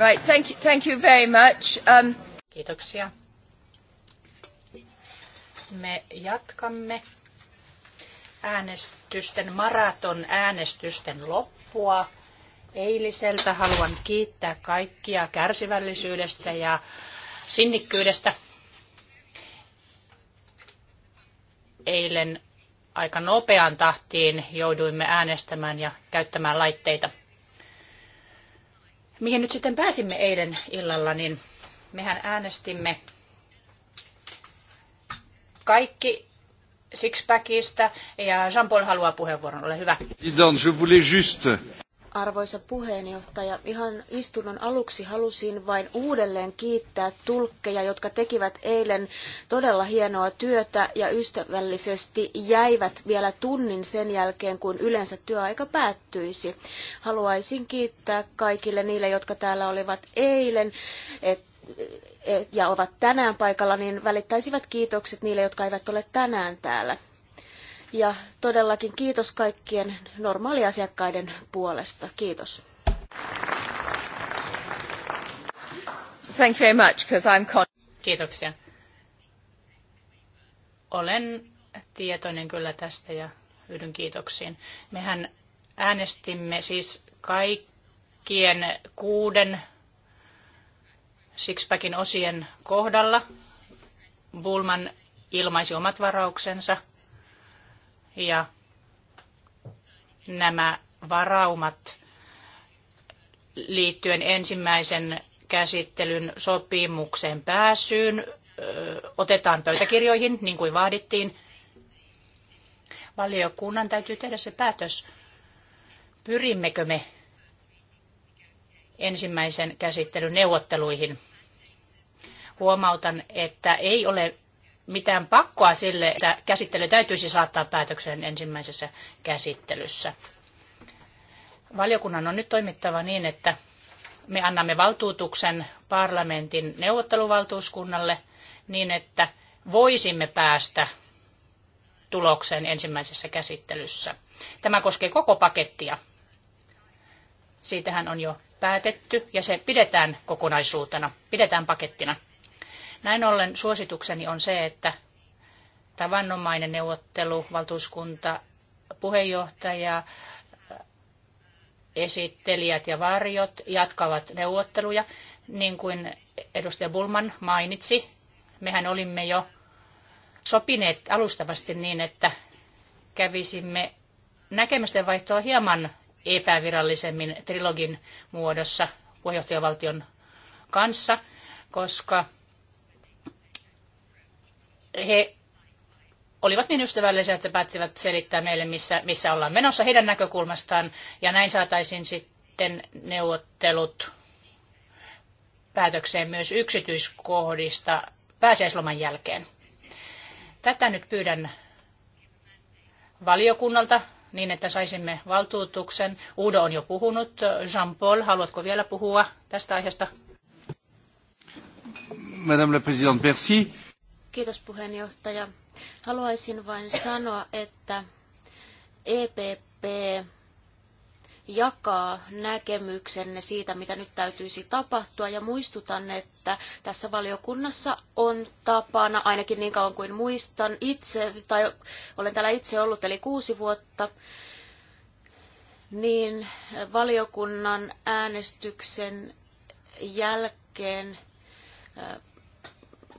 Right, thank you, thank you very much. Um... Kiitoksia. Me jatkamme äänestysten, maraton äänestysten loppua eiliseltä. Haluan kiittää kaikkia kärsivällisyydestä ja sinnikkyydestä. Eilen aika nopeaan tahtiin jouduimme äänestämään ja käyttämään laitteita mihin nyt sitten pääsimme eilen illalla, niin mehän äänestimme kaikki Sixpackista ja Jean-Paul haluaa puheenvuoron, ole hyvä. je voulais juste... Arvoisa puheenjohtaja, ihan istunnon aluksi halusin vain uudelleen kiittää tulkkeja, jotka tekivät eilen todella hienoa työtä ja ystävällisesti jäivät vielä tunnin sen jälkeen, kun yleensä työaika päättyisi. Haluaisin kiittää kaikille niille, jotka täällä olivat eilen, ja ovat tänään paikalla, niin välittäisivät kiitokset niille, jotka eivät ole tänään täällä. Ja todellakin kiitos kaikkien normaaliasiakkaiden puolesta. Kiitos. Thank you very much, I'm con- Kiitoksia. Olen tietoinen kyllä tästä ja yhdyn kiitoksiin. Mehän äänestimme siis kaikkien kuuden Sixpackin osien kohdalla. Bulman ilmaisi omat varauksensa – ja nämä varaumat liittyen ensimmäisen käsittelyn sopimukseen pääsyyn otetaan pöytäkirjoihin, niin kuin vaadittiin. Valiokunnan täytyy tehdä se päätös, pyrimmekö me ensimmäisen käsittelyn neuvotteluihin. Huomautan, että ei ole mitään pakkoa sille, että käsittely täytyisi saattaa päätökseen ensimmäisessä käsittelyssä. Valiokunnan on nyt toimittava niin, että me annamme valtuutuksen parlamentin neuvotteluvaltuuskunnalle niin, että voisimme päästä tulokseen ensimmäisessä käsittelyssä. Tämä koskee koko pakettia. Siitähän on jo päätetty ja se pidetään kokonaisuutena, pidetään pakettina. Näin ollen suositukseni on se, että tavanomainen neuvottelu, valtuuskunta, puheenjohtaja, esittelijät ja varjot jatkavat neuvotteluja, niin kuin edustaja Bulman mainitsi. Mehän olimme jo sopineet alustavasti niin, että kävisimme näkemysten vaihtoa hieman epävirallisemmin trilogin muodossa puheenjohtajavaltion kanssa, koska he olivat niin ystävällisiä, että päättivät selittää meille, missä, missä ollaan menossa heidän näkökulmastaan, ja näin saataisiin sitten neuvottelut päätökseen myös yksityiskohdista pääsiäisloman jälkeen. Tätä nyt pyydän valiokunnalta niin, että saisimme valtuutuksen. Udo on jo puhunut. Jean-Paul, haluatko vielä puhua tästä aiheesta? Madame la Présidente, merci. Kiitos puheenjohtaja. Haluaisin vain sanoa, että EPP jakaa näkemyksenne siitä, mitä nyt täytyisi tapahtua. Ja muistutan, että tässä valiokunnassa on tapana, ainakin niin kauan kuin muistan itse, tai olen täällä itse ollut, eli kuusi vuotta, niin valiokunnan äänestyksen jälkeen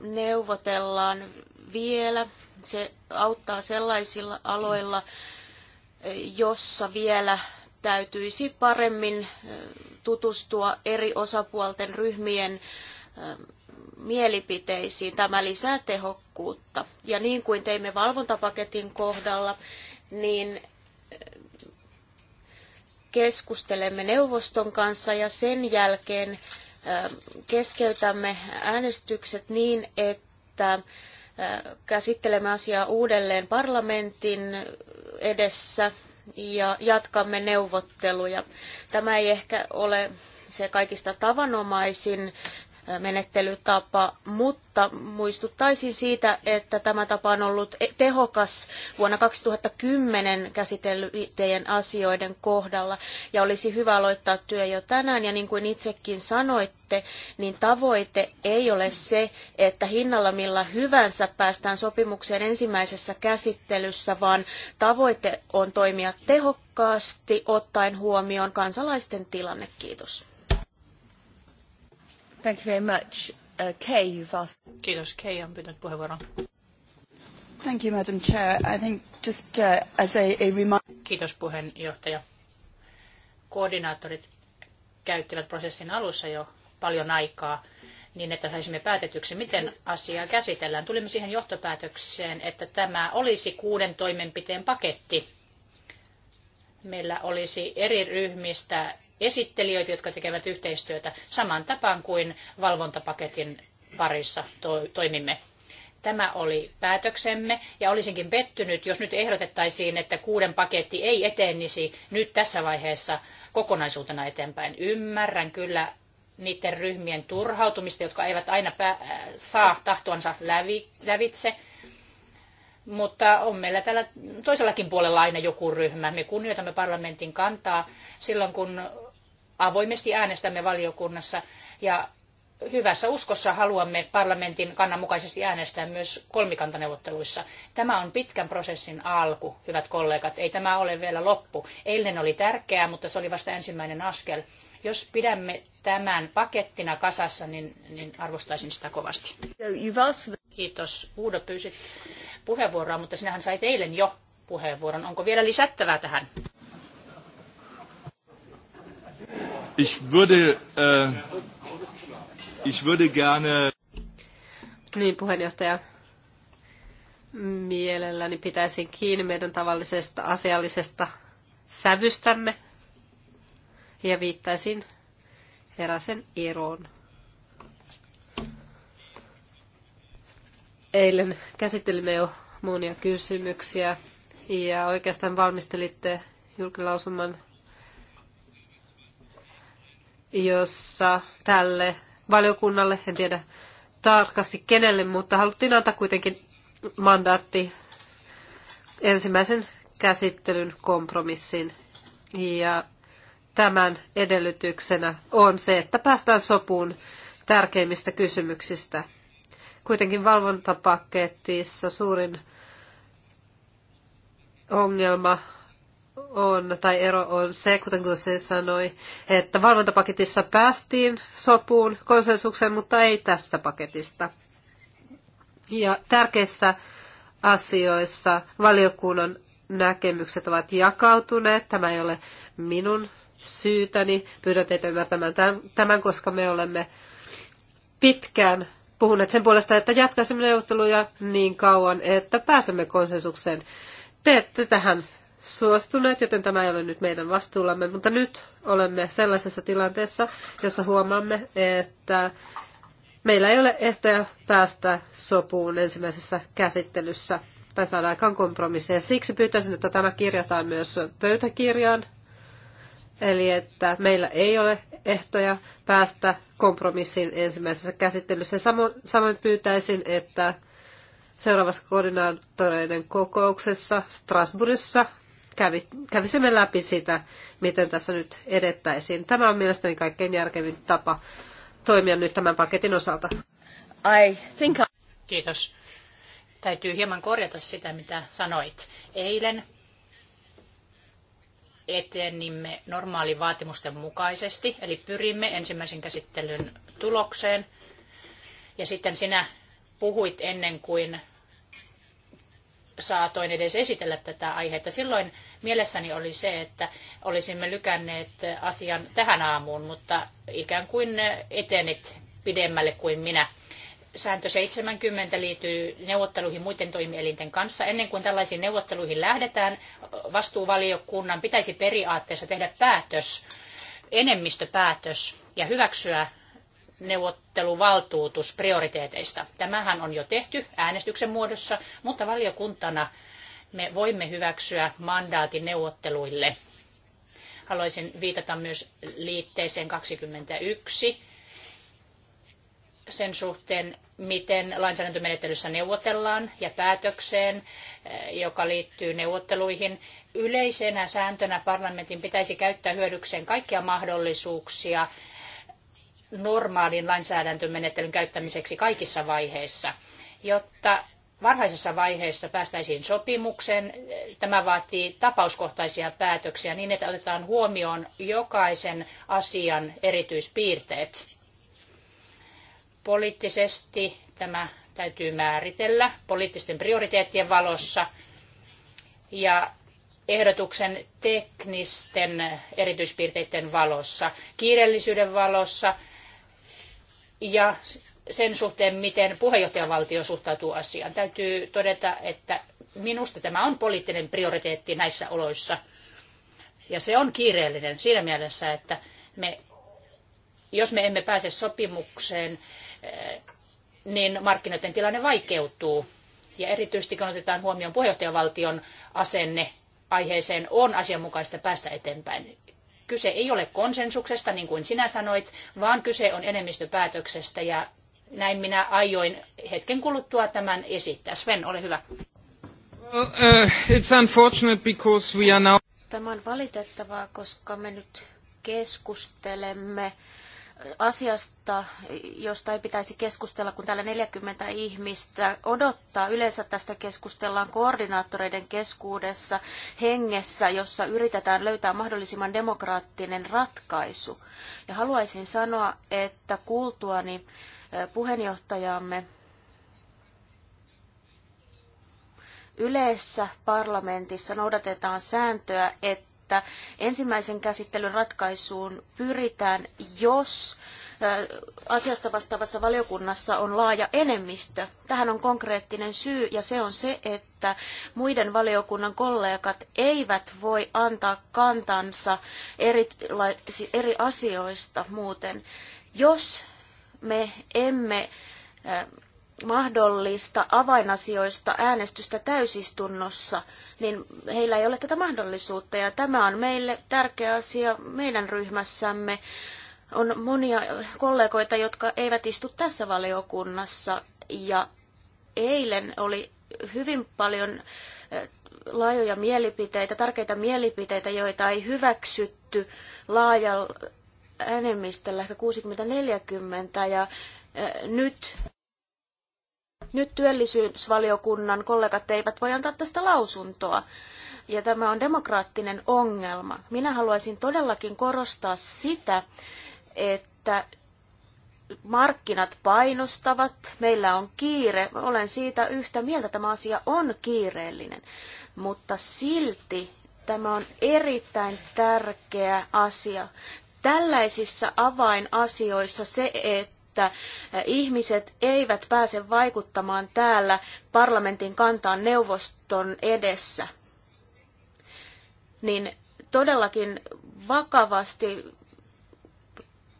neuvotellaan vielä. Se auttaa sellaisilla aloilla, jossa vielä täytyisi paremmin tutustua eri osapuolten ryhmien mielipiteisiin. Tämä lisää tehokkuutta. Ja niin kuin teimme valvontapaketin kohdalla, niin keskustelemme neuvoston kanssa ja sen jälkeen keskeytämme äänestykset niin, että käsittelemme asiaa uudelleen parlamentin edessä ja jatkamme neuvotteluja. Tämä ei ehkä ole se kaikista tavanomaisin menettelytapa, mutta muistuttaisin siitä, että tämä tapa on ollut e- tehokas vuonna 2010 käsiteltyjen asioiden kohdalla ja olisi hyvä aloittaa työ jo tänään ja niin kuin itsekin sanoitte, niin tavoite ei ole se, että hinnalla millä hyvänsä päästään sopimukseen ensimmäisessä käsittelyssä, vaan tavoite on toimia tehokkaasti ottaen huomioon kansalaisten tilanne. Kiitos. Thank you very much. Uh, Kay, you've asked. Kiitos. Kay on pyytänyt puheenvuoron. Thank you, Madam Chair. I think just uh, as a, a Kiitos puheenjohtaja. Koordinaattorit käyttivät prosessin alussa jo paljon aikaa niin, että saisimme päätetyksi, miten asiaa käsitellään. Tulimme siihen johtopäätökseen, että tämä olisi kuuden toimenpiteen paketti. Meillä olisi eri ryhmistä esittelijöitä, jotka tekevät yhteistyötä saman tapaan kuin valvontapaketin parissa toimimme. Tämä oli päätöksemme ja olisinkin pettynyt, jos nyt ehdotettaisiin, että kuuden paketti ei etenisi nyt tässä vaiheessa kokonaisuutena eteenpäin. Ymmärrän kyllä niiden ryhmien turhautumista, jotka eivät aina äh, saa tahtoansa lävitse. Mutta on meillä täällä toisellakin puolella aina joku ryhmä. Me kunnioitamme parlamentin kantaa silloin, kun avoimesti äänestämme valiokunnassa ja hyvässä uskossa haluamme parlamentin kannan mukaisesti äänestää myös kolmikantaneuvotteluissa. Tämä on pitkän prosessin alku, hyvät kollegat. Ei tämä ole vielä loppu. Eilen oli tärkeää, mutta se oli vasta ensimmäinen askel. Jos pidämme tämän pakettina kasassa, niin, niin arvostaisin sitä kovasti. Kiitos. Uudo pyysit puheenvuoroa, mutta sinähän sait eilen jo puheenvuoron. Onko vielä lisättävää tähän? Ich würde, äh, ich würde gerne... Niin, puheenjohtaja. Mielelläni pitäisin kiinni meidän tavallisesta asiallisesta sävystämme ja viittaisin heräsen eroon. Eilen käsittelimme jo monia kysymyksiä ja oikeastaan valmistelitte julkilausuman jossa tälle valiokunnalle, en tiedä tarkasti kenelle, mutta haluttiin antaa kuitenkin mandaatti ensimmäisen käsittelyn kompromissin. Ja tämän edellytyksenä on se, että päästään sopuun tärkeimmistä kysymyksistä. Kuitenkin valvontapaketissa suurin ongelma on, tai ero on se, kuten se sanoi, että valvontapaketissa päästiin sopuun, konsensukseen, mutta ei tästä paketista. Ja tärkeissä asioissa valiokunnan näkemykset ovat jakautuneet. Tämä ei ole minun syytäni. Pyydän teitä ymmärtämään tämän, koska me olemme pitkään puhuneet sen puolesta, että jatkaisimme neuvotteluja niin kauan, että pääsemme konsensukseen. Te ette tähän suostuneet, joten tämä ei ole nyt meidän vastuullamme, mutta nyt olemme sellaisessa tilanteessa, jossa huomaamme, että meillä ei ole ehtoja päästä sopuun ensimmäisessä käsittelyssä tai saada aikaan kompromisseja. Siksi pyytäisin, että tämä kirjataan myös pöytäkirjaan, eli että meillä ei ole ehtoja päästä kompromissiin ensimmäisessä käsittelyssä. Samoin pyytäisin, että seuraavassa koordinaattoreiden kokouksessa Strasbourgissa kävi, kävisimme läpi sitä, miten tässä nyt edettäisiin. Tämä on mielestäni kaikkein järkevin tapa toimia nyt tämän paketin osalta. I think I... Kiitos. Täytyy hieman korjata sitä, mitä sanoit. Eilen etenimme normaali vaatimusten mukaisesti, eli pyrimme ensimmäisen käsittelyn tulokseen. Ja sitten sinä puhuit ennen kuin saatoin edes esitellä tätä aihetta. Silloin mielessäni oli se, että olisimme lykänneet asian tähän aamuun, mutta ikään kuin etenit pidemmälle kuin minä. Sääntö 70 liittyy neuvotteluihin muiden toimielinten kanssa. Ennen kuin tällaisiin neuvotteluihin lähdetään, vastuuvaliokunnan pitäisi periaatteessa tehdä päätös, enemmistöpäätös ja hyväksyä neuvotteluvaltuutus prioriteeteista. Tämähän on jo tehty äänestyksen muodossa, mutta valiokuntana me voimme hyväksyä mandaatin neuvotteluille. Haluaisin viitata myös liitteeseen 21 sen suhteen, miten lainsäädäntömenettelyssä neuvotellaan ja päätökseen, eh, joka liittyy neuvotteluihin. Yleisenä sääntönä parlamentin pitäisi käyttää hyödykseen kaikkia mahdollisuuksia normaalin lainsäädäntömenettelyn käyttämiseksi kaikissa vaiheissa, jotta varhaisessa vaiheessa päästäisiin sopimukseen. Tämä vaatii tapauskohtaisia päätöksiä niin, että otetaan huomioon jokaisen asian erityispiirteet. Poliittisesti tämä täytyy määritellä poliittisten prioriteettien valossa ja ehdotuksen teknisten erityispiirteiden valossa, kiireellisyyden valossa – ja sen suhteen, miten puheenjohtajavaltio suhtautuu asiaan. Täytyy todeta, että minusta tämä on poliittinen prioriteetti näissä oloissa. Ja se on kiireellinen siinä mielessä, että me, jos me emme pääse sopimukseen, eh, niin markkinoiden tilanne vaikeutuu. Ja erityisesti kun otetaan huomioon puheenjohtajavaltion asenne aiheeseen, on asianmukaista päästä eteenpäin. Kyse ei ole konsensuksesta, niin kuin sinä sanoit, vaan kyse on enemmistöpäätöksestä ja näin minä aioin hetken kuluttua tämän esittää. Sven, ole hyvä. Well, uh, it's unfortunate because we are now... Tämä on valitettavaa, koska me nyt keskustelemme asiasta, josta ei pitäisi keskustella, kun täällä 40 ihmistä odottaa. Yleensä tästä keskustellaan koordinaattoreiden keskuudessa hengessä, jossa yritetään löytää mahdollisimman demokraattinen ratkaisu. Ja haluaisin sanoa, että kuultuani puheenjohtajamme yleessä parlamentissa noudatetaan sääntöä, että että ensimmäisen käsittelyn ratkaisuun pyritään, jos asiasta vastaavassa valiokunnassa on laaja enemmistö. Tähän on konkreettinen syy ja se on se, että muiden valiokunnan kollegat eivät voi antaa kantansa eri, eri asioista muuten. Jos me emme mahdollista avainasioista äänestystä täysistunnossa, niin heillä ei ole tätä mahdollisuutta. Ja tämä on meille tärkeä asia meidän ryhmässämme. On monia kollegoita, jotka eivät istu tässä valiokunnassa. Ja eilen oli hyvin paljon eh, laajoja mielipiteitä, tärkeitä mielipiteitä, joita ei hyväksytty laajalla enemmistöllä, ehkä 60-40. Ja eh, nyt nyt työllisyysvaliokunnan kollegat eivät voi antaa tästä lausuntoa. Ja tämä on demokraattinen ongelma. Minä haluaisin todellakin korostaa sitä, että markkinat painostavat, meillä on kiire, olen siitä yhtä mieltä, tämä asia on kiireellinen, mutta silti tämä on erittäin tärkeä asia. Tällaisissa avainasioissa se, että että ihmiset eivät pääse vaikuttamaan täällä parlamentin kantaan neuvoston edessä, niin todellakin vakavasti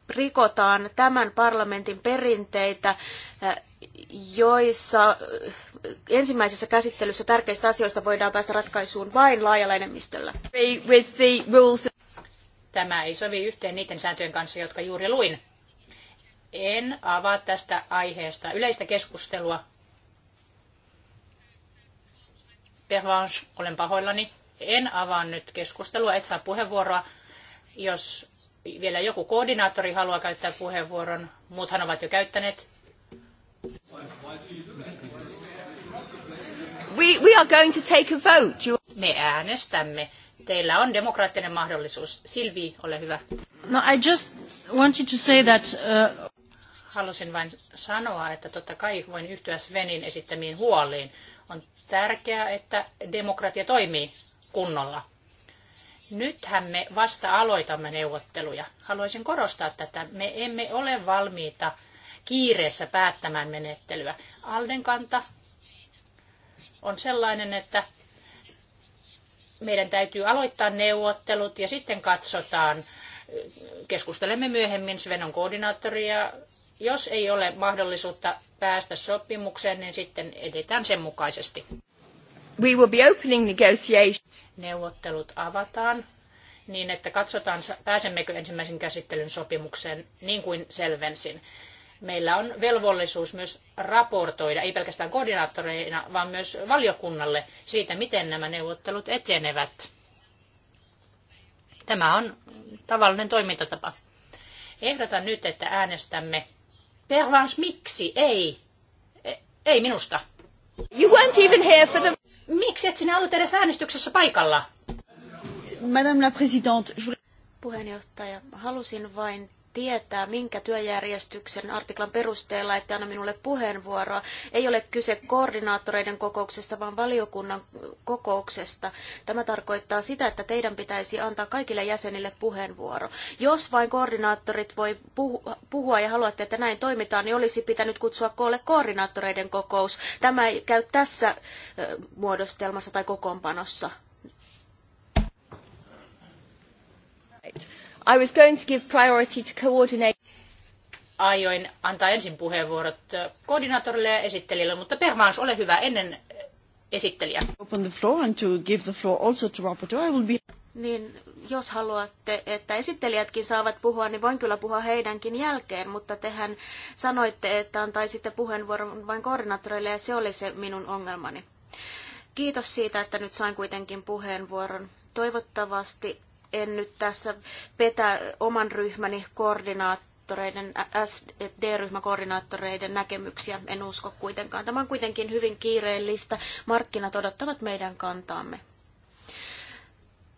rikotaan tämän parlamentin perinteitä, joissa ensimmäisessä käsittelyssä tärkeistä asioista voidaan päästä ratkaisuun vain laajalla enemmistöllä. Tämä ei sovi yhteen niiden sääntöjen kanssa, jotka juuri luin en avaa tästä aiheesta yleistä keskustelua. Pervanche, olen pahoillani. En avaa nyt keskustelua, et saa puheenvuoroa. Jos vielä joku koordinaattori haluaa käyttää puheenvuoron, muuthan ovat jo käyttäneet. We, we are going to take a vote. You... Me äänestämme. Teillä on demokraattinen mahdollisuus. Silvi, ole hyvä. No, I just wanted to say that, uh halusin vain sanoa, että totta kai voin yhtyä Svenin esittämiin huoliin. On tärkeää, että demokratia toimii kunnolla. Nythän me vasta aloitamme neuvotteluja. Haluaisin korostaa tätä. Me emme ole valmiita kiireessä päättämään menettelyä. Alden kanta on sellainen, että meidän täytyy aloittaa neuvottelut ja sitten katsotaan. Keskustelemme myöhemmin Svenon koordinaattoria jos ei ole mahdollisuutta päästä sopimukseen, niin sitten edetään sen mukaisesti. We will be opening negotiations. Neuvottelut avataan niin, että katsotaan, pääsemmekö ensimmäisen käsittelyn sopimukseen, niin kuin selvensin. Meillä on velvollisuus myös raportoida, ei pelkästään koordinaattoreina, vaan myös valiokunnalle siitä, miten nämä neuvottelut etenevät. Tämä on tavallinen toimintatapa. Ehdotan nyt, että äänestämme Pervans, miksi? Ei. E-, ei minusta. You weren't even here for the... Miksi et sinä ollut edes äänestyksessä paikalla? Madame la Présidente, je... Puheenjohtaja, halusin vain tietää, minkä työjärjestyksen artiklan perusteella, että anna minulle puheenvuoroa. Ei ole kyse koordinaattoreiden kokouksesta, vaan valiokunnan kokouksesta. Tämä tarkoittaa sitä, että teidän pitäisi antaa kaikille jäsenille puheenvuoro. Jos vain koordinaattorit voi puhua ja haluatte, että näin toimitaan, niin olisi pitänyt kutsua koolle koordinaattoreiden kokous. Tämä ei käy tässä muodostelmassa tai kokoonpanossa. I was going to give priority to coordinate. Aioin antaa ensin puheenvuorot koordinaattorille ja esittelijälle, mutta Permaus, ole hyvä ennen esittelijä. Open the floor and to give the floor also to rapporteur. I will be... Niin, jos haluatte, että esittelijätkin saavat puhua, niin voin kyllä puhua heidänkin jälkeen, mutta tehän sanoitte, että antaisitte puheenvuoron vain koordinaattoreille ja se oli se minun ongelmani. Kiitos siitä, että nyt sain kuitenkin puheenvuoron. Toivottavasti en nyt tässä petä oman ryhmäni koordinaattoreiden, sd ryhmäkoordinaattoreiden koordinaattoreiden näkemyksiä. En usko kuitenkaan. Tämä on kuitenkin hyvin kiireellistä. Markkinat odottavat meidän kantaamme.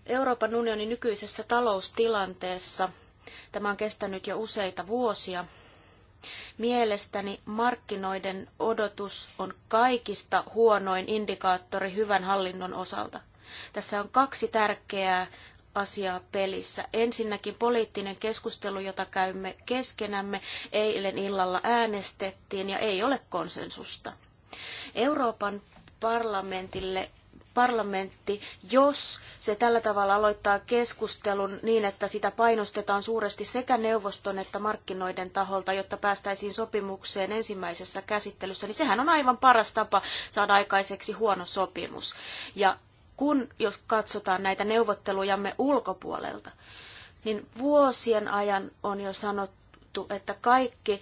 Euroopan unionin nykyisessä taloustilanteessa tämä on kestänyt jo useita vuosia. Mielestäni markkinoiden odotus on kaikista huonoin indikaattori hyvän hallinnon osalta. Tässä on kaksi tärkeää asiaa pelissä. Ensinnäkin poliittinen keskustelu, jota käymme keskenämme, eilen illalla äänestettiin ja ei ole konsensusta. Euroopan parlamentille parlamentti, jos se tällä tavalla aloittaa keskustelun niin, että sitä painostetaan suuresti sekä neuvoston että markkinoiden taholta, jotta päästäisiin sopimukseen ensimmäisessä käsittelyssä, niin sehän on aivan paras tapa saada aikaiseksi huono sopimus. Ja kun jos katsotaan näitä neuvottelujamme ulkopuolelta, niin vuosien ajan on jo sanottu, että kaikki eh,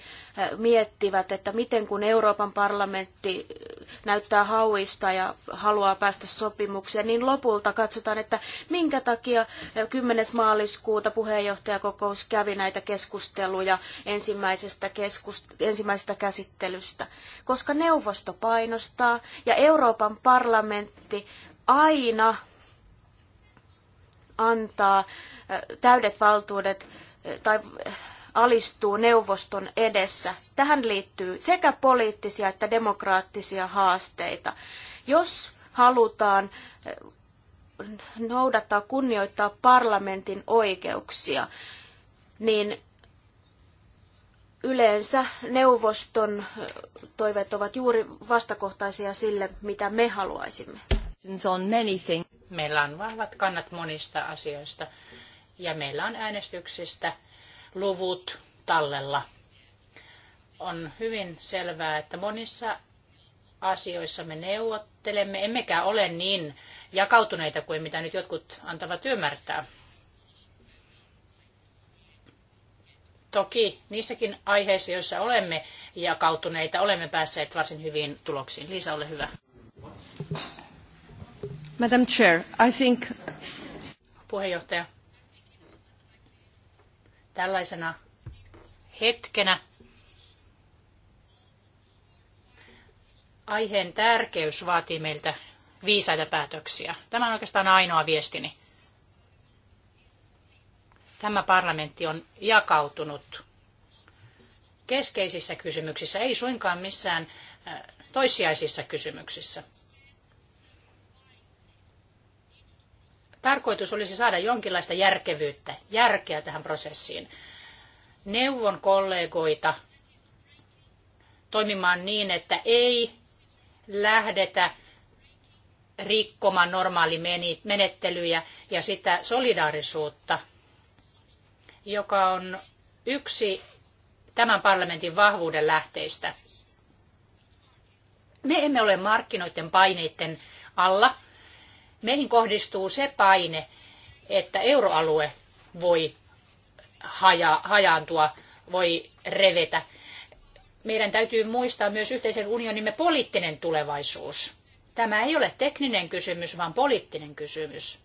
miettivät, että miten kun Euroopan parlamentti eh, näyttää hauista ja haluaa päästä sopimukseen, niin lopulta katsotaan, että minkä takia 10. Eh, maaliskuuta puheenjohtajakokous kävi näitä keskusteluja ensimmäisestä, keskust- ensimmäisestä käsittelystä. Koska neuvosto painostaa ja Euroopan parlamentti aina antaa äh, täydet valtuudet äh, tai äh, alistuu neuvoston edessä. Tähän liittyy sekä poliittisia että demokraattisia haasteita. Jos halutaan noudattaa, kunnioittaa parlamentin oikeuksia, niin yleensä neuvoston toiveet ovat juuri vastakohtaisia sille, mitä me haluaisimme. Meillä on vahvat kannat monista asioista ja meillä on äänestyksistä luvut tallella. On hyvin selvää, että monissa asioissa me neuvottelemme, emmekä ole niin jakautuneita kuin mitä nyt jotkut antavat ymmärtää. Toki niissäkin aiheissa, joissa olemme jakautuneita, olemme päässeet varsin hyvin tuloksiin. Liisa, ole hyvä. Madam Chair, I think... Puheenjohtaja. Tällaisena hetkenä aiheen tärkeys vaatii meiltä viisaita päätöksiä. Tämä on oikeastaan ainoa viestini. Tämä parlamentti on jakautunut keskeisissä kysymyksissä, ei suinkaan missään äh, toissijaisissa kysymyksissä. tarkoitus olisi saada jonkinlaista järkevyyttä, järkeä tähän prosessiin. Neuvon kollegoita toimimaan niin, että ei lähdetä rikkomaan normaali menettelyjä ja sitä solidaarisuutta, joka on yksi tämän parlamentin vahvuuden lähteistä. Me emme ole markkinoiden paineiden alla meihin kohdistuu se paine, että euroalue voi haja, hajaantua, voi revetä. Meidän täytyy muistaa myös yhteisen unionimme poliittinen tulevaisuus. Tämä ei ole tekninen kysymys, vaan poliittinen kysymys.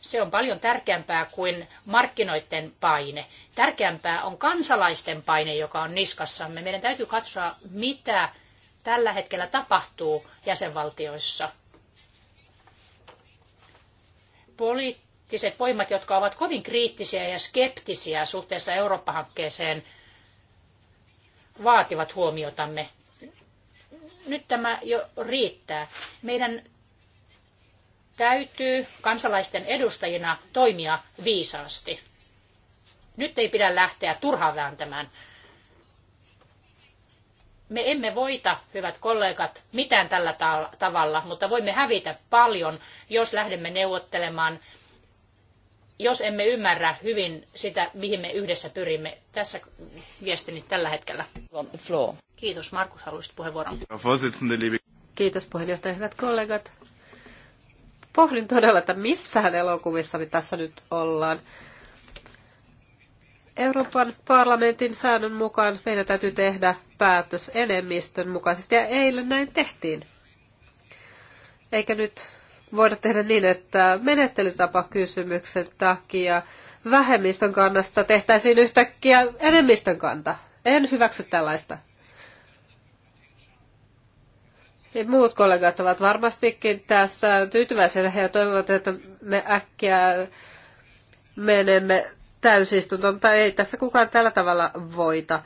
Se on paljon tärkeämpää kuin markkinoiden paine. Tärkeämpää on kansalaisten paine, joka on niskassamme. Meidän täytyy katsoa, mitä tällä hetkellä tapahtuu jäsenvaltioissa – poliittiset voimat, jotka ovat kovin kriittisiä ja skeptisiä suhteessa Eurooppa-hankkeeseen, vaativat huomiotamme. Nyt tämä jo riittää. Meidän täytyy kansalaisten edustajina toimia viisaasti. Nyt ei pidä lähteä turhaan vääntämään me emme voita, hyvät kollegat, mitään tällä tavalla, mutta voimme hävitä paljon, jos lähdemme neuvottelemaan, jos emme ymmärrä hyvin sitä, mihin me yhdessä pyrimme. Tässä viestini tällä hetkellä. Kiitos. Markus, haluaisit puheenvuoron. Kiitos puheenjohtaja. Hyvät kollegat. Pohdin todella, että missään elokuvissa me tässä nyt ollaan. Euroopan parlamentin säännön mukaan meidän täytyy tehdä päätös enemmistön mukaisesti, ja eilen näin tehtiin. Eikä nyt voida tehdä niin, että menettelytapakysymyksen takia vähemmistön kannasta tehtäisiin yhtäkkiä enemmistön kanta. En hyväksy tällaista. Ja muut kollegat ovat varmastikin tässä tyytyväisiä ja toivovat, että me äkkiä menemme täysistunto, mutta ei tässä kukaan tällä tavalla voita.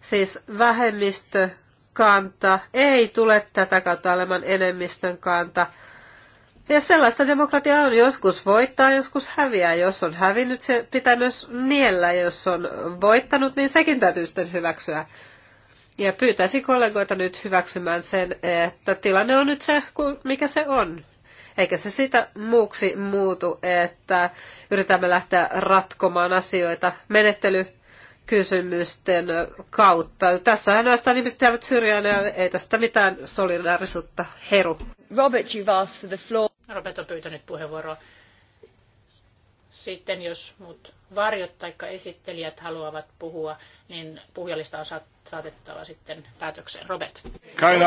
Siis vähemmistökanta ei tule tätä kautta olemaan enemmistön kanta. Ja sellaista demokratiaa on joskus voittaa, joskus häviää. Jos on hävinnyt, se pitää myös niellä. Jos on voittanut, niin sekin täytyy sitten hyväksyä. Ja pyytäisin kollegoita nyt hyväksymään sen, että tilanne on nyt se, mikä se on. Eikä se sitä muuksi muutu, että yritämme lähteä ratkomaan asioita menettelykysymysten kautta. Tässä ainoastaan ihmiset jäävät syrjään ja ei tästä mitään solidaarisuutta heru. Robert, you've asked for the floor. Robert on pyytänyt puheenvuoroa. Sitten jos muut varjot tai esittelijät haluavat puhua, niin puhujalista on saatettava sitten päätökseen. Robert. Keine,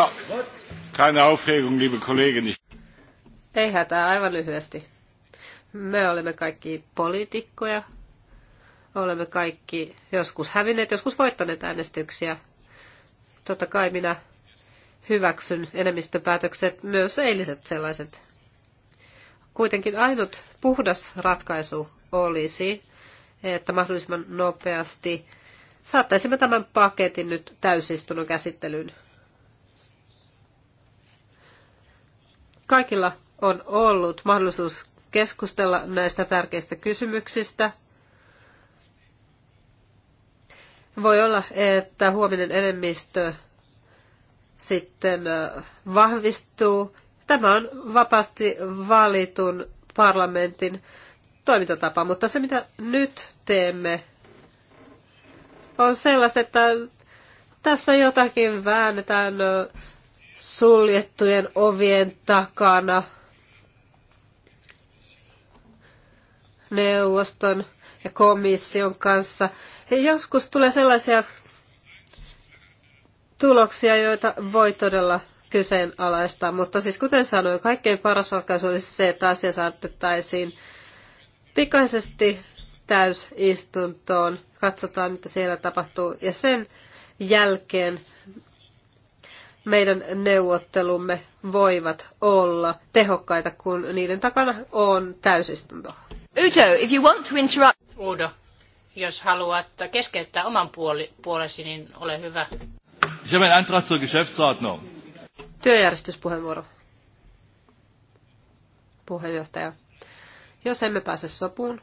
keine Aufregung, liebe Kollegin. Ei hätää, aivan lyhyesti. Me olemme kaikki poliitikkoja, olemme kaikki joskus hävinneet, joskus voittaneet äänestyksiä. Totta kai minä hyväksyn enemmistöpäätökset, myös eiliset sellaiset. Kuitenkin ainut puhdas ratkaisu olisi, että mahdollisimman nopeasti saattaisimme tämän paketin nyt täysistunnon käsittelyyn. Kaikilla on ollut mahdollisuus keskustella näistä tärkeistä kysymyksistä. Voi olla, että huominen enemmistö sitten vahvistuu. Tämä on vapaasti valitun parlamentin toimintatapa, mutta se mitä nyt teemme on sellaista, että tässä jotakin väännetään suljettujen ovien takana – neuvoston ja komission kanssa. Ja joskus tulee sellaisia tuloksia, joita voi todella kyseenalaistaa. Mutta siis kuten sanoin, kaikkein paras ratkaisu olisi se, että asia saatettaisiin pikaisesti täysistuntoon. Katsotaan, mitä siellä tapahtuu. Ja sen jälkeen meidän neuvottelumme voivat olla tehokkaita, kun niiden takana on täysistunto. Udo, if you want to interrupt... Udo, jos haluat keskeyttää oman puoli, puolesi, niin ole hyvä. Ich habe einen Antrag zur Geschäftsordnung. Työjärjestyspuheenvuoro. Puheenjohtaja. Jos emme pääse sopuun,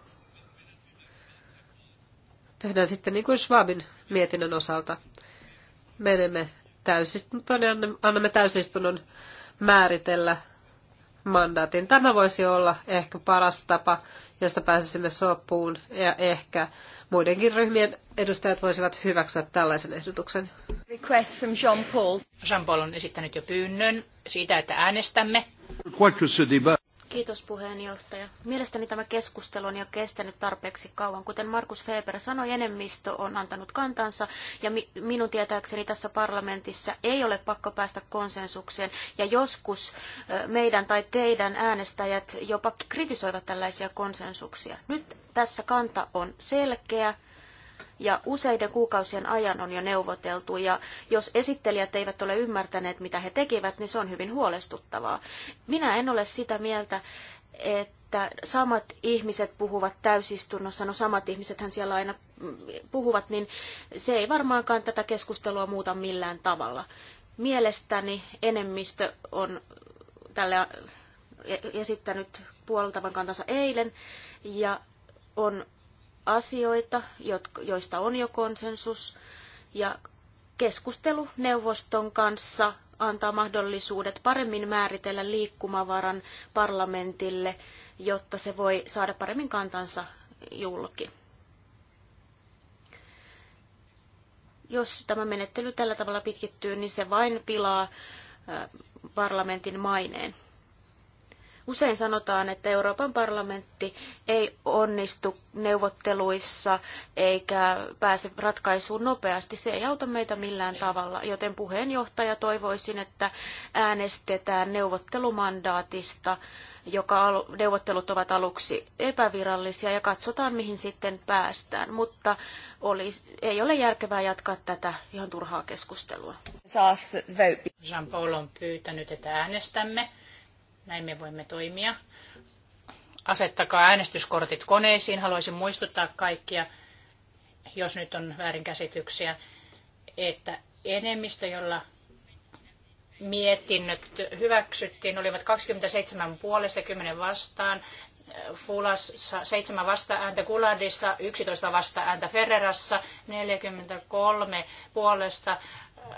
tehdään sitten niin kuin Schwabin mietinnön osalta. Menemme täysistuntoon ja annamme täysistunnon määritellä mandaatin. Tämä voisi olla ehkä paras tapa, josta pääsisimme sopuun ja ehkä muidenkin ryhmien edustajat voisivat hyväksyä tällaisen ehdotuksen. Request from Jean-Paul. Jean-Paul on esittänyt jo pyynnön siitä, että äänestämme. Kiitos puheenjohtaja. Mielestäni tämä keskustelu on jo kestänyt tarpeeksi kauan. Kuten Markus Weber sanoi, enemmistö on antanut kantansa ja mi minun tietääkseni tässä parlamentissa ei ole pakko päästä konsensukseen. Ja joskus meidän tai teidän äänestäjät jopa kritisoivat tällaisia konsensuksia. Nyt tässä kanta on selkeä ja useiden kuukausien ajan on jo neuvoteltu ja jos esittelijät eivät ole ymmärtäneet, mitä he tekivät, niin se on hyvin huolestuttavaa. Minä en ole sitä mieltä, että samat ihmiset puhuvat täysistunnossa, no samat ihmisethän siellä aina mm, puhuvat, niin se ei varmaankaan tätä keskustelua muuta millään tavalla. Mielestäni enemmistö on tälle esittänyt puoltavan kantansa eilen ja on asioita, joista on jo konsensus, ja keskustelu neuvoston kanssa antaa mahdollisuudet paremmin määritellä liikkumavaran parlamentille, jotta se voi saada paremmin kantansa julki. Jos tämä menettely tällä tavalla pitkittyy, niin se vain pilaa parlamentin maineen. Usein sanotaan, että Euroopan parlamentti ei onnistu neuvotteluissa eikä pääse ratkaisuun nopeasti. Se ei auta meitä millään tavalla, joten puheenjohtaja toivoisin, että äänestetään neuvottelumandaatista, joka neuvottelut ovat aluksi epävirallisia ja katsotaan, mihin sitten päästään. Mutta oli, ei ole järkevää jatkaa tätä ihan turhaa keskustelua. Jean-Paul on pyytänyt, että äänestämme. Näin me voimme toimia. Asettakaa äänestyskortit koneisiin. Haluaisin muistuttaa kaikkia, jos nyt on väärinkäsityksiä, että enemmistö, jolla mietinnöt hyväksyttiin, olivat 27 puolesta 10 vastaan. Fulassa 7 vasta-ääntä Kuladissa, 11 vasta-ääntä Ferrerassa, 43 puolesta äh,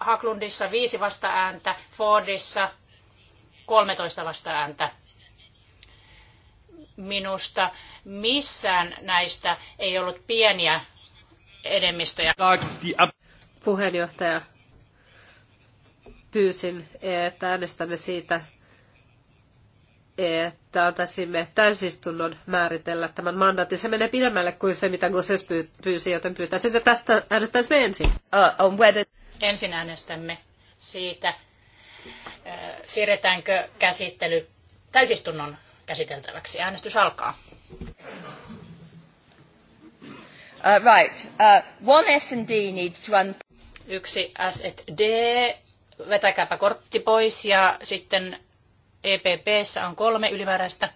Haklundissa 5 vasta-ääntä, Fordissa 13 vasta ääntä. Minusta missään näistä ei ollut pieniä enemmistöjä. Puheenjohtaja, pyysin, että äänestämme siitä, että antaisimme täysistunnon määritellä tämän mandaatin. Se menee pidemmälle kuin se, mitä Gosses pyysi, joten pyytäisin, että tästä äänestäisimme ensin. Uh, on whether... Ensin äänestämme siitä, Siirretäänkö käsittely täysistunnon käsiteltäväksi? Äänestys alkaa. Uh, right. Uh, one S&D needs to un... Yksi S&D. Vetäkääpä kortti pois ja sitten EPPssä on kolme ylimääräistä.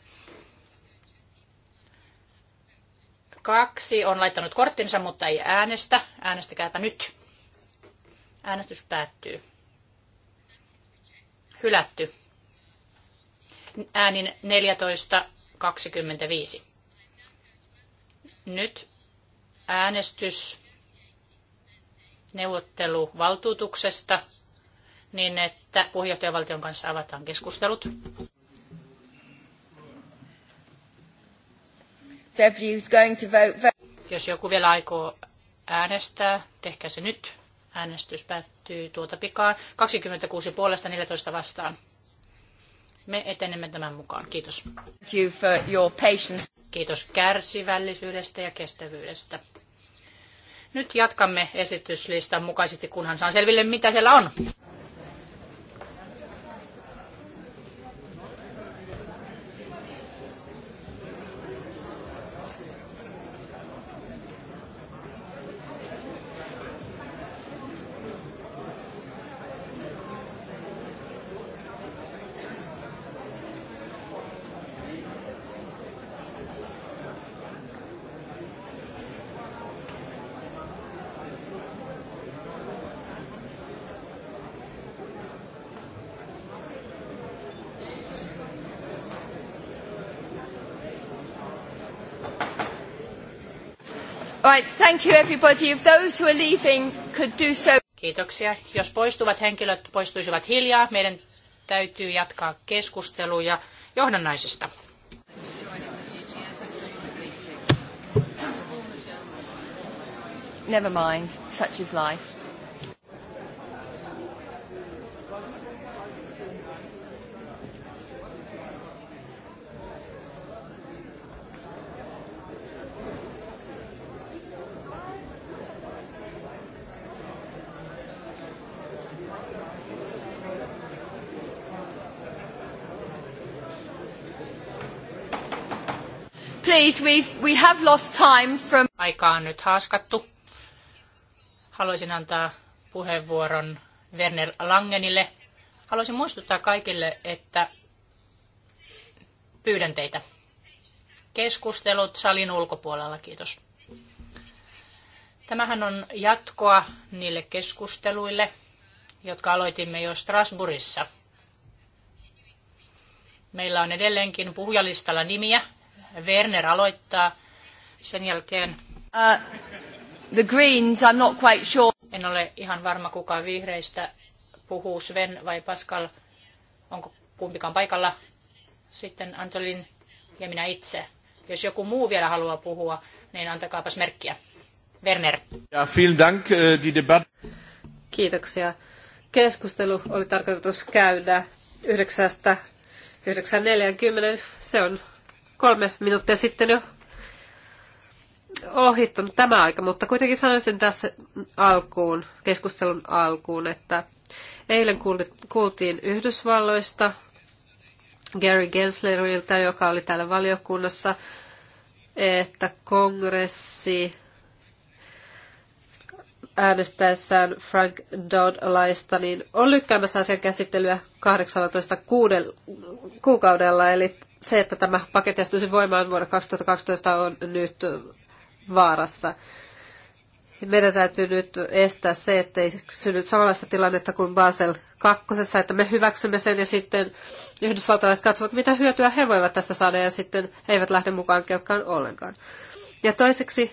Kaksi on laittanut korttinsa, mutta ei äänestä. Äänestäkääpä nyt. Äänestys päättyy hylätty. Äänin 14.25. Nyt äänestys neuvotteluvaltuutuksesta niin, että puheenjohtajavaltion kanssa avataan keskustelut. going to vote. Jos joku vielä aikoo äänestää, tehkää se nyt. Äänestys päättyy tuota pikaa. 26 puolesta 14 vastaan. Me etenemme tämän mukaan. Kiitos. Thank you for your patience. Kiitos kärsivällisyydestä ja kestävyydestä. Nyt jatkamme esityslistan mukaisesti, kunhan saan selville, mitä siellä on. Thank you everybody. If those who are leaving could do so. Kiitoksia. Jos poistuvat henkilöt poistuisivat hiljaa, meidän täytyy jatkaa keskusteluja johdannaisesta. Never mind, such is life. Please, we've, we have lost time from... Aika on nyt haaskattu. Haluaisin antaa puheenvuoron Werner Langenille. Haluaisin muistuttaa kaikille, että pyydän teitä. Keskustelut salin ulkopuolella, kiitos. Tämähän on jatkoa niille keskusteluille, jotka aloitimme jo Strasbourgissa. Meillä on edelleenkin puhujalistalla nimiä, Werner aloittaa sen jälkeen. Uh, the Greens, I'm not quite sure. En ole ihan varma, kuka vihreistä puhuu, Sven vai Pascal. Onko kumpikaan paikalla? Sitten Antolin ja minä itse. Jos joku muu vielä haluaa puhua, niin antakaapas merkkiä. Werner. Ja, vielen dank, äh, die debat- Kiitoksia. Keskustelu oli tarkoitus käydä 9.40. Se on kolme minuuttia sitten jo ohittunut tämä aika, mutta kuitenkin sanoisin tässä alkuun, keskustelun alkuun, että eilen kuultiin Yhdysvalloista Gary Gensleriltä, joka oli täällä valiokunnassa, että kongressi äänestäessään Frank Dodd-laista, niin on lykkäämässä asian käsittelyä 18 kuudel, kuukaudella, eli se, että tämä paketti astuisi voimaan vuonna 2012 on nyt vaarassa. Meidän täytyy nyt estää se, ettei synny samanlaista tilannetta kuin Basel kakkosessa, että me hyväksymme sen ja sitten yhdysvaltalaiset katsovat, mitä hyötyä he voivat tästä saada ja sitten he eivät lähde mukaan kelkkaan ollenkaan. Ja toiseksi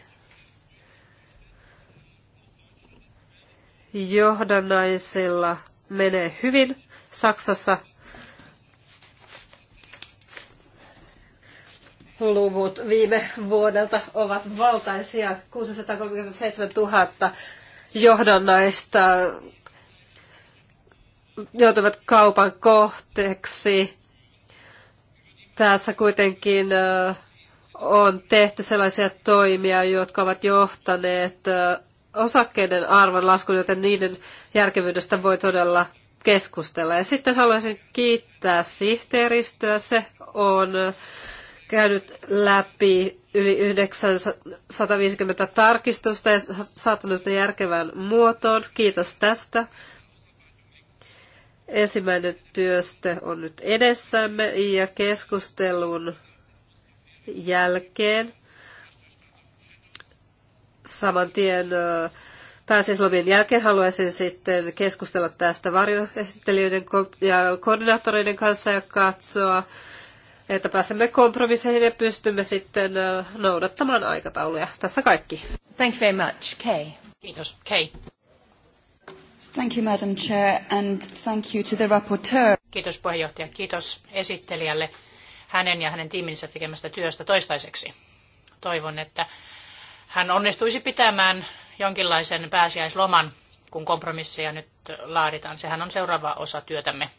johdannaisilla menee hyvin. Saksassa luvut viime vuodelta ovat valtaisia. 637 000 johdannaista joutuvat kaupan kohteeksi. Tässä kuitenkin on tehty sellaisia toimia, jotka ovat johtaneet osakkeiden arvon laskuun, joten niiden järkevyydestä voi todella keskustella. Ja sitten haluaisin kiittää sihteeristöä. Se on käynyt läpi yli 950 tarkistusta ja saattanut ne järkevään muotoon. Kiitos tästä. Ensimmäinen työstö on nyt edessämme ja keskustelun jälkeen saman tien pääsislomien jälkeen haluaisin sitten keskustella tästä varjoesittelijöiden ja koordinaattoreiden kanssa ja katsoa, että pääsemme kompromisseihin ja pystymme sitten noudattamaan aikatauluja. Tässä kaikki. Thank you very much, Kay. Kiitos, Kay. Thank you, Madam Chair, and thank you to the rapporteur. Kiitos puheenjohtaja, kiitos esittelijälle hänen ja hänen tiiminsä tekemästä työstä toistaiseksi. Toivon, että hän onnistuisi pitämään jonkinlaisen pääsiäisloman, kun kompromisseja nyt laaditaan. Sehän on seuraava osa työtämme.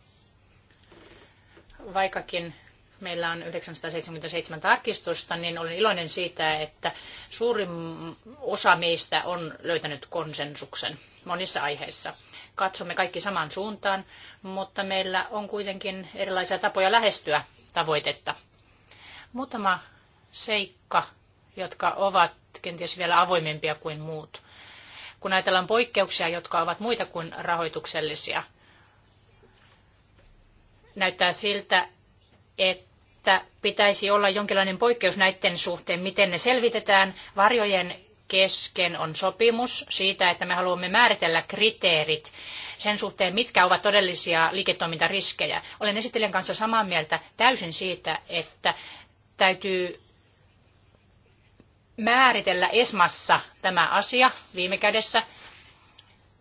Vaikkakin meillä on 977 tarkistusta, niin olen iloinen siitä, että suurin osa meistä on löytänyt konsensuksen monissa aiheissa. Katsomme kaikki samaan suuntaan, mutta meillä on kuitenkin erilaisia tapoja lähestyä tavoitetta. Muutama seikka, jotka ovat kenties vielä avoimempia kuin muut. Kun ajatellaan poikkeuksia, jotka ovat muita kuin rahoituksellisia, näyttää siltä, että että pitäisi olla jonkinlainen poikkeus näiden suhteen, miten ne selvitetään. Varjojen kesken on sopimus siitä, että me haluamme määritellä kriteerit sen suhteen, mitkä ovat todellisia liiketoimintariskejä. Olen esittelijän kanssa samaa mieltä täysin siitä, että täytyy määritellä ESMassa tämä asia viime kädessä,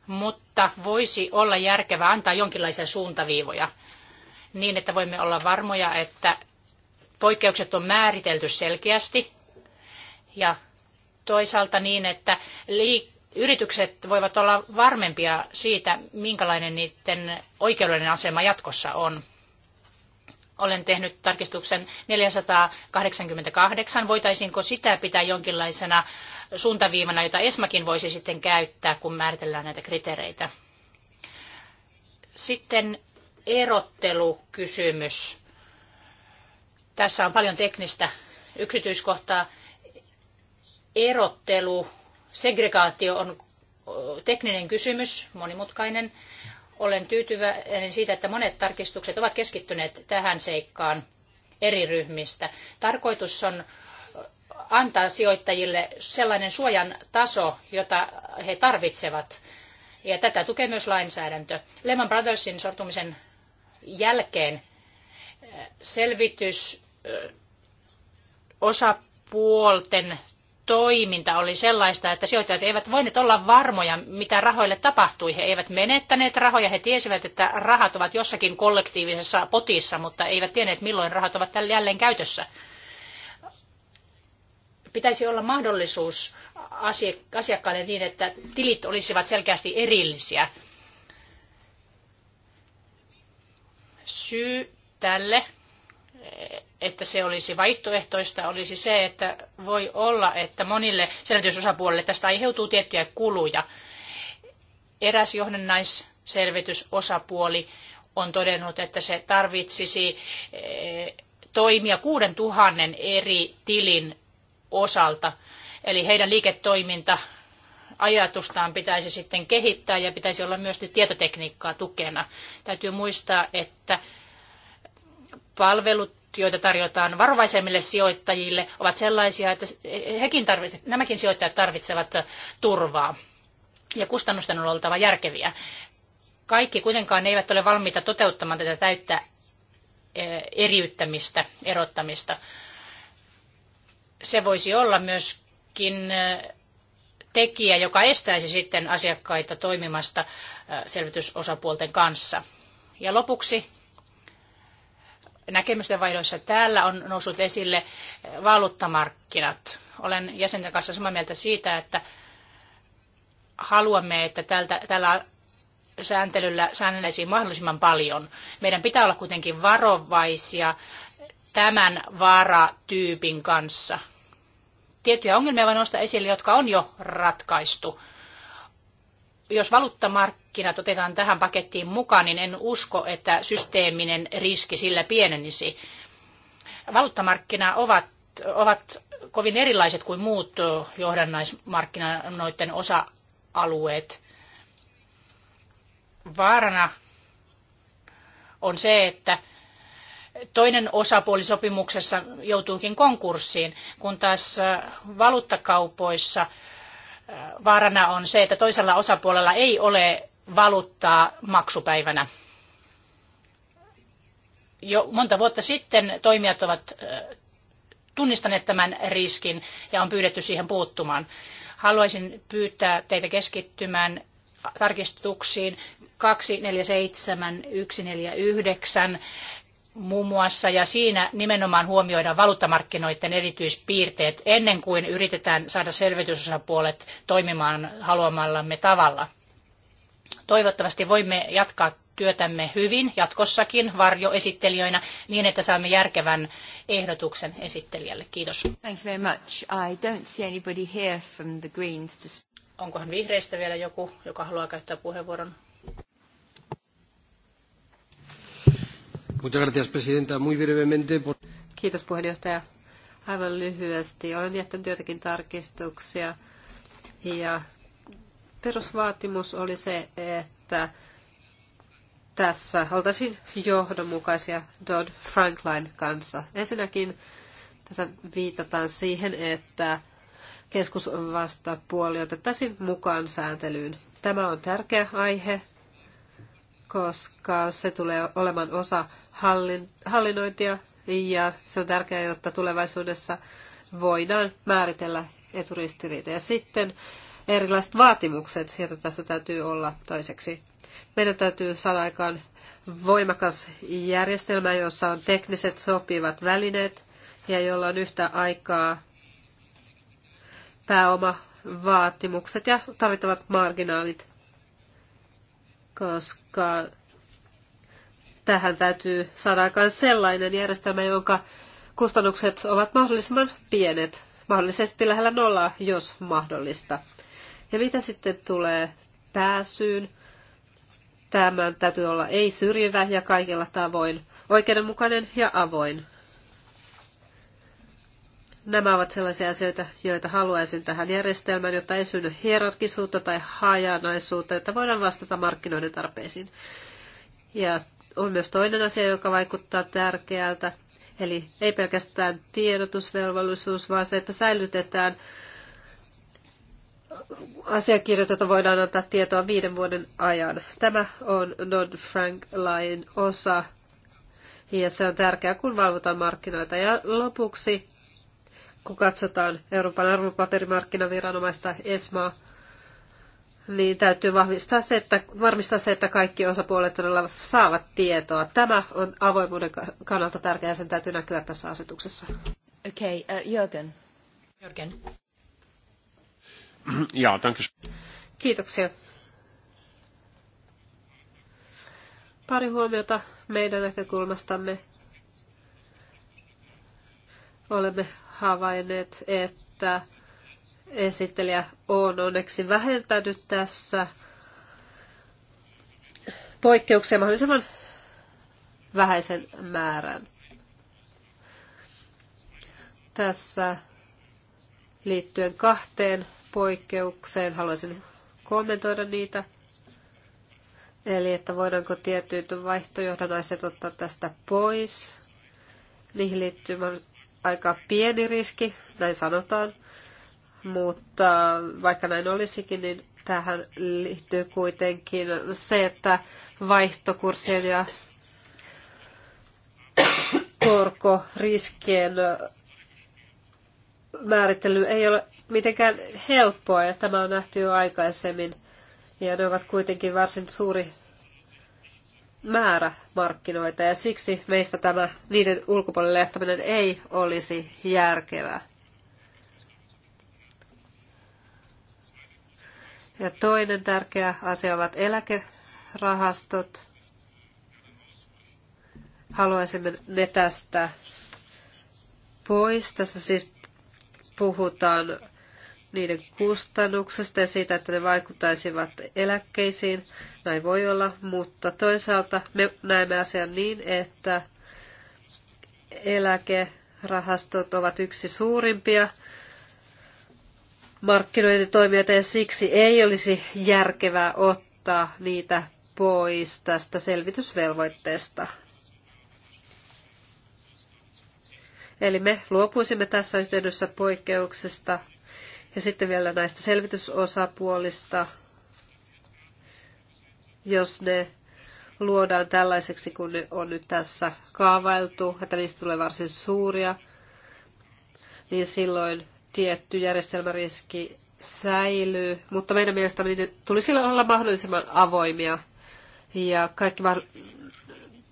mutta voisi olla järkevää antaa jonkinlaisia suuntaviivoja niin, että voimme olla varmoja, että poikkeukset on määritelty selkeästi ja toisaalta niin, että yritykset voivat olla varmempia siitä, minkälainen niiden oikeudellinen asema jatkossa on. Olen tehnyt tarkistuksen 488. Voitaisiinko sitä pitää jonkinlaisena suuntaviivana, jota ESMAkin voisi sitten käyttää, kun määritellään näitä kriteereitä? Sitten erottelukysymys tässä on paljon teknistä yksityiskohtaa. Erottelu, segregaatio on tekninen kysymys, monimutkainen. Olen tyytyväinen siitä, että monet tarkistukset ovat keskittyneet tähän seikkaan eri ryhmistä. Tarkoitus on antaa sijoittajille sellainen suojan taso, jota he tarvitsevat. Ja tätä tukee myös lainsäädäntö. Lehman Brothersin sortumisen jälkeen selvitys osapuolten toiminta oli sellaista, että sijoittajat eivät voineet olla varmoja, mitä rahoille tapahtui. He eivät menettäneet rahoja, he tiesivät, että rahat ovat jossakin kollektiivisessa potissa, mutta eivät tienneet, milloin rahat ovat tällä jälleen käytössä. Pitäisi olla mahdollisuus asiakkaille niin, että tilit olisivat selkeästi erillisiä. Syy tälle että se olisi vaihtoehtoista, olisi se, että voi olla, että monille selvitysosapuolille tästä aiheutuu tiettyjä kuluja. Eräs johdannaisselvitysosapuoli on todennut, että se tarvitsisi eh, toimia 6000 eri tilin osalta. Eli heidän liiketoiminta ajatustaan pitäisi sitten kehittää ja pitäisi olla myös tietotekniikkaa tukena. Täytyy muistaa, että palvelut joita tarjotaan varovaisemmille sijoittajille, ovat sellaisia, että hekin tarvitse, nämäkin sijoittajat tarvitsevat turvaa ja kustannusten on oltava järkeviä. Kaikki kuitenkaan eivät ole valmiita toteuttamaan tätä täyttä e, eriyttämistä, erottamista. Se voisi olla myöskin e, tekijä, joka estäisi sitten asiakkaita toimimasta e, selvitysosapuolten kanssa. Ja lopuksi näkemysten vaihdoissa täällä on noussut esille eh, valuuttamarkkinat. Olen jäsenten kanssa samaa mieltä siitä, että haluamme, että tältä, tällä sääntelyllä säännellisiin mahdollisimman paljon. Meidän pitää olla kuitenkin varovaisia tämän vaaratyypin kanssa. Tiettyjä ongelmia voi nostaa esille, jotka on jo ratkaistu jos valuuttamarkkinat otetaan tähän pakettiin mukaan, niin en usko, että systeeminen riski sillä pienenisi. Valuuttamarkkina ovat, ovat kovin erilaiset kuin muut johdannaismarkkinoiden osa-alueet. Vaarana on se, että toinen osapuoli sopimuksessa joutuukin konkurssiin, kun taas valuuttakaupoissa – vaarana on se, että toisella osapuolella ei ole valuuttaa maksupäivänä. Jo monta vuotta sitten toimijat ovat tunnistaneet tämän riskin ja on pyydetty siihen puuttumaan. Haluaisin pyytää teitä keskittymään tarkistuksiin 247149 muun muassa, ja siinä nimenomaan huomioidaan valuuttamarkkinoiden erityispiirteet ennen kuin yritetään saada selvitysosapuolet toimimaan haluamallamme tavalla. Toivottavasti voimme jatkaa työtämme hyvin jatkossakin varjoesittelijöinä niin, että saamme järkevän ehdotuksen esittelijälle. Kiitos. Thank you very much. I don't see anybody here from the Greens. Onkohan vihreistä vielä joku, joka haluaa käyttää puheenvuoron? Kiitos puheenjohtaja. Aivan lyhyesti. Olen jättänyt joitakin tarkistuksia ja perusvaatimus oli se, että tässä oltaisiin johdonmukaisia Dodd-Franklin kanssa. Ensinnäkin tässä viitataan siihen, että keskusvastapuoli otettaisiin mukaan sääntelyyn. Tämä on tärkeä aihe, koska se tulee olemaan osa hallin, hallinnointia ja se on tärkeää, jotta tulevaisuudessa voidaan määritellä eturistiriitoja. Sitten erilaiset vaatimukset, joita tässä täytyy olla toiseksi. Meidän täytyy saada aikaan voimakas järjestelmä, jossa on tekniset sopivat välineet ja jolla on yhtä aikaa vaatimukset ja tarvittavat marginaalit, koska tähän täytyy saada aikaan sellainen järjestelmä, jonka kustannukset ovat mahdollisimman pienet, mahdollisesti lähellä nollaa, jos mahdollista. Ja mitä sitten tulee pääsyyn? Tämän täytyy olla ei syrjivä ja kaikilla tavoin oikeudenmukainen ja avoin. Nämä ovat sellaisia asioita, joita haluaisin tähän järjestelmään, jotta ei synny hierarkisuutta tai hajanaisuutta, jotta voidaan vastata markkinoiden tarpeisiin. Ja on myös toinen asia, joka vaikuttaa tärkeältä. Eli ei pelkästään tiedotusvelvollisuus, vaan se, että säilytetään asiakirjat, joita voidaan antaa tietoa viiden vuoden ajan. Tämä on Dodd-Frank-lain osa, ja se on tärkeää, kun valvotaan markkinoita. Ja lopuksi, kun katsotaan Euroopan arvopaperimarkkinaviranomaista ESMAa, niin täytyy vahvistaa se, että, varmistaa se, että kaikki osapuolet todella saavat tietoa. Tämä on avoimuuden kannalta tärkeää, sen täytyy näkyä tässä asetuksessa. Okei, okay, uh, eh, Jörgen. Jörgen. Ja, Kiitoksia. Pari huomiota meidän näkökulmastamme. Olemme havainneet, että esittelijä on onneksi vähentänyt tässä poikkeuksia mahdollisimman vähäisen määrän. Tässä liittyen kahteen poikkeukseen haluaisin kommentoida niitä. Eli että voidaanko tietyt vaihtojohdonaiset ottaa tästä pois. Niihin liittyy aika pieni riski, näin sanotaan mutta vaikka näin olisikin, niin tähän liittyy kuitenkin se, että vaihtokurssien ja korkoriskien määrittely ei ole mitenkään helppoa, ja tämä on nähty jo aikaisemmin, ja ne ovat kuitenkin varsin suuri määrä markkinoita, ja siksi meistä tämä niiden ulkopuolelle jättäminen ei olisi järkevää. Ja toinen tärkeä asia ovat eläkerahastot. Haluaisimme ne tästä pois. Tässä siis puhutaan niiden kustannuksesta ja siitä, että ne vaikuttaisivat eläkkeisiin. Näin voi olla, mutta toisaalta me näemme asian niin, että eläkerahastot ovat yksi suurimpia Markkinoiden toimijoita ja siksi ei olisi järkevää ottaa niitä pois tästä selvitysvelvoitteesta. Eli me luopuisimme tässä yhteydessä poikkeuksesta ja sitten vielä näistä selvitysosapuolista, jos ne luodaan tällaiseksi, kun ne on nyt tässä kaavailtu, että niistä tulee varsin suuria, niin silloin tietty järjestelmäriski säilyy, mutta meidän mielestämme niiden tulisi olla mahdollisimman avoimia ja kaikki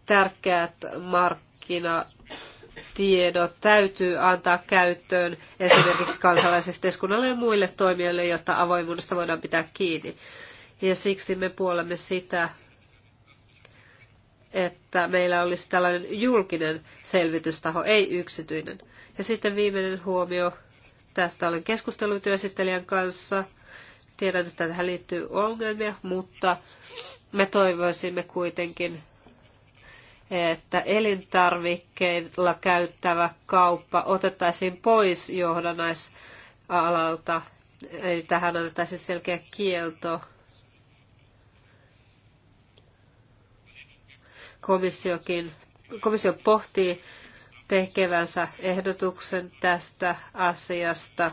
tärkeät markkinatiedot täytyy antaa käyttöön esimerkiksi kansalaisyhteiskunnalle ja muille toimijoille, jotta avoimuudesta voidaan pitää kiinni. Ja siksi me puolemme sitä, että meillä olisi tällainen julkinen selvitystaho, ei yksityinen. Ja sitten viimeinen huomio Tästä olen keskustellut työsittelijän kanssa. Tiedän, että tähän liittyy ongelmia, mutta me toivoisimme kuitenkin, että elintarvikkeilla käyttävä kauppa otettaisiin pois johdannaisalalta. Eli tähän annettaisiin selkeä kielto. Komissiokin, komissio pohtii tekevänsä ehdotuksen tästä asiasta.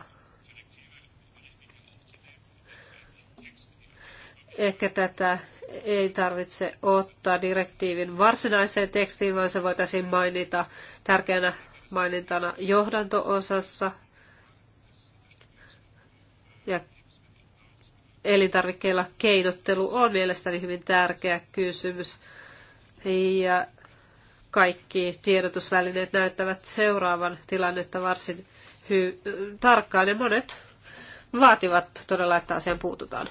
Ehkä tätä ei tarvitse ottaa direktiivin varsinaiseen tekstiin, vaan se voitaisiin mainita tärkeänä mainintana johdanto-osassa. Ja elintarvikkeilla keinottelu on mielestäni hyvin tärkeä kysymys. Ja kaikki tiedotusvälineet näyttävät seuraavan tilannetta varsin hy- tarkkaan ja monet vaativat todella, että asiaan puututaan.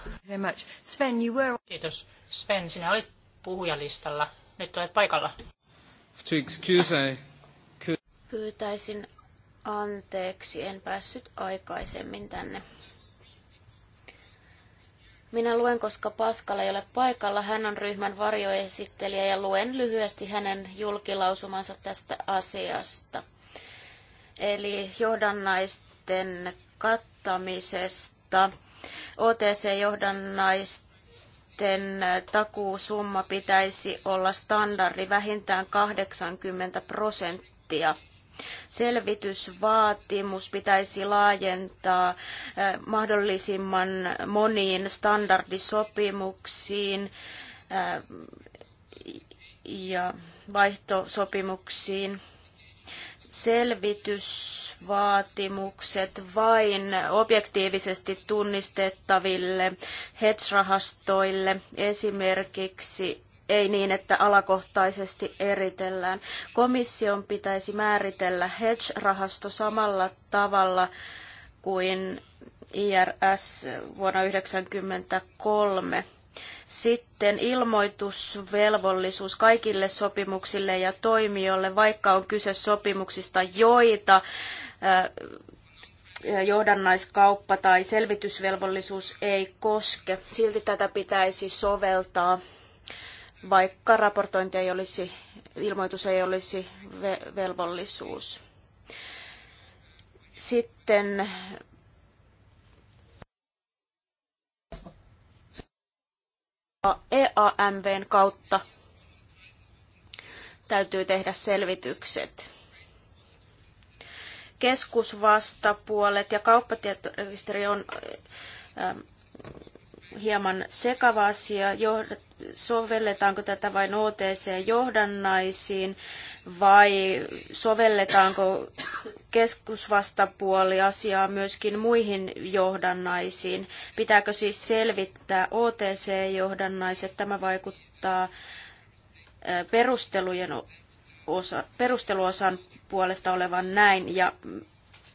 Sven, you were... Kiitos. Sven, sinä olit puhujalistalla. Nyt olet paikalla. excuse, I Pyytäisin anteeksi, en päässyt aikaisemmin tänne. Minä luen, koska Paskal ei ole paikalla. Hän on ryhmän varjoesittelijä ja luen lyhyesti hänen julkilausumansa tästä asiasta. Eli johdannaisten kattamisesta. OTC-johdannaisten takuusumma pitäisi olla standardi vähintään 80 prosenttia. Selvitysvaatimus pitäisi laajentaa eh, mahdollisimman moniin standardisopimuksiin eh, ja vaihtosopimuksiin selvitysvaatimukset vain objektiivisesti tunnistettaville hedge-rahastoille, esimerkiksi ei niin, että alakohtaisesti eritellään. Komission pitäisi määritellä hedge-rahasto samalla tavalla kuin IRS vuonna 1993. Sitten ilmoitusvelvollisuus kaikille sopimuksille ja toimijoille, vaikka on kyse sopimuksista, joita johdannaiskauppa tai selvitysvelvollisuus ei koske. Silti tätä pitäisi soveltaa vaikka raportointi ei olisi, ilmoitus ei olisi velvollisuus. Sitten EAMVn kautta täytyy tehdä selvitykset. Keskusvastapuolet ja kauppatietorekisteri on ähm, hieman sekava asia sovelletaanko tätä vain OTC-johdannaisiin vai sovelletaanko keskusvastapuoli asiaa myöskin muihin johdannaisiin. Pitääkö siis selvittää OTC-johdannaiset? Tämä vaikuttaa perustelujen osa, perusteluosan puolesta olevan näin. Ja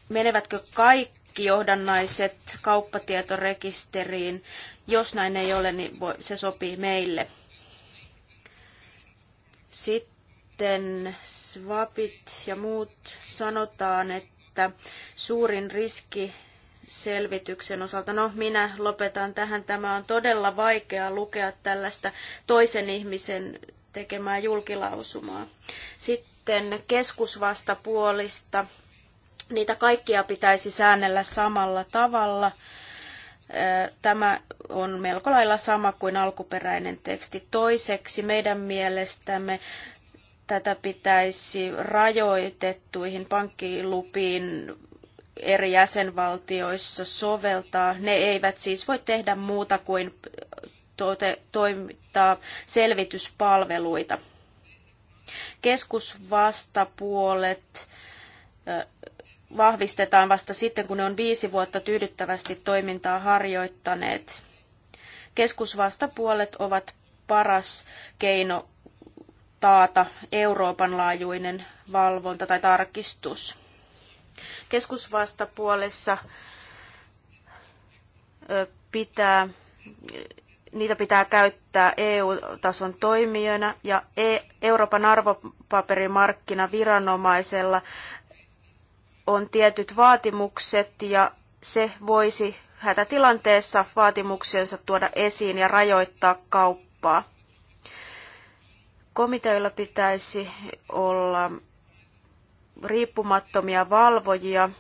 menevätkö kaikki johdannaiset kauppatietorekisteriin. Jos näin ei ole, niin se sopii meille. Sitten swapit ja muut sanotaan, että suurin riski selvityksen osalta. No, minä lopetan tähän. Tämä on todella vaikea lukea tällaista toisen ihmisen tekemää julkilausumaa. Sitten keskusvastapuolista Niitä kaikkia pitäisi säännellä samalla tavalla. Tämä on melko lailla sama kuin alkuperäinen teksti. Toiseksi meidän mielestämme tätä pitäisi rajoitettuihin pankkilupiin eri jäsenvaltioissa soveltaa. Ne eivät siis voi tehdä muuta kuin tote, toimittaa selvityspalveluita. Keskusvastapuolet vahvistetaan vasta sitten, kun ne on viisi vuotta tyydyttävästi toimintaa harjoittaneet. Keskusvastapuolet ovat paras keino taata Euroopan laajuinen valvonta tai tarkistus. Keskusvastapuolessa pitää, niitä pitää käyttää EU-tason toimijoina ja e- Euroopan arvopaperimarkkinaviranomaisella on tietyt vaatimukset ja se voisi hätätilanteessa vaatimuksensa tuoda esiin ja rajoittaa kauppaa. Komiteoilla pitäisi olla riippumattomia valvojia,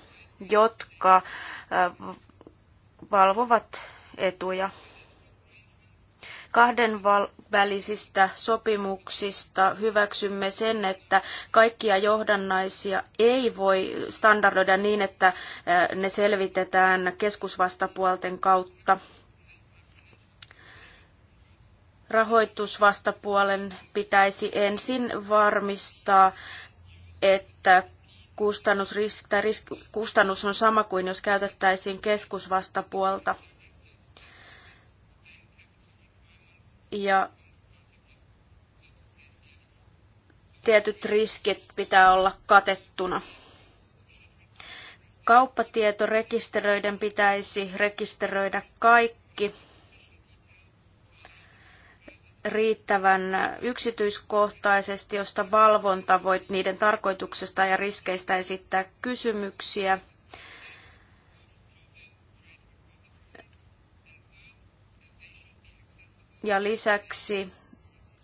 jotka äh, valvovat etuja kahden välisistä sopimuksista hyväksymme sen, että kaikkia johdannaisia ei voi standardoida niin, että äh, ne selvitetään keskusvastapuolten kautta. Rahoitusvastapuolen pitäisi ensin varmistaa, että kustannus, risk, risk, kustannus on sama kuin jos käytettäisiin keskusvastapuolta – Ja tietyt riskit pitää olla katettuna. Kauppatietorekisteröiden pitäisi rekisteröidä kaikki riittävän yksityiskohtaisesti, josta valvonta voi niiden tarkoituksesta ja riskeistä esittää kysymyksiä. Ja lisäksi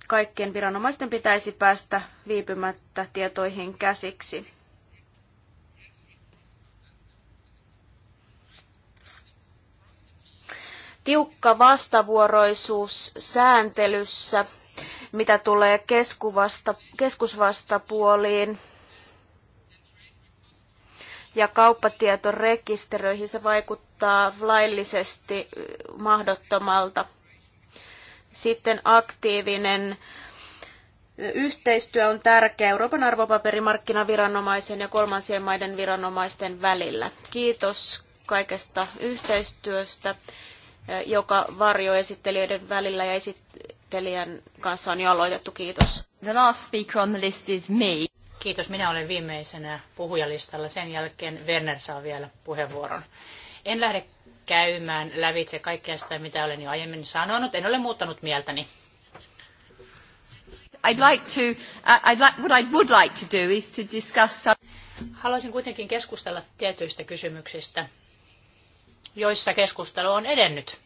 kaikkien viranomaisten pitäisi päästä viipymättä tietoihin käsiksi. Tiukka vastavuoroisuus sääntelyssä, mitä tulee keskuvasta, keskusvastapuoliin ja kauppatietorekisteröihin, se vaikuttaa laillisesti mahdottomalta – sitten aktiivinen yhteistyö on tärkeä Euroopan arvopaperimarkkinaviranomaisen ja kolmansien maiden viranomaisten välillä. Kiitos kaikesta yhteistyöstä, joka varjoesittelijöiden välillä ja esittelijän kanssa on jo aloitettu. Kiitos. The last speaker on the list is me. Kiitos. Minä olen viimeisenä puhujalistalla. Sen jälkeen Werner saa vielä puheenvuoron. En lähde käymään lävitse kaikkea sitä, mitä olen jo aiemmin sanonut. En ole muuttanut mieltäni. I'd like to, uh, I'd like, what I would like to do is to discuss some... Haluaisin kuitenkin keskustella tietyistä kysymyksistä, joissa keskustelu on edennyt.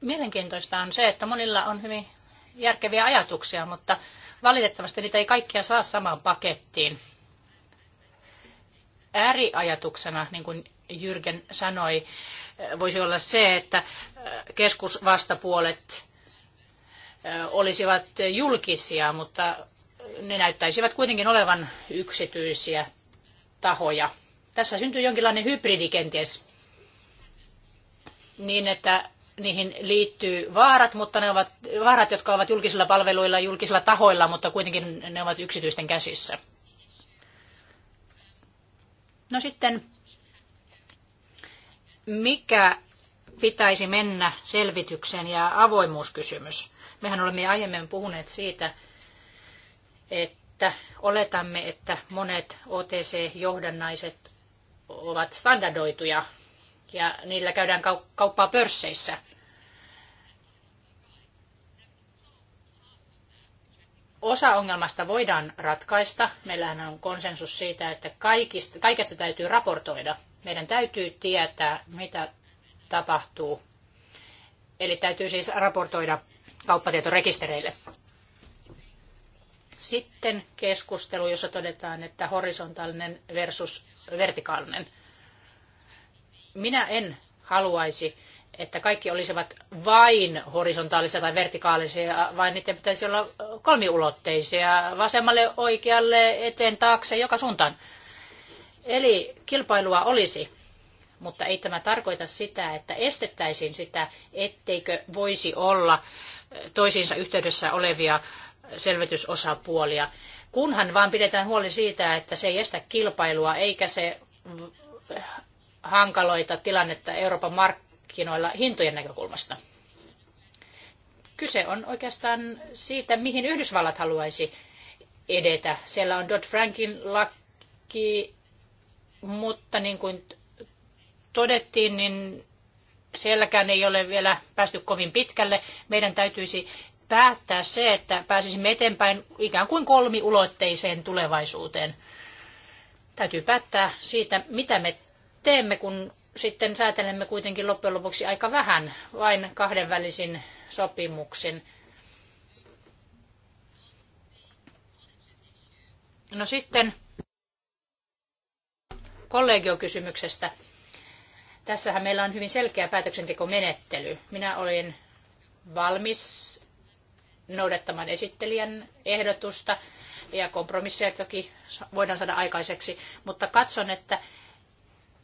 Mielenkiintoista on se, että monilla on hyvin järkeviä ajatuksia, mutta valitettavasti niitä ei kaikkia saa samaan pakettiin. Ääriajatuksena, niin kuin Jyrgen sanoi, voisi olla se, että äh, keskusvastapuolet äh, olisivat julkisia, mutta ne näyttäisivät kuitenkin olevan yksityisiä tahoja. Tässä syntyy jonkinlainen hybridi kenties niin, että niihin liittyy vaarat, mutta ne ovat vaarat, jotka ovat julkisilla palveluilla, julkisilla tahoilla, mutta kuitenkin ne ovat yksityisten käsissä. No sitten mikä pitäisi mennä selvityksen ja avoimuuskysymys. Mehän olemme aiemmin puhuneet siitä, että oletamme, että monet OTC-johdannaiset ovat standardoituja ja niillä käydään kauppaa pörsseissä. Osa ongelmasta voidaan ratkaista. Meillähän on konsensus siitä, että kaikista, kaikesta täytyy raportoida – meidän täytyy tietää, mitä tapahtuu. Eli täytyy siis raportoida kauppatietorekistereille. Sitten keskustelu, jossa todetaan, että horisontaalinen versus vertikaalinen. Minä en haluaisi, että kaikki olisivat vain horisontaalisia tai vertikaalisia, vaan niiden pitäisi olla kolmiulotteisia, vasemmalle, oikealle, eteen, taakse, joka suuntaan. Eli kilpailua olisi, mutta ei tämä tarkoita sitä, että estettäisiin sitä, etteikö voisi olla toisiinsa yhteydessä olevia selvitysosapuolia, kunhan vaan pidetään huoli siitä, että se ei estä kilpailua eikä se hankaloita tilannetta Euroopan markkinoilla hintojen näkökulmasta. Kyse on oikeastaan siitä, mihin Yhdysvallat haluaisi edetä. Siellä on Dodd-Frankin laki mutta niin kuin todettiin, niin sielläkään ei ole vielä päästy kovin pitkälle. Meidän täytyisi päättää se, että pääsisimme eteenpäin ikään kuin kolmiulotteiseen tulevaisuuteen. Täytyy päättää siitä, mitä me teemme, kun sitten säätelemme kuitenkin loppujen lopuksi aika vähän, vain kahdenvälisin sopimuksin. No sitten kollegiokysymyksestä. Tässähän meillä on hyvin selkeä päätöksentekomenettely. Minä olin valmis noudattamaan esittelijän ehdotusta ja kompromisseja toki voidaan saada aikaiseksi, mutta katson, että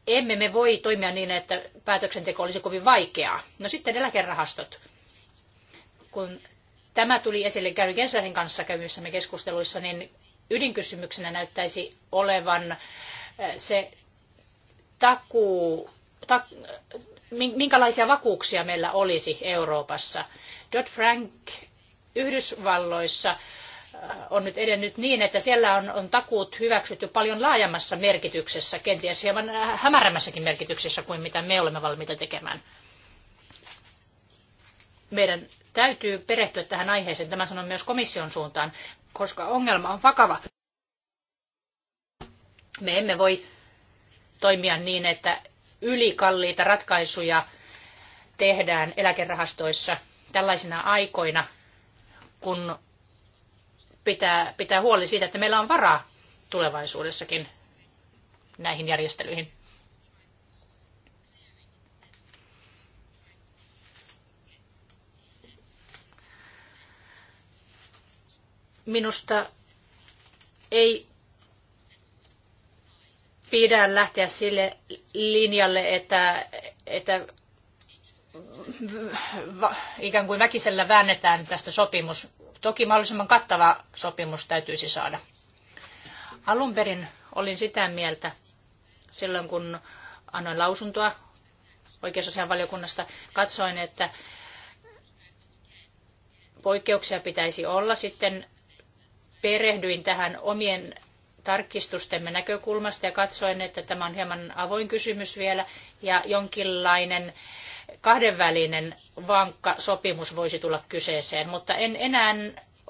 emme me voi toimia niin, että päätöksenteko olisi kovin vaikeaa. No sitten eläkerahastot. Kun tämä tuli esille Gary Genslerin kanssa käymissämme keskusteluissa, niin ydinkysymyksenä näyttäisi olevan eh, se, takuu, ta, minkälaisia vakuuksia meillä olisi Euroopassa. Dodd-Frank Yhdysvalloissa äh, on nyt edennyt niin, että siellä on, on takuut hyväksytty paljon laajemmassa merkityksessä, kenties hieman hämärämmässäkin merkityksessä kuin mitä me olemme valmiita tekemään. Meidän täytyy perehtyä tähän aiheeseen, tämä sanon myös komission suuntaan, koska ongelma on vakava. Me emme voi toimia niin, että ylikalliita ratkaisuja tehdään eläkerahastoissa tällaisina aikoina, kun pitää, pitää huoli siitä, että meillä on varaa tulevaisuudessakin näihin järjestelyihin. Minusta ei pidä lähteä sille linjalle, että, että ikään kuin väkisellä väännetään tästä sopimus. Toki mahdollisimman kattava sopimus täytyisi saada. Alun perin olin sitä mieltä silloin, kun annoin lausuntoa oikeusasianvaliokunnasta, katsoin, että poikkeuksia pitäisi olla. Sitten perehdyin tähän omien tarkistustemme näkökulmasta ja katsoen, että tämä on hieman avoin kysymys vielä ja jonkinlainen kahdenvälinen vankka sopimus voisi tulla kyseeseen, mutta en enää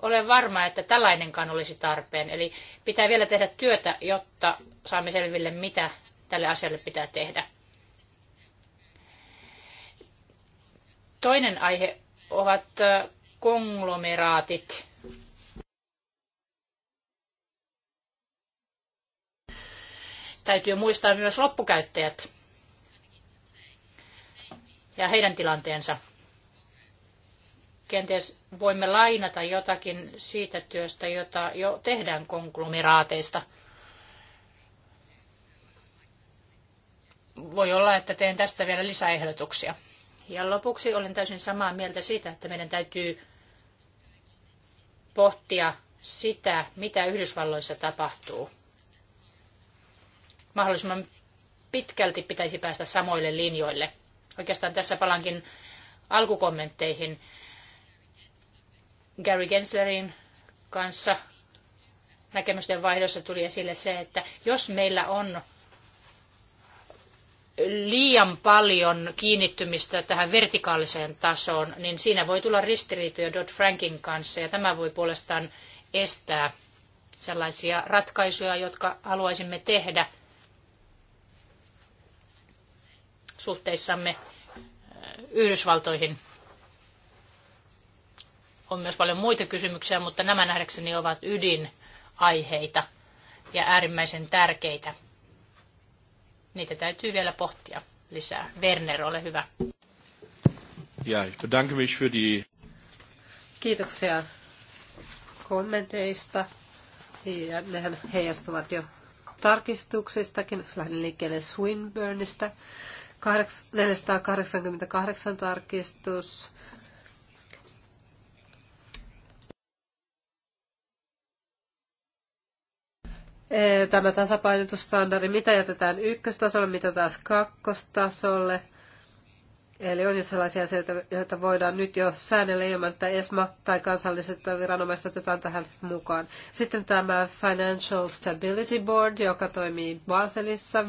ole varma, että tällainenkaan olisi tarpeen. Eli pitää vielä tehdä työtä, jotta saamme selville, mitä tälle asialle pitää tehdä. Toinen aihe ovat konglomeraatit. Täytyy muistaa myös loppukäyttäjät ja heidän tilanteensa. Kenties voimme lainata jotakin siitä työstä, jota jo tehdään konglomeraateista. Voi olla, että teen tästä vielä lisäehdotuksia. Ja lopuksi olen täysin samaa mieltä siitä, että meidän täytyy pohtia sitä, mitä Yhdysvalloissa tapahtuu mahdollisimman pitkälti pitäisi päästä samoille linjoille. Oikeastaan tässä palankin alkukommentteihin Gary Genslerin kanssa näkemysten vaihdossa tuli esille se, että jos meillä on liian paljon kiinnittymistä tähän vertikaaliseen tasoon, niin siinä voi tulla ristiriitoja Dodd-Frankin kanssa ja tämä voi puolestaan estää sellaisia ratkaisuja, jotka haluaisimme tehdä – suhteissamme äh, Yhdysvaltoihin. On myös paljon muita kysymyksiä, mutta nämä nähdäkseni ovat ydinaiheita ja äärimmäisen tärkeitä. Niitä täytyy vielä pohtia lisää. Werner, ole hyvä. Ja, ich bedanke mich für die... Kiitoksia kommenteista. Ja nehän heijastuvat jo tarkistuksistakin. Lähden liikkeelle Swinburnista. 488 tarkistus. E, tämä tasapainotusstandardi, mitä jätetään ykköstasolle, mitä taas kakkostasolle – Eli on jo sellaisia asioita, joita voidaan nyt jo säännellä ilman, että ESMA tai kansalliset viranomaiset otetaan tähän mukaan. Sitten tämä Financial Stability Board, joka toimii Baselissa 15.4.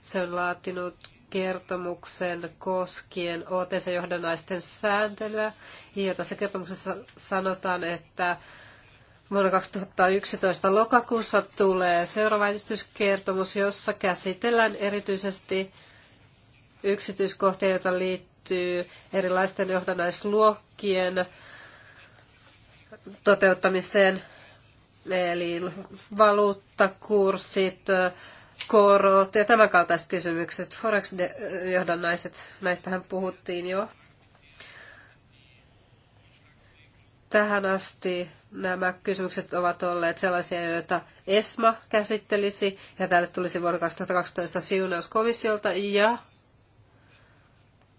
Se on laatinut kertomuksen koskien OTC-johdannaisten sääntelyä. Ja tässä kertomuksessa sanotaan, että vuonna 2011 lokakuussa tulee seuraava edistyskertomus, jossa käsitellään erityisesti yksityiskohtia, joita liittyy erilaisten johdannaisluokkien toteuttamiseen, eli valuuttakurssit, korot ja tämän kaltaiset kysymykset. Forex-johdannaiset, näistähän puhuttiin jo. Tähän asti nämä kysymykset ovat olleet sellaisia, joita ESMA käsittelisi, ja tälle tulisi vuonna 2012 siunauskomissiolta, ja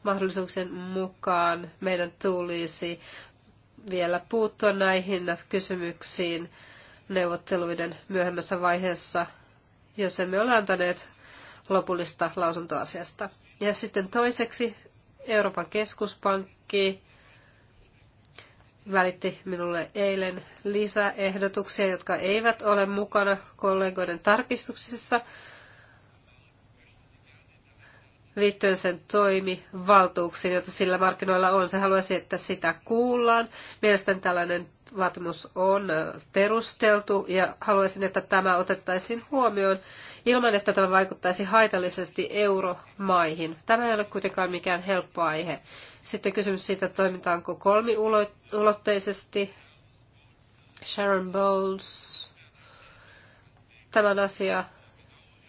mahdollisuuksien mukaan meidän tulisi vielä puuttua näihin kysymyksiin neuvotteluiden myöhemmässä vaiheessa, jos emme ole antaneet lopullista lausuntoasiasta. Ja sitten toiseksi Euroopan keskuspankki välitti minulle eilen lisäehdotuksia, jotka eivät ole mukana kollegoiden tarkistuksissa, liittyen sen toimivaltuuksiin, joita sillä markkinoilla on. Se haluaisi, että sitä kuullaan. Mielestäni tällainen vaatimus on perusteltu ja haluaisin, että tämä otettaisiin huomioon ilman, että tämä vaikuttaisi haitallisesti euromaihin. Tämä ei ole kuitenkaan mikään helppo aihe. Sitten kysymys siitä, toimitaanko kolmiulotteisesti. Sharon Bowles. Tämän asia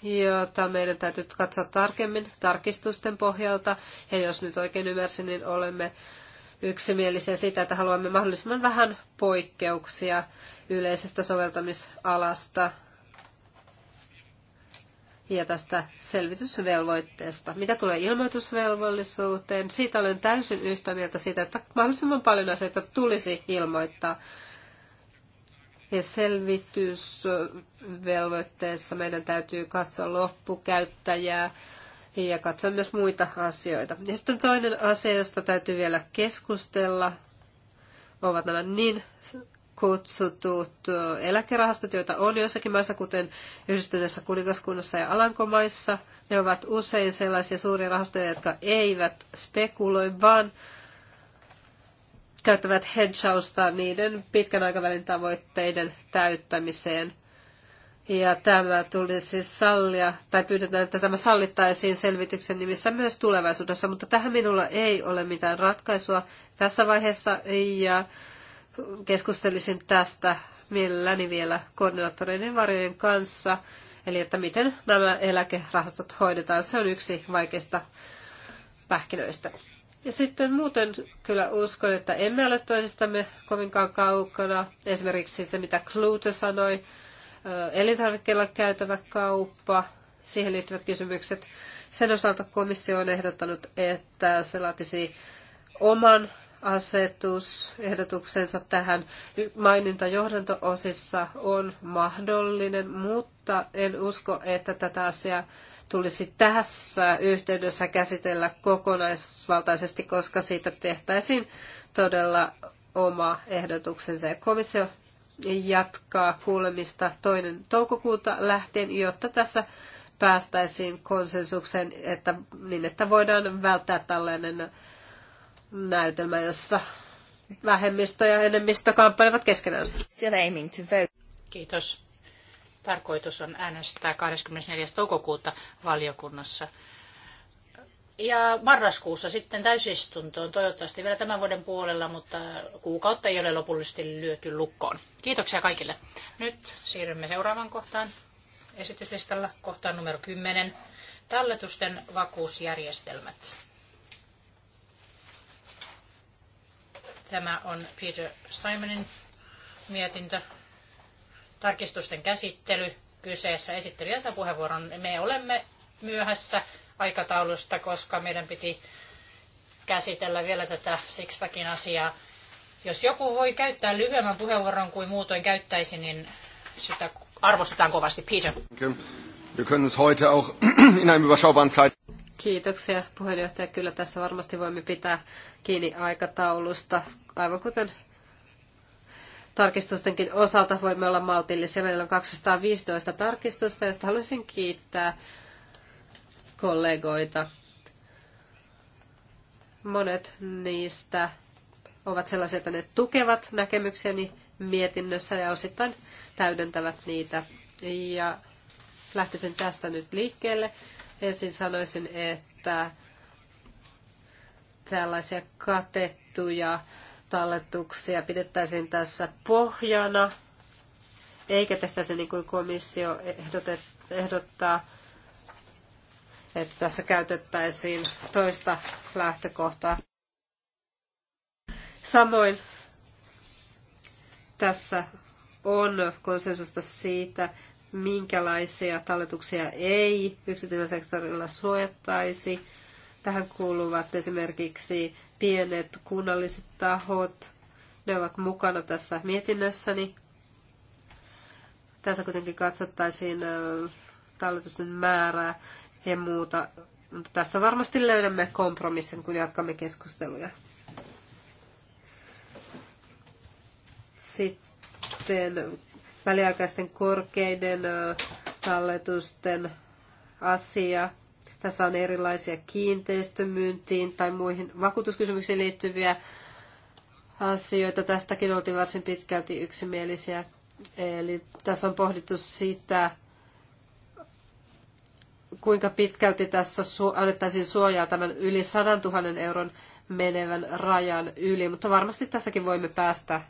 jota meidän täytyy katsoa tarkemmin tarkistusten pohjalta. Ja jos nyt oikein ymmärsin, niin olemme yksimielisiä siitä, että haluamme mahdollisimman vähän poikkeuksia yleisestä soveltamisalasta ja tästä selvitysvelvoitteesta. Mitä tulee ilmoitusvelvollisuuteen, siitä olen täysin yhtä mieltä siitä, että mahdollisimman paljon asioita tulisi ilmoittaa. Ja selvitysvelvoitteessa meidän täytyy katsoa loppukäyttäjää ja katsoa myös muita asioita. Ja sitten toinen asia, josta täytyy vielä keskustella, ovat nämä niin kutsutut eläkerahastot, joita on joissakin maissa, kuten Yhdistyneessä kuningaskunnassa ja Alankomaissa. Ne ovat usein sellaisia suuria rahastoja, jotka eivät spekuloi, vaan käyttävät hedgeausta niiden pitkän aikavälin tavoitteiden täyttämiseen. Ja tämä tulisi siis sallia, tai pyydetään, että tämä sallittaisiin selvityksen nimissä myös tulevaisuudessa, mutta tähän minulla ei ole mitään ratkaisua tässä vaiheessa, ja keskustelisin tästä mielelläni vielä koordinaattoreiden varjojen kanssa, eli että miten nämä eläkerahastot hoidetaan. Se on yksi vaikeista pähkinöistä. Ja sitten muuten kyllä uskon, että emme ole toisistamme kovinkaan kaukana. Esimerkiksi se, mitä Klute sanoi, elintarvikkeilla käytävä kauppa, siihen liittyvät kysymykset. Sen osalta komissio on ehdottanut, että se laatisi oman asetusehdotuksensa tähän. Maininta johdanto-osissa on mahdollinen, mutta en usko, että tätä asiaa tulisi tässä yhteydessä käsitellä kokonaisvaltaisesti, koska siitä tehtäisiin todella oma ehdotuksensa. Komissio jatkaa kuulemista toinen toukokuuta lähtien, jotta tässä päästäisiin konsensukseen, että, niin että voidaan välttää tällainen näytelmä, jossa vähemmistö ja enemmistö kamppailevat keskenään. Still aiming to vote. Kiitos. Tarkoitus on äänestää 24. toukokuuta valiokunnassa. Ja marraskuussa sitten täysistuntoon, toivottavasti vielä tämän vuoden puolella, mutta kuukautta ei ole lopullisesti lyöty lukkoon. Kiitoksia kaikille. Nyt siirrymme seuraavaan kohtaan esityslistalla, kohtaan numero 10, talletusten vakuusjärjestelmät. Tämä on Peter Simonin mietintö tarkistusten käsittely kyseessä. Esittelijä puheenvuoron. Me olemme myöhässä aikataulusta, koska meidän piti käsitellä vielä tätä Sixpackin asiaa. Jos joku voi käyttää lyhyemmän puheenvuoron kuin muutoin käyttäisi, niin sitä arvostetaan kovasti. Peter. Kiitoksia puheenjohtaja. Kyllä tässä varmasti voimme pitää kiinni aikataulusta, aivan kuten tarkistustenkin osalta voimme olla maltillisia. Meillä on 215 tarkistusta, josta haluaisin kiittää kollegoita. Monet niistä ovat sellaisia, että ne tukevat näkemykseni mietinnössä ja osittain täydentävät niitä. Ja lähtisin tästä nyt liikkeelle. Ensin sanoisin, että tällaisia katettuja talletuksia pidettäisiin tässä pohjana, eikä tehtäisi niin kuin komissio ehdottaa, että tässä käytettäisiin toista lähtökohtaa. Samoin tässä on konsensusta siitä, minkälaisia talletuksia ei yksityisellä sektorilla suojattaisi Tähän kuuluvat esimerkiksi pienet kunnalliset tahot. Ne ovat mukana tässä mietinnössäni. Tässä kuitenkin katsottaisiin talletusten määrää ja muuta. Mutta tästä varmasti löydämme kompromissin, kun jatkamme keskusteluja. Sitten väliaikaisten korkeiden talletusten asia. Tässä on erilaisia kiinteistömyyntiin tai muihin vakuutuskysymyksiin liittyviä asioita. Tästäkin oltiin varsin pitkälti yksimielisiä. Eli tässä on pohdittu sitä, kuinka pitkälti tässä annettaisiin suojaa tämän yli 100 000 euron menevän rajan yli, mutta varmasti tässäkin voimme päästä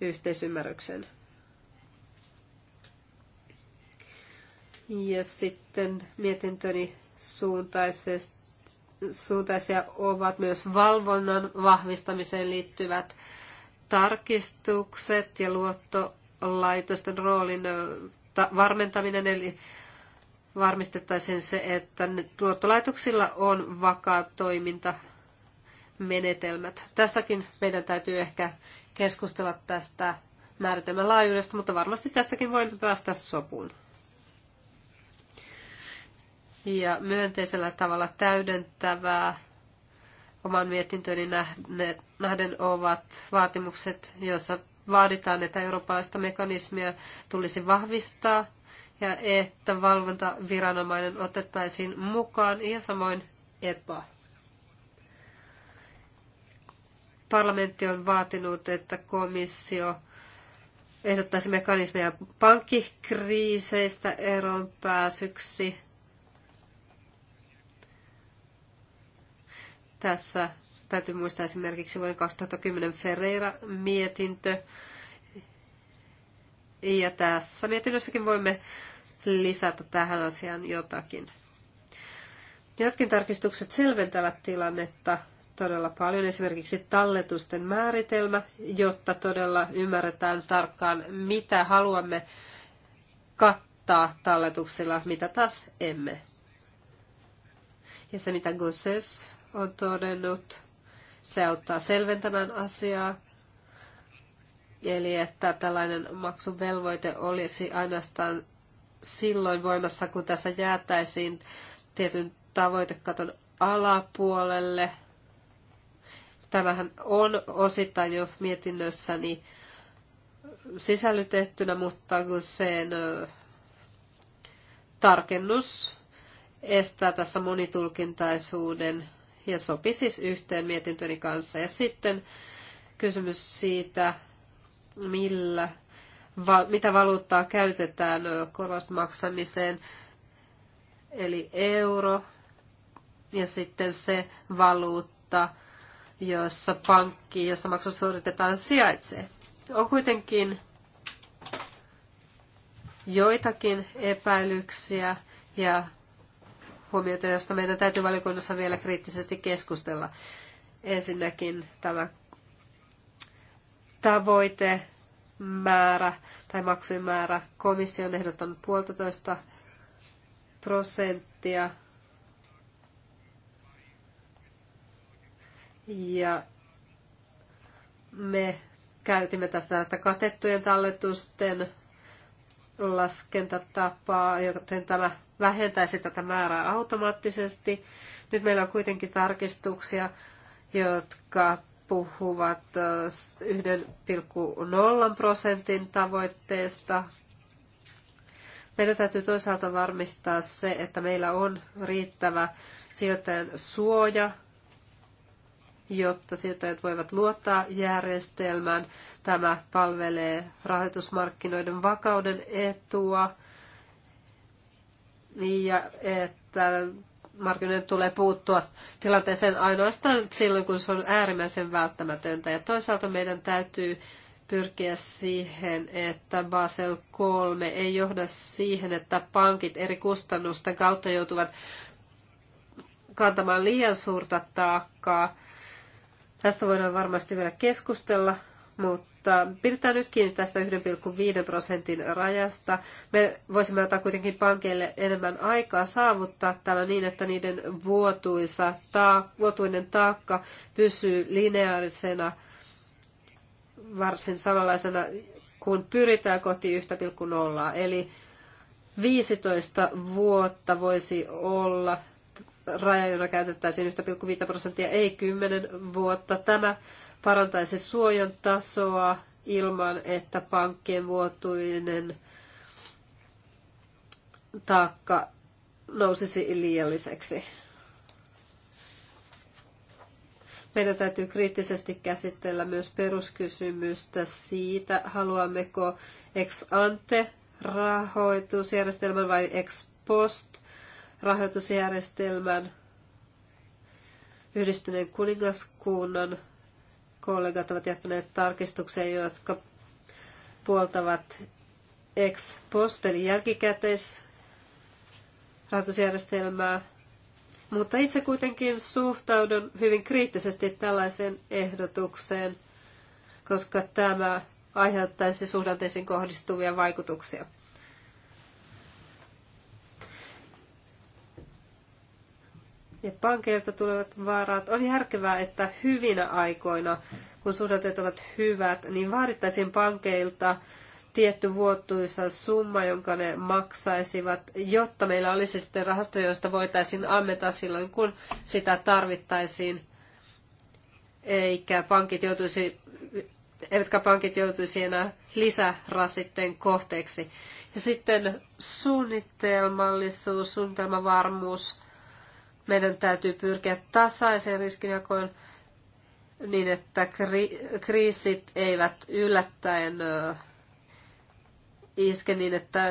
yhteisymmärrykseen. Ja sitten mietintöni suuntaisia ovat myös valvonnan vahvistamiseen liittyvät tarkistukset ja luottolaitosten roolin varmentaminen, eli varmistettaisiin se, että luottolaitoksilla on vakaat toimintamenetelmät. Tässäkin meidän täytyy ehkä keskustella tästä määritelmän laajuudesta, mutta varmasti tästäkin voimme päästä sopuun ja myönteisellä tavalla täydentävää oman mietintöni nähden ovat vaatimukset, joissa vaaditaan, että eurooppalaista mekanismia tulisi vahvistaa ja että valvontaviranomainen otettaisiin mukaan ja samoin EPA. Parlamentti on vaatinut, että komissio ehdottaisi mekanismeja pankkikriiseistä eroon pääsyksi Tässä täytyy muistaa esimerkiksi vuoden 2010 Ferreira-mietintö. Ja tässä mietinnössäkin voimme lisätä tähän asiaan jotakin. Jotkin tarkistukset selventävät tilannetta todella paljon, esimerkiksi talletusten määritelmä, jotta todella ymmärretään tarkkaan, mitä haluamme kattaa talletuksilla, mitä taas emme. Ja se, mitä Gosses on todennut. Se auttaa selventämään asiaa. Eli että tällainen maksuvelvoite olisi ainoastaan silloin voimassa, kun tässä jäätäisiin tietyn tavoitekaton alapuolelle. Tämähän on osittain jo mietinnössäni sisällytettynä, mutta kun sen tarkennus estää tässä monitulkintaisuuden ja sopi siis yhteen mietintöni kanssa. Ja sitten kysymys siitä, millä, va, mitä valuuttaa käytetään korvausten maksamiseen, eli euro ja sitten se valuutta, jossa pankki, jossa maksu suoritetaan, sijaitsee. On kuitenkin joitakin epäilyksiä ja huomioita, josta meidän täytyy valiokunnassa vielä kriittisesti keskustella. Ensinnäkin tämä tavoite määrä tai maksujen määrä. Komissio on ehdottanut puolitoista prosenttia. Ja me käytimme tästä näistä katettujen talletusten laskentatapaa, joten tämä vähentäisi tätä määrää automaattisesti. Nyt meillä on kuitenkin tarkistuksia, jotka puhuvat 1,0 prosentin tavoitteesta. Meidän täytyy toisaalta varmistaa se, että meillä on riittävä sijoittajan suoja jotta sijoittajat voivat luottaa järjestelmään. Tämä palvelee rahoitusmarkkinoiden vakauden etua ja että markkinoiden tulee puuttua tilanteeseen ainoastaan silloin, kun se on äärimmäisen välttämätöntä. Ja toisaalta meidän täytyy pyrkiä siihen, että Basel 3 ei johda siihen, että pankit eri kustannusten kautta joutuvat kantamaan liian suurta taakkaa Tästä voidaan varmasti vielä keskustella, mutta pidetään nyt kiinni tästä 1,5 prosentin rajasta. Me voisimme antaa kuitenkin pankeille enemmän aikaa saavuttaa tämä niin, että niiden vuotuisa taak- vuotuinen taakka pysyy lineaarisena varsin samanlaisena, kun pyritään kohti 1,0. Eli 15 vuotta voisi olla raja, jota käytettäisiin 1,5 prosenttia, ei 10 vuotta. Tämä parantaisi suojan tasoa ilman, että pankkien vuotuinen taakka nousisi liialliseksi. Meidän täytyy kriittisesti käsitellä myös peruskysymystä siitä, haluammeko ex ante rahoitusjärjestelmän vai ex post rahoitusjärjestelmän. Yhdistyneen kuningaskunnan kollegat ovat jättäneet tarkistuksia, jotka puoltavat ex post eli rahoitusjärjestelmää, Mutta itse kuitenkin suhtaudun hyvin kriittisesti tällaiseen ehdotukseen, koska tämä aiheuttaisi suhdanteisiin kohdistuvia vaikutuksia. ja pankeilta tulevat varat. On järkevää, että hyvinä aikoina, kun suhdanteet ovat hyvät, niin vaadittaisiin pankeilta tietty vuotuisa summa, jonka ne maksaisivat, jotta meillä olisi sitten rahasto, josta voitaisiin ammeta silloin, kun sitä tarvittaisiin, eikä pankit joutuisi, eivätkä pankit joutuisi enää lisärasitteen kohteeksi. Ja sitten suunnitelmallisuus, suunnitelmavarmuus, meidän täytyy pyrkiä tasaiseen riskinjakoon niin, että kri- kriisit eivät yllättäen iske niin, että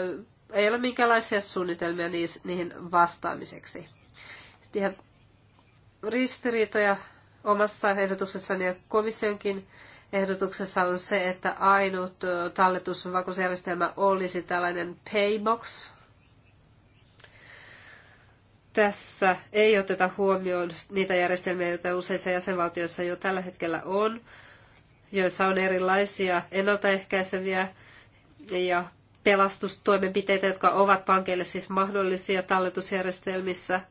ei ole minkälaisia suunnitelmia niihin vastaamiseksi. ihan ristiriitoja omassa ehdotuksessani ja komissionkin ehdotuksessa on se, että ainut talletusvakuusjärjestelmä olisi tällainen paybox, tässä ei oteta huomioon niitä järjestelmiä, joita useissa jäsenvaltioissa jo tällä hetkellä on, joissa on erilaisia ennaltaehkäiseviä ja pelastustoimenpiteitä, jotka ovat pankeille siis mahdollisia talletusjärjestelmissä,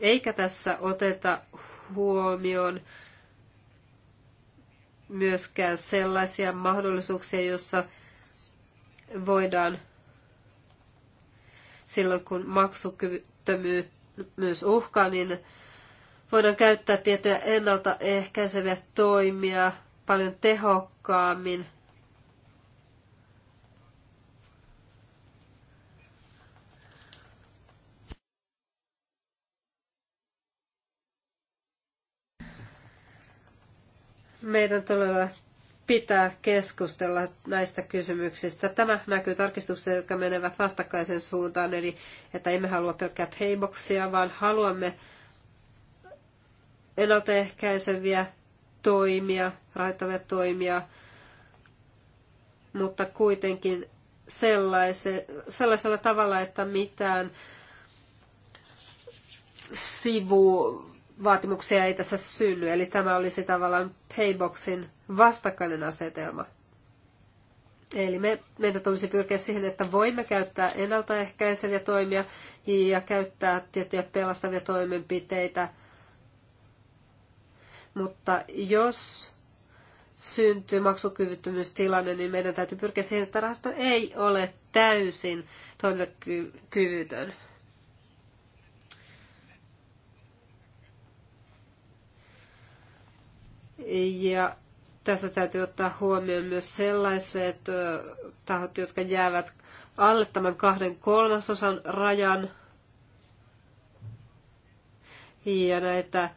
eikä tässä oteta huomioon myöskään sellaisia mahdollisuuksia, joissa voidaan silloin, kun maksukyvy, työttömyys uhkaa, niin voidaan käyttää tiettyjä ennaltaehkäiseviä toimia paljon tehokkaammin. Meidän todella pitää keskustella näistä kysymyksistä. Tämä näkyy tarkistuksessa, jotka menevät vastakkaisen suuntaan, eli että emme halua pelkkää payboxia, vaan haluamme ennaltaehkäiseviä toimia, rahoittavia toimia, mutta kuitenkin sellaise, sellaisella tavalla, että mitään sivuvaatimuksia ei tässä synny. Eli tämä olisi tavallaan payboxin vastakkainen asetelma. Eli me, meidän tulisi pyrkiä siihen, että voimme käyttää ennaltaehkäiseviä toimia ja käyttää tiettyjä pelastavia toimenpiteitä. Mutta jos syntyy maksukyvyttömyystilanne, niin meidän täytyy pyrkiä siihen, että rahasto ei ole täysin toimintakyvytön. Ja tässä täytyy ottaa huomioon myös sellaiset tahot, jotka jäävät alle tämän kahden kolmasosan rajan. Ja näitä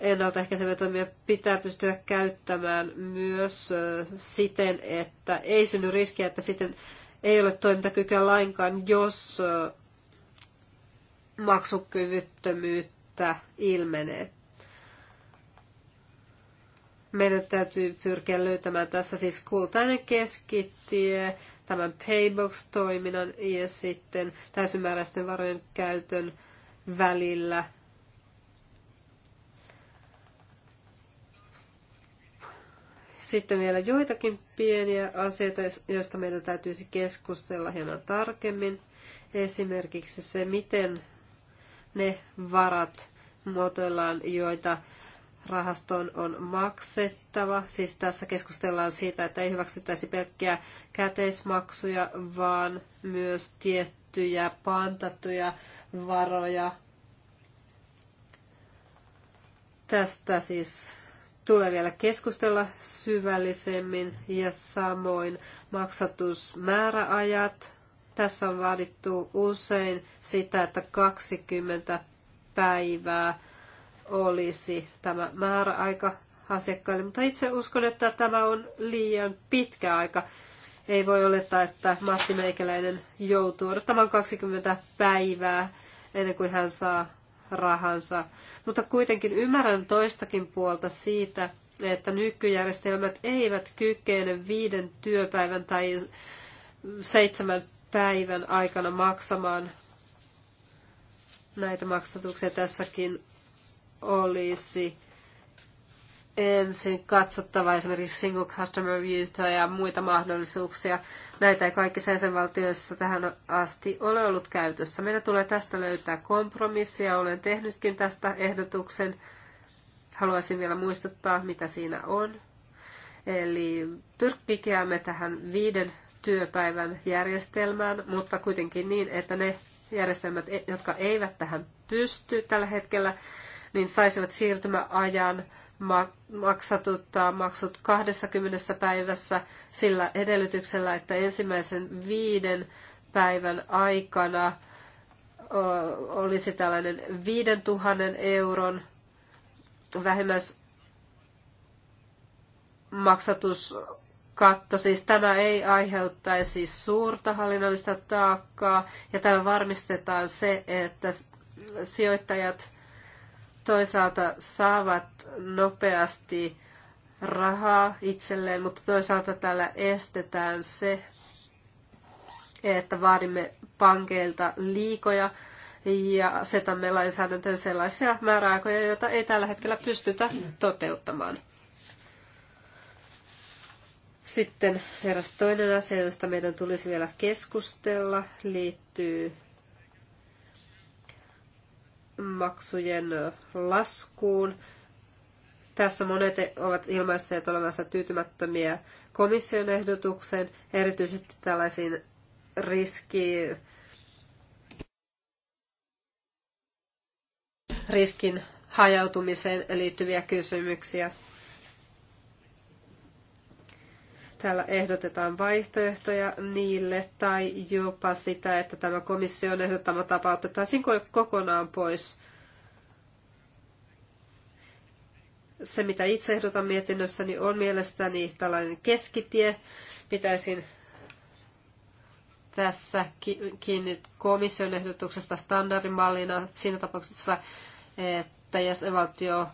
ennaltaehkäiseviä toimia pitää pystyä käyttämään myös siten, että ei synny riskiä, että sitten ei ole toimintakykyä lainkaan, jos maksukyvyttömyyttä ilmenee. Meidän täytyy pyrkiä löytämään tässä siis kultainen keskitie, tämän Paybox-toiminnan ja sitten täysimääräisten varojen käytön välillä. Sitten vielä joitakin pieniä asioita, joista meidän täytyisi keskustella hieman tarkemmin. Esimerkiksi se, miten ne varat muotoillaan, joita Rahaston on maksettava. Siis tässä keskustellaan siitä, että ei hyväksyttäisi pelkkiä käteismaksuja, vaan myös tiettyjä pantattuja varoja. Tästä siis tulee vielä keskustella syvällisemmin ja samoin maksatusmääräajat. Tässä on vaadittu usein sitä, että 20 päivää – olisi tämä määräaika asiakkaille, mutta itse uskon, että tämä on liian pitkä aika. Ei voi olettaa, että Matti Meikäläinen joutuu odottamaan 20 päivää ennen kuin hän saa rahansa. Mutta kuitenkin ymmärrän toistakin puolta siitä, että nykyjärjestelmät eivät kykene viiden työpäivän tai seitsemän päivän aikana maksamaan näitä maksatuksia. Tässäkin olisi ensin katsottava esimerkiksi single customer viewtä ja muita mahdollisuuksia. Näitä ei kaikissa jäsenvaltioissa tähän asti ole ollut käytössä. Meidän tulee tästä löytää kompromissia. Olen tehnytkin tästä ehdotuksen. Haluaisin vielä muistuttaa, mitä siinä on. Eli pyrkikäämme tähän viiden työpäivän järjestelmään, mutta kuitenkin niin, että ne järjestelmät, jotka eivät tähän pysty tällä hetkellä, niin saisivat siirtymäajan maksatut, maksut 20 päivässä sillä edellytyksellä, että ensimmäisen viiden päivän aikana olisi tällainen 5000 euron vähemmäs maksatuskatto, siis tämä ei aiheuttaisi suurta hallinnollista taakkaa ja tällä varmistetaan se, että sijoittajat toisaalta saavat nopeasti rahaa itselleen, mutta toisaalta tällä estetään se, että vaadimme pankeilta liikoja ja asetamme lainsäädäntöön sellaisia määräaikoja, joita ei tällä hetkellä pystytä toteuttamaan. Sitten eräs toinen asia, josta meidän tulisi vielä keskustella, liittyy maksujen laskuun. Tässä monet ovat ilmaisseet olevansa tyytymättömiä komission ehdotukseen, erityisesti tällaisiin riski, riskin hajautumiseen liittyviä kysymyksiä. Täällä ehdotetaan vaihtoehtoja niille tai jopa sitä, että tämä komission ehdottama tapa otettaisiin kokonaan pois. Se, mitä itse ehdotan mietinnössäni, on mielestäni tällainen keskitie. Pitäisin tässä kiinni komission ehdotuksesta standardimallina siinä tapauksessa, että jäsenvaltio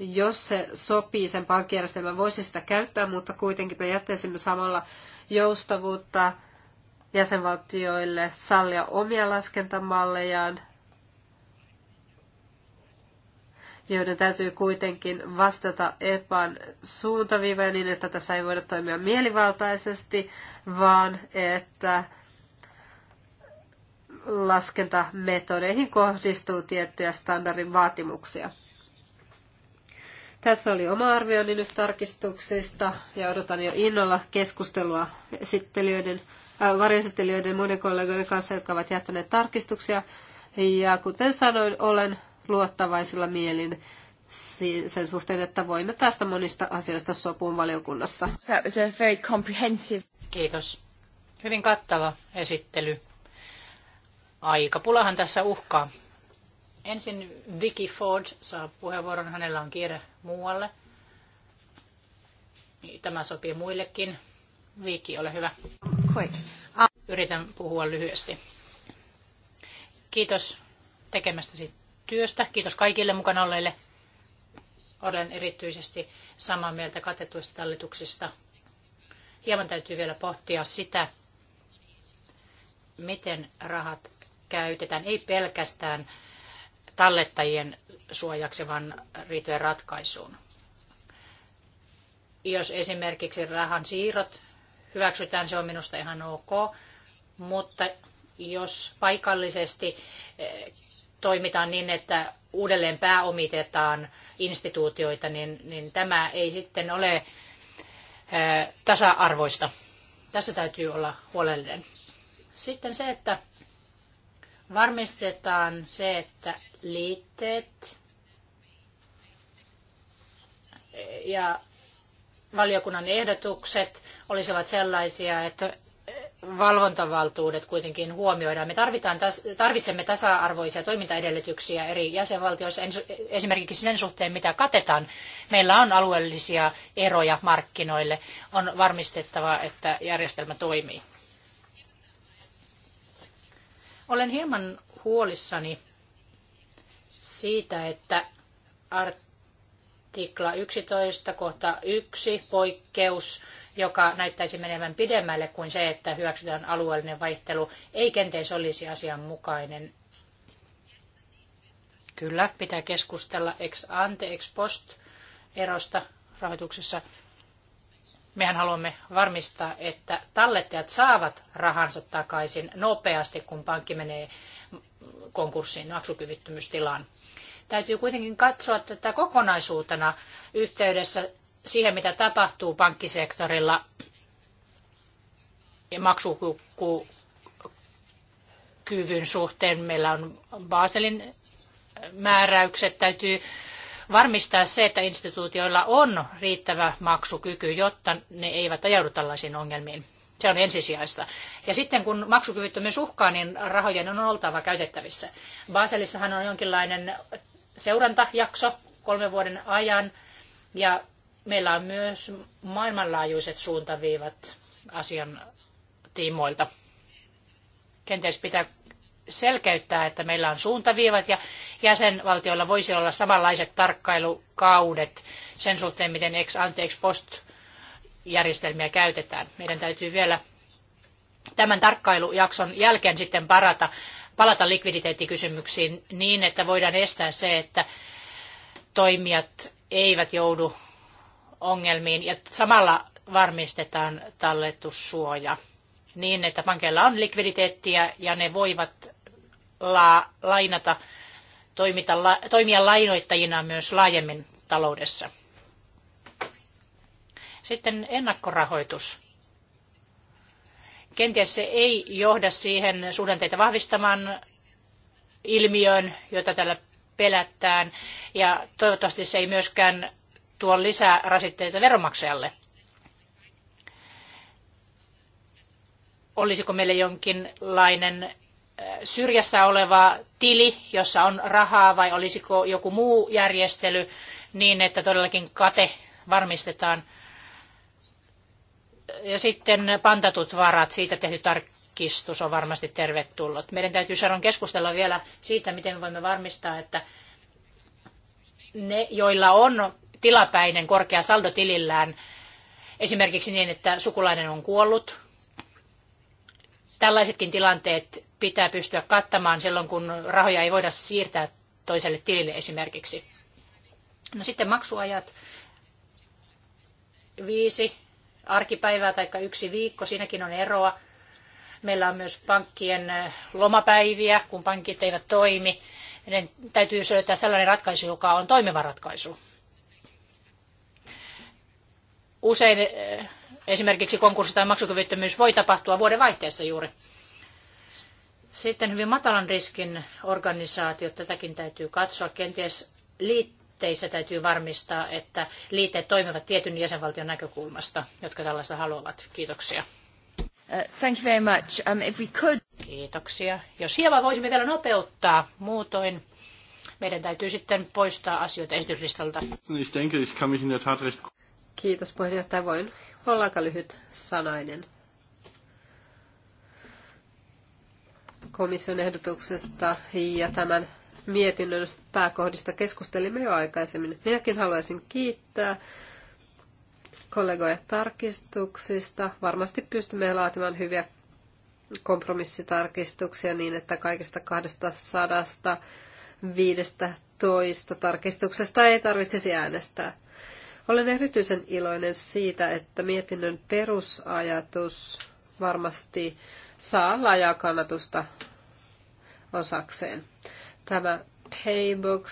jos se sopii sen pankkijärjestelmän, voisi sitä käyttää, mutta kuitenkin me jättäisimme samalla joustavuutta jäsenvaltioille sallia omia laskentamallejaan, joiden täytyy kuitenkin vastata EPAn suuntaviivoja niin, että tässä ei voida toimia mielivaltaisesti, vaan että laskentametodeihin kohdistuu tiettyjä standardin vaatimuksia. Tässä oli oma arvioni nyt tarkistuksista ja odotan jo innolla keskustelua esittelijöiden, äh, varjoesittelijöiden muiden kollegoiden kanssa, jotka ovat jättäneet tarkistuksia. Ja kuten sanoin, olen luottavaisilla mielin sen suhteen, että voimme päästä monista asioista sopuun valiokunnassa. That was a very comprehensive... Kiitos. Hyvin kattava esittely. Aikapulahan tässä uhkaa. Ensin Vicky Ford saa puheenvuoron, hänellä on kiire muualle. Niin, tämä sopii muillekin. Vicky, ole hyvä. Yritän puhua lyhyesti. Kiitos tekemästäsi työstä. Kiitos kaikille mukana olleille. Olen erityisesti samaa mieltä katetuista tallituksista. Hieman täytyy vielä pohtia sitä, miten rahat käytetään, ei pelkästään tallettajien suojaksi, vaan riitojen ratkaisuun. Jos esimerkiksi rahan siirrot hyväksytään, se on minusta ihan ok, mutta jos paikallisesti eh, toimitaan niin, että uudelleen pääomitetaan instituutioita, niin, niin tämä ei sitten ole eh, tasa-arvoista. Tässä täytyy olla huolellinen. Sitten se, että varmistetaan se, että liitteet ja valiokunnan ehdotukset olisivat sellaisia, että valvontavaltuudet kuitenkin huomioidaan. Me tarvitaan, tarvitsemme tasa-arvoisia toimintaedellytyksiä eri jäsenvaltioissa, esimerkiksi sen suhteen, mitä katetaan. Meillä on alueellisia eroja markkinoille. On varmistettava, että järjestelmä toimii. Olen hieman huolissani siitä, että artikla 11 kohta 1 poikkeus, joka näyttäisi menevän pidemmälle kuin se, että hyväksytään alueellinen vaihtelu, ei kenties olisi asianmukainen. Kyllä, pitää keskustella ex ante, ex post erosta rahoituksessa Mehän haluamme varmistaa, että tallettajat saavat rahansa takaisin nopeasti, kun pankki menee konkurssiin, maksukyvyttömyystilaan. Täytyy kuitenkin katsoa tätä kokonaisuutena yhteydessä siihen, mitä tapahtuu pankkisektorilla ja maksukyvyn suhteen. Meillä on Baselin määräykset, täytyy varmistaa se, että instituutioilla on riittävä maksukyky, jotta ne eivät ajaudu tällaisiin ongelmiin. Se on ensisijaista. Ja sitten kun maksukyvyttömyys uhkaa, niin rahojen on oltava käytettävissä. Baselissahan on jonkinlainen seurantajakso kolmen vuoden ajan ja meillä on myös maailmanlaajuiset suuntaviivat asian tiimoilta. Kenties pitää selkeyttää, että meillä on suuntaviivat ja jäsenvaltioilla voisi olla samanlaiset tarkkailukaudet sen suhteen, miten ex ante ex post järjestelmiä käytetään. Meidän täytyy vielä tämän tarkkailujakson jälkeen sitten parata, palata likviditeettikysymyksiin niin, että voidaan estää se, että toimijat eivät joudu ongelmiin ja samalla varmistetaan talletussuoja niin, että pankeilla on likviditeettiä ja ne voivat la, lainata, toimita, la, toimia lainoittajina myös laajemmin taloudessa. Sitten ennakkorahoitus. Kenties se ei johda siihen suhdanteita vahvistamaan ilmiöön, jota tällä pelättään, ja toivottavasti se ei myöskään tuo lisää rasitteita veronmaksajalle. Olisiko meillä jonkinlainen syrjässä oleva tili, jossa on rahaa vai olisiko joku muu järjestely niin, että todellakin kate varmistetaan. Ja sitten pantatut varat, siitä tehty tarkistus on varmasti tervetullut. Meidän täytyy Sharon keskustella vielä siitä, miten me voimme varmistaa, että ne, joilla on tilapäinen korkea saldo tilillään, esimerkiksi niin, että sukulainen on kuollut, tällaisetkin tilanteet pitää pystyä kattamaan silloin, kun rahoja ei voida siirtää toiselle tilille esimerkiksi. No sitten maksuajat. Viisi arkipäivää tai yksi viikko, siinäkin on eroa. Meillä on myös pankkien lomapäiviä, kun pankit eivät toimi. Meidän täytyy löytää sellainen ratkaisu, joka on toimiva ratkaisu. Usein esimerkiksi konkurssi tai maksukyvyttömyys voi tapahtua vuoden vaihteessa juuri. Sitten hyvin matalan riskin organisaatiot, tätäkin täytyy katsoa. Kenties liitteissä täytyy varmistaa, että liitteet toimivat tietyn jäsenvaltion näkökulmasta, jotka tällaista haluavat. Kiitoksia. Uh, thank you very much. Um, if we could... Kiitoksia. Jos hieman voisimme vielä nopeuttaa, muutoin meidän täytyy sitten poistaa asioita esityslistalta. Ich denke, ich kann mich in der Tat recht... Kiitos puheenjohtaja. Voin olla aika lyhyt sanainen. komission ehdotuksesta ja tämän mietinnön pääkohdista keskustelimme jo aikaisemmin. Minäkin haluaisin kiittää kollegoja tarkistuksista. Varmasti pystymme laatimaan hyviä kompromissitarkistuksia niin, että kaikista 215 tarkistuksesta ei tarvitsisi äänestää. Olen erityisen iloinen siitä, että mietinnön perusajatus varmasti saa laajaa kannatusta osakseen. Tämä Paybox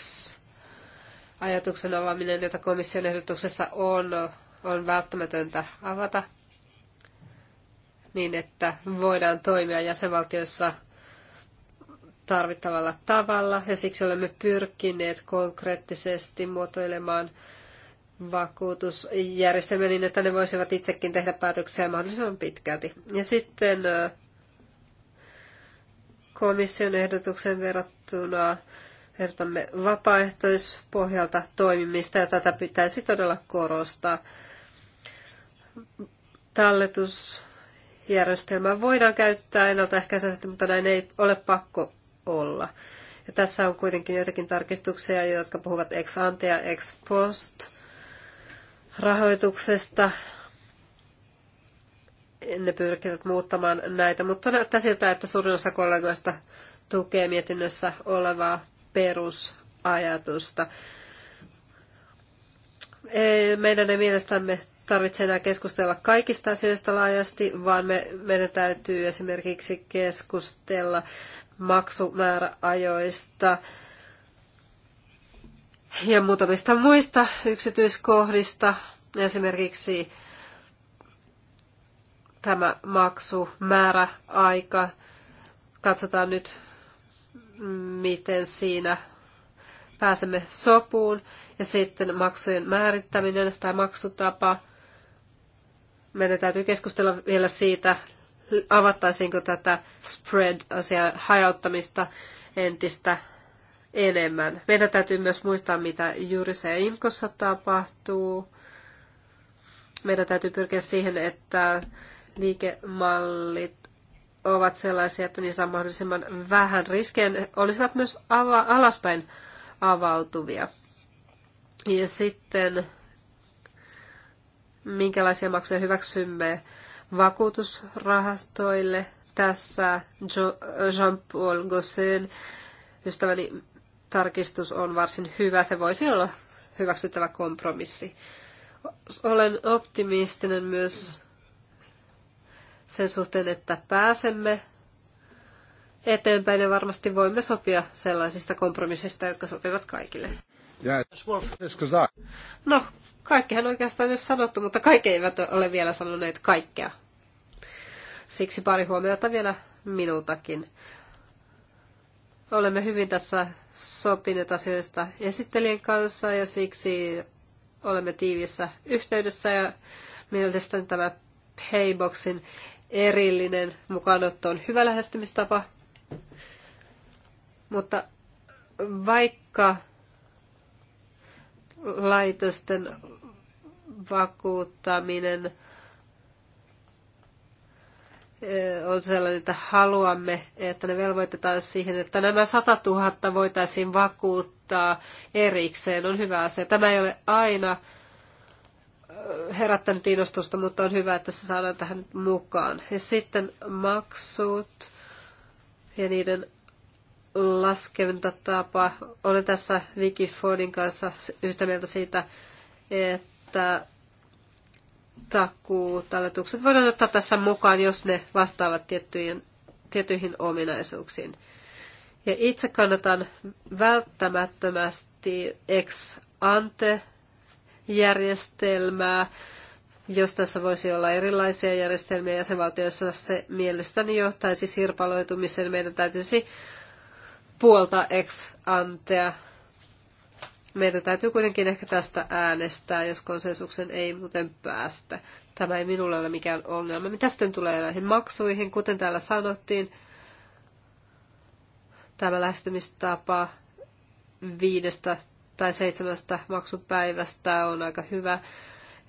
ajatuksen avaaminen, jota komission ehdotuksessa on, on välttämätöntä avata niin, että voidaan toimia jäsenvaltioissa tarvittavalla tavalla ja siksi olemme pyrkineet konkreettisesti muotoilemaan vakuutusjärjestelmä niin, että ne voisivat itsekin tehdä päätöksiä mahdollisimman pitkälti. Ja sitten komission ehdotuksen verrattuna ehdotamme vapaaehtoispohjalta toimimista ja tätä pitäisi todella korostaa. Talletusjärjestelmää voidaan käyttää ennaltaehkäisesti, mutta näin ei ole pakko olla. Ja tässä on kuitenkin joitakin tarkistuksia, jotka puhuvat ex ante ja ex post rahoituksesta. Ne pyrkivät muuttamaan näitä, mutta näyttää siltä, että suurin osa kollegoista tukee mietinnössä olevaa perusajatusta. E, meidän ei mielestämme tarvitse enää keskustella kaikista asioista laajasti, vaan me, meidän täytyy esimerkiksi keskustella maksumääräajoista, ja muutamista muista yksityiskohdista, esimerkiksi tämä maksu, määrä, aika. Katsotaan nyt, miten siinä pääsemme sopuun. Ja sitten maksujen määrittäminen tai maksutapa. Meidän täytyy keskustella vielä siitä, avattaisiinko tätä spread-asiaa hajauttamista entistä enemmän. Meidän täytyy myös muistaa, mitä juuri se imkossa tapahtuu. Meidän täytyy pyrkiä siihen, että liikemallit ovat sellaisia, että niissä on mahdollisimman vähän riskejä. Ne olisivat myös ava- alaspäin avautuvia. Ja sitten, minkälaisia maksuja hyväksymme vakuutusrahastoille. Tässä Jean-Paul Gossin ystäväni tarkistus on varsin hyvä. Se voisi olla hyväksyttävä kompromissi. Olen optimistinen myös sen suhteen, että pääsemme eteenpäin ja varmasti voimme sopia sellaisista kompromissista, jotka sopivat kaikille. No, kaikkihan oikeastaan jo sanottu, mutta kaikki eivät ole vielä sanoneet kaikkea. Siksi pari huomiota vielä minultakin. Olemme hyvin tässä sopineet asioista esittelijän kanssa ja siksi olemme tiiviissä yhteydessä ja mielestäni tämä Payboxin erillinen mukaanotto on hyvä lähestymistapa. Mutta vaikka laitosten vakuuttaminen on sellainen, että haluamme, että ne velvoitetaan siihen, että nämä 100 000 voitaisiin vakuuttaa erikseen, on hyvä asia. Tämä ei ole aina herättänyt innostusta, mutta on hyvä, että se saadaan tähän mukaan. Ja sitten maksut ja niiden laskentatapa. Olen tässä Wikifordin kanssa yhtä mieltä siitä, että takuutalletukset voidaan ottaa tässä mukaan, jos ne vastaavat tiettyihin, tiettyihin ominaisuuksiin. Ja itse kannatan välttämättömästi ex ante järjestelmää, jos tässä voisi olla erilaisia järjestelmiä jäsenvaltioissa, se mielestäni johtaisi sirpaloitumiseen. Meidän täytyisi puolta ex antea meidän täytyy kuitenkin ehkä tästä äänestää, jos konsensuksen ei muuten päästä. Tämä ei minulle ole mikään ongelma. Mitä sitten tulee näihin maksuihin, kuten täällä sanottiin, tämä lähestymistapa viidestä tai seitsemästä maksupäivästä on aika hyvä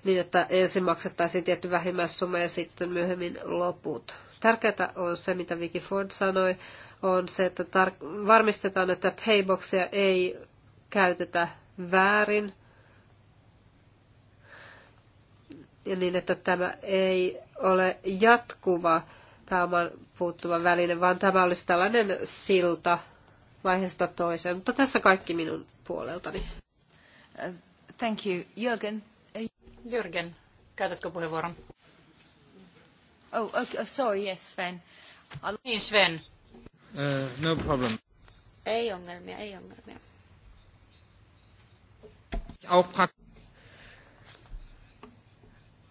niin, että ensin maksettaisiin tietty vähimmäissumma ja sitten myöhemmin loput. Tärkeää on se, mitä Vicky Ford sanoi, on se, että tar- varmistetaan, että payboxia ei käytetä väärin ja niin, että tämä ei ole jatkuva pääoman puuttuva väline, vaan tämä olisi tällainen silta vaiheesta toiseen. Mutta tässä kaikki minun puoleltani. Thank you. Jürgen. Jürgen, käytätkö puheenvuoron? Oh, okay. Oh, sorry, yes, Sven. niin, Sven. Uh, no problem. Ei ongelmia, ei ongelmia.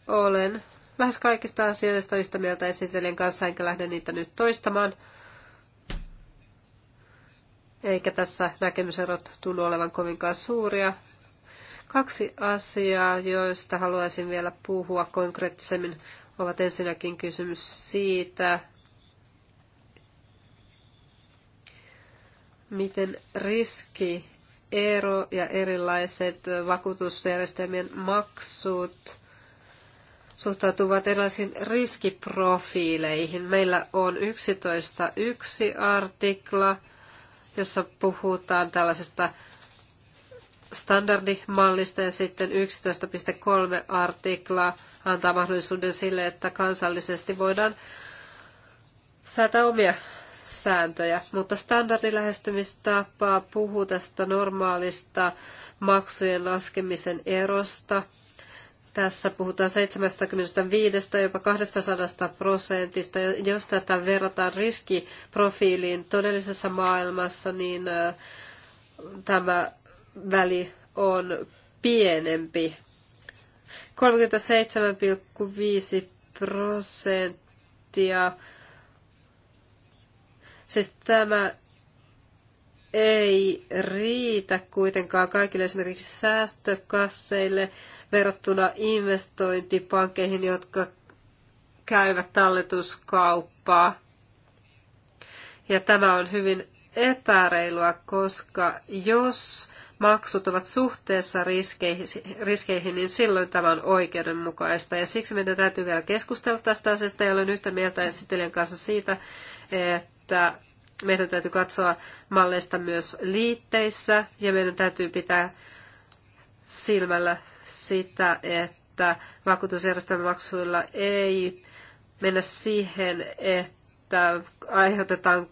Olen lähes kaikista asioista yhtä mieltä esittelijän kanssa, enkä lähde niitä nyt toistamaan. Eikä tässä näkemyserot tunnu olevan kovinkaan suuria. Kaksi asiaa, joista haluaisin vielä puhua konkreettisemmin, ovat ensinnäkin kysymys siitä, miten riski ero ja erilaiset vakuutusjärjestelmien maksut suhtautuvat erilaisiin riskiprofiileihin. Meillä on 11.1 artikla, jossa puhutaan tällaisesta standardimallista ja sitten 11.3 artikla antaa mahdollisuuden sille, että kansallisesti voidaan säätää omia sääntöjä, mutta standardilähestymistapa puhuu tästä normaalista maksujen laskemisen erosta. Tässä puhutaan 75 jopa 200 prosentista. Jos tätä verrataan riskiprofiiliin todellisessa maailmassa, niin äh, tämä väli on pienempi. 37,5 prosenttia prosenttia Siis tämä ei riitä kuitenkaan kaikille esimerkiksi säästökasseille verrattuna investointipankkeihin, jotka käyvät talletuskauppaa. Ja tämä on hyvin epäreilua, koska jos maksut ovat suhteessa riskeihin, niin silloin tämä on oikeudenmukaista. Ja siksi meidän täytyy vielä keskustella tästä asiasta ja olen yhtä mieltä esittelijän kanssa siitä, että että meidän täytyy katsoa malleista myös liitteissä ja meidän täytyy pitää silmällä sitä, että vakuutusjärjestelmämaksuilla ei mennä siihen, että aiheutetaan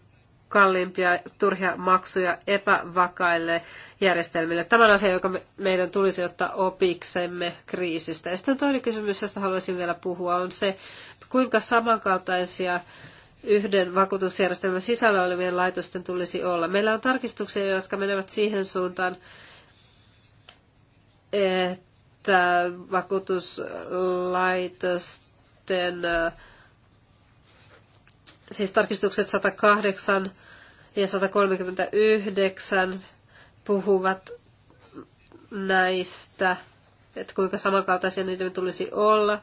kalliimpia turhia maksuja epävakaille järjestelmille. Tämä on asia, joka meidän tulisi ottaa opiksemme kriisistä. Ja sitten toinen kysymys, josta haluaisin vielä puhua, on se, kuinka samankaltaisia yhden vakuutusjärjestelmän sisällä olevien laitosten tulisi olla. Meillä on tarkistuksia, jotka menevät siihen suuntaan, että vakuutuslaitosten, siis tarkistukset 108 ja 139 puhuvat näistä, että kuinka samankaltaisia niiden tulisi olla.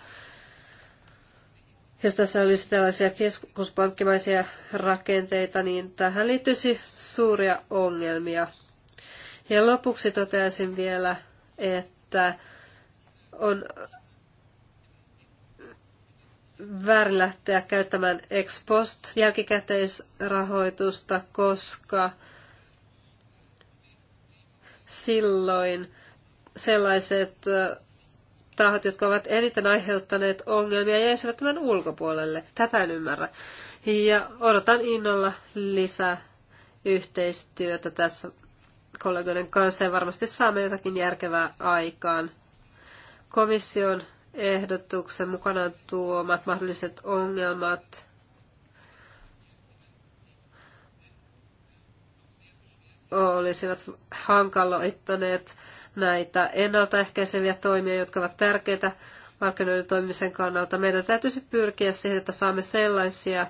Jos tässä olisi tällaisia keskuspankkimaisia rakenteita, niin tähän liittyisi suuria ongelmia. Ja lopuksi toteaisin vielä, että on väärin lähteä käyttämään ex post jälkikäteisrahoitusta, koska silloin sellaiset tahot, jotka ovat eniten aiheuttaneet ongelmia, jäisivät tämän ulkopuolelle. Tätä en ymmärrä. Ja odotan innolla lisää yhteistyötä tässä kollegoiden kanssa ja varmasti saamme jotakin järkevää aikaan. Komission ehdotuksen mukanaan tuomat mahdolliset ongelmat olisivat hankaloittaneet näitä ennaltaehkäiseviä toimia, jotka ovat tärkeitä markkinoiden toimimisen kannalta. Meidän täytyisi pyrkiä siihen, että saamme sellaisia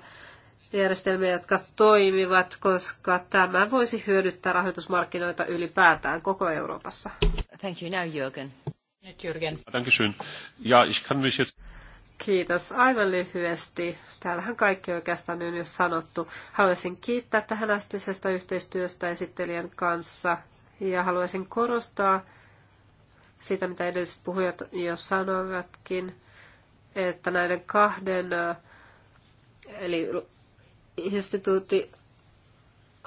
järjestelmiä, jotka toimivat, koska tämä voisi hyödyttää rahoitusmarkkinoita ylipäätään koko Euroopassa. Thank you. Now Jürgen. Nyt Jürgen. Ja, ich kann mich jetzt... Kiitos. Aivan lyhyesti. Täällähän kaikki oikeastaan on jo sanottu. Haluaisin kiittää tähän astisesta yhteistyöstä esittelijän kanssa ja haluaisin korostaa sitä, mitä edelliset puhujat jo sanoivatkin, että näiden kahden, eli instituutti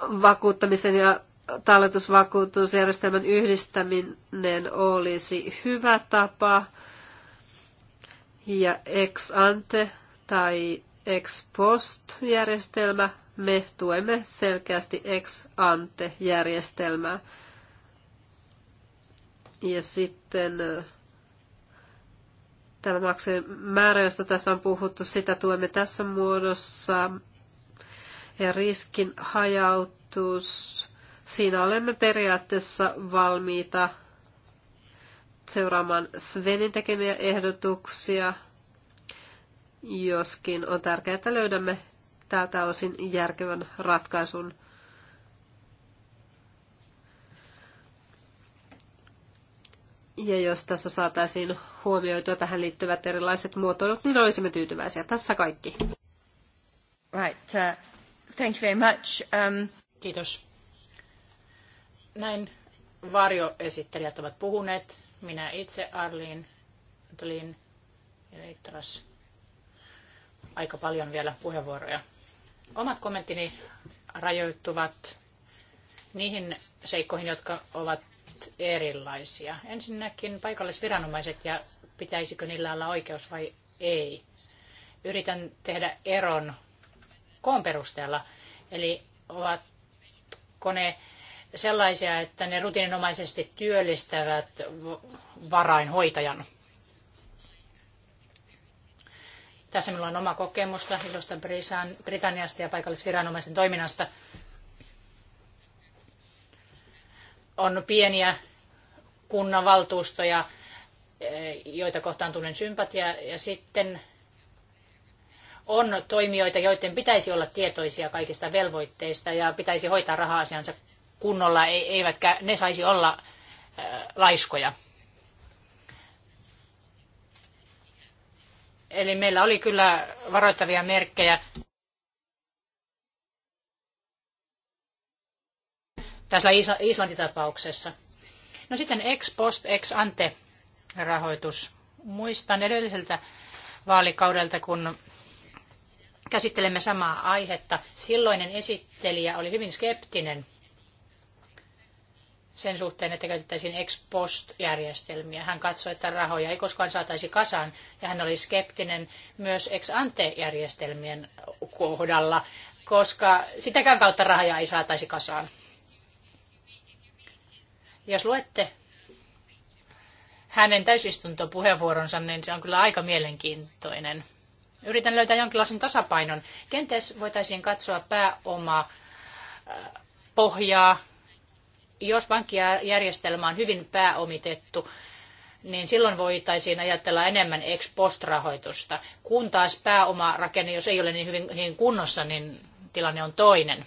vakuuttamisen ja talletusvakuutusjärjestelmän yhdistäminen olisi hyvä tapa ja ex ante tai ex post järjestelmä, me tuemme selkeästi ex ante järjestelmää. Ja sitten äh, tämä maksujen määrä, josta tässä on puhuttu, sitä tuemme tässä muodossa. Ja riskin hajautus, siinä olemme periaatteessa valmiita seuraamaan Svenin tekemiä ehdotuksia, joskin on tärkeää, että löydämme tältä osin järkevän ratkaisun. Ja jos tässä saataisiin huomioitua tähän liittyvät erilaiset muotoilut, niin olisimme tyytyväisiä. Tässä kaikki. Right. Uh, thank you very much. Um... Kiitos. Näin varjoesittelijät ovat puhuneet. Minä itse, Arlin, Antolin ja Leitras. Aika paljon vielä puheenvuoroja. Omat kommenttini rajoittuvat niihin seikkoihin, jotka ovat nyt erilaisia. Ensinnäkin paikallisviranomaiset ja pitäisikö niillä olla oikeus vai ei. Yritän tehdä eron koon perusteella. Eli ovatko ne sellaisia, että ne rutiininomaisesti työllistävät varainhoitajan. Tässä minulla on oma kokemusta isosta Britanniasta ja paikallisviranomaisen toiminnasta – on pieniä kunnanvaltuustoja, eh, joita kohtaan tunnen sympatiaa, ja sitten on toimijoita, joiden pitäisi olla tietoisia kaikista velvoitteista ja pitäisi hoitaa raha-asiansa kunnolla, e- eivätkä ne saisi olla eh, laiskoja. Eli meillä oli kyllä varoittavia merkkejä. tässä islanti No sitten ex post, ex ante rahoitus. Muistan edelliseltä vaalikaudelta, kun käsittelemme samaa aihetta. Silloinen esittelijä oli hyvin skeptinen sen suhteen, että käytettäisiin ex post-järjestelmiä. Hän katsoi, että rahoja ei koskaan saataisi kasaan, ja hän oli skeptinen myös ex ante-järjestelmien kohdalla, koska sitäkään kautta rahoja ei saataisi kasaan. Jos luette hänen täysistuntopuheenvuoronsa, niin se on kyllä aika mielenkiintoinen. Yritän löytää jonkinlaisen tasapainon. Kenties voitaisiin katsoa pääoma äh, pohjaa. Jos pankkijärjestelmä on hyvin pääomitettu, niin silloin voitaisiin ajatella enemmän ex post-rahoitusta. Kun taas pääomarakenne, jos ei ole niin hyvin, hyvin kunnossa, niin tilanne on toinen.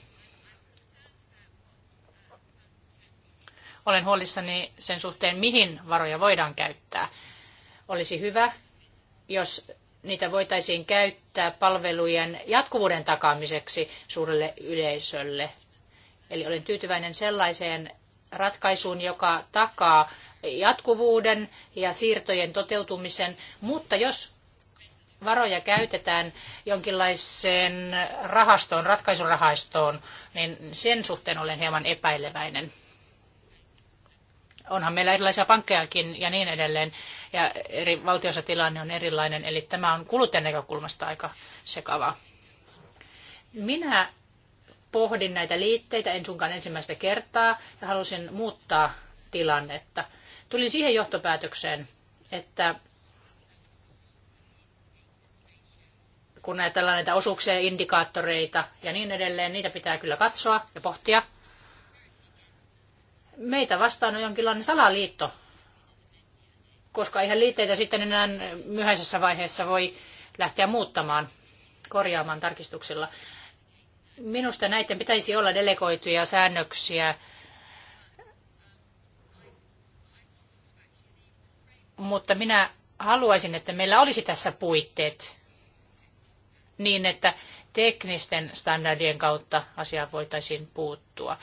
Olen huolissani sen suhteen, mihin varoja voidaan käyttää. Olisi hyvä, jos niitä voitaisiin käyttää palvelujen jatkuvuuden takaamiseksi suurelle yleisölle. Eli olen tyytyväinen sellaiseen ratkaisuun, joka takaa jatkuvuuden ja siirtojen toteutumisen, mutta jos varoja käytetään jonkinlaiseen rahastoon, ratkaisurahastoon, niin sen suhteen olen hieman epäileväinen. Onhan meillä erilaisia pankkejakin ja niin edelleen, ja eri valtiossa tilanne on erilainen, eli tämä on kuluttajan näkökulmasta aika sekavaa. Minä pohdin näitä liitteitä, en suinkaan ensimmäistä kertaa, ja halusin muuttaa tilannetta. Tulin siihen johtopäätökseen, että kun näitä näitä osuuksia, indikaattoreita ja niin edelleen, niitä pitää kyllä katsoa ja pohtia – meitä vastaan on jonkinlainen salaliitto, koska ihan liitteitä sitten enää myöhäisessä vaiheessa voi lähteä muuttamaan, korjaamaan tarkistuksilla. Minusta näiden pitäisi olla delegoituja säännöksiä, mutta minä haluaisin, että meillä olisi tässä puitteet niin, että teknisten standardien kautta asiaan voitaisiin puuttua.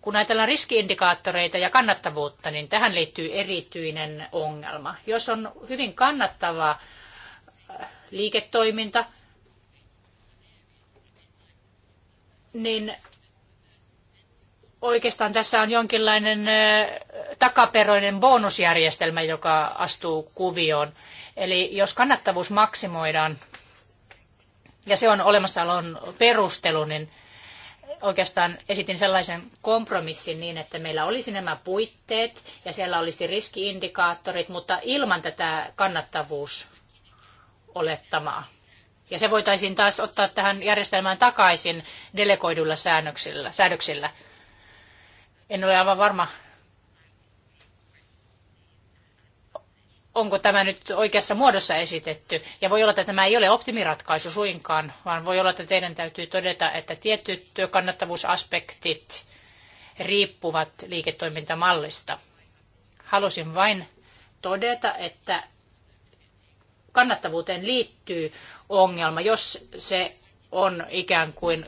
Kun ajatellaan riskiindikaattoreita ja kannattavuutta, niin tähän liittyy erityinen ongelma. Jos on hyvin kannattava äh, liiketoiminta, niin oikeastaan tässä on jonkinlainen äh, takaperoinen bonusjärjestelmä, joka astuu kuvioon. Eli jos kannattavuus maksimoidaan, ja se on olemassaolon perustelu, niin oikeastaan esitin sellaisen kompromissin niin, että meillä olisi nämä puitteet ja siellä olisi riskiindikaattorit, mutta ilman tätä kannattavuus olettamaa. Ja se voitaisiin taas ottaa tähän järjestelmään takaisin delegoiduilla säännöksillä, säädöksillä. En ole aivan varma, onko tämä nyt oikeassa muodossa esitetty. Ja voi olla, että tämä ei ole optimiratkaisu suinkaan, vaan voi olla, että teidän täytyy todeta, että tietyt kannattavuusaspektit riippuvat liiketoimintamallista. Halusin vain todeta, että kannattavuuteen liittyy ongelma, jos se on ikään kuin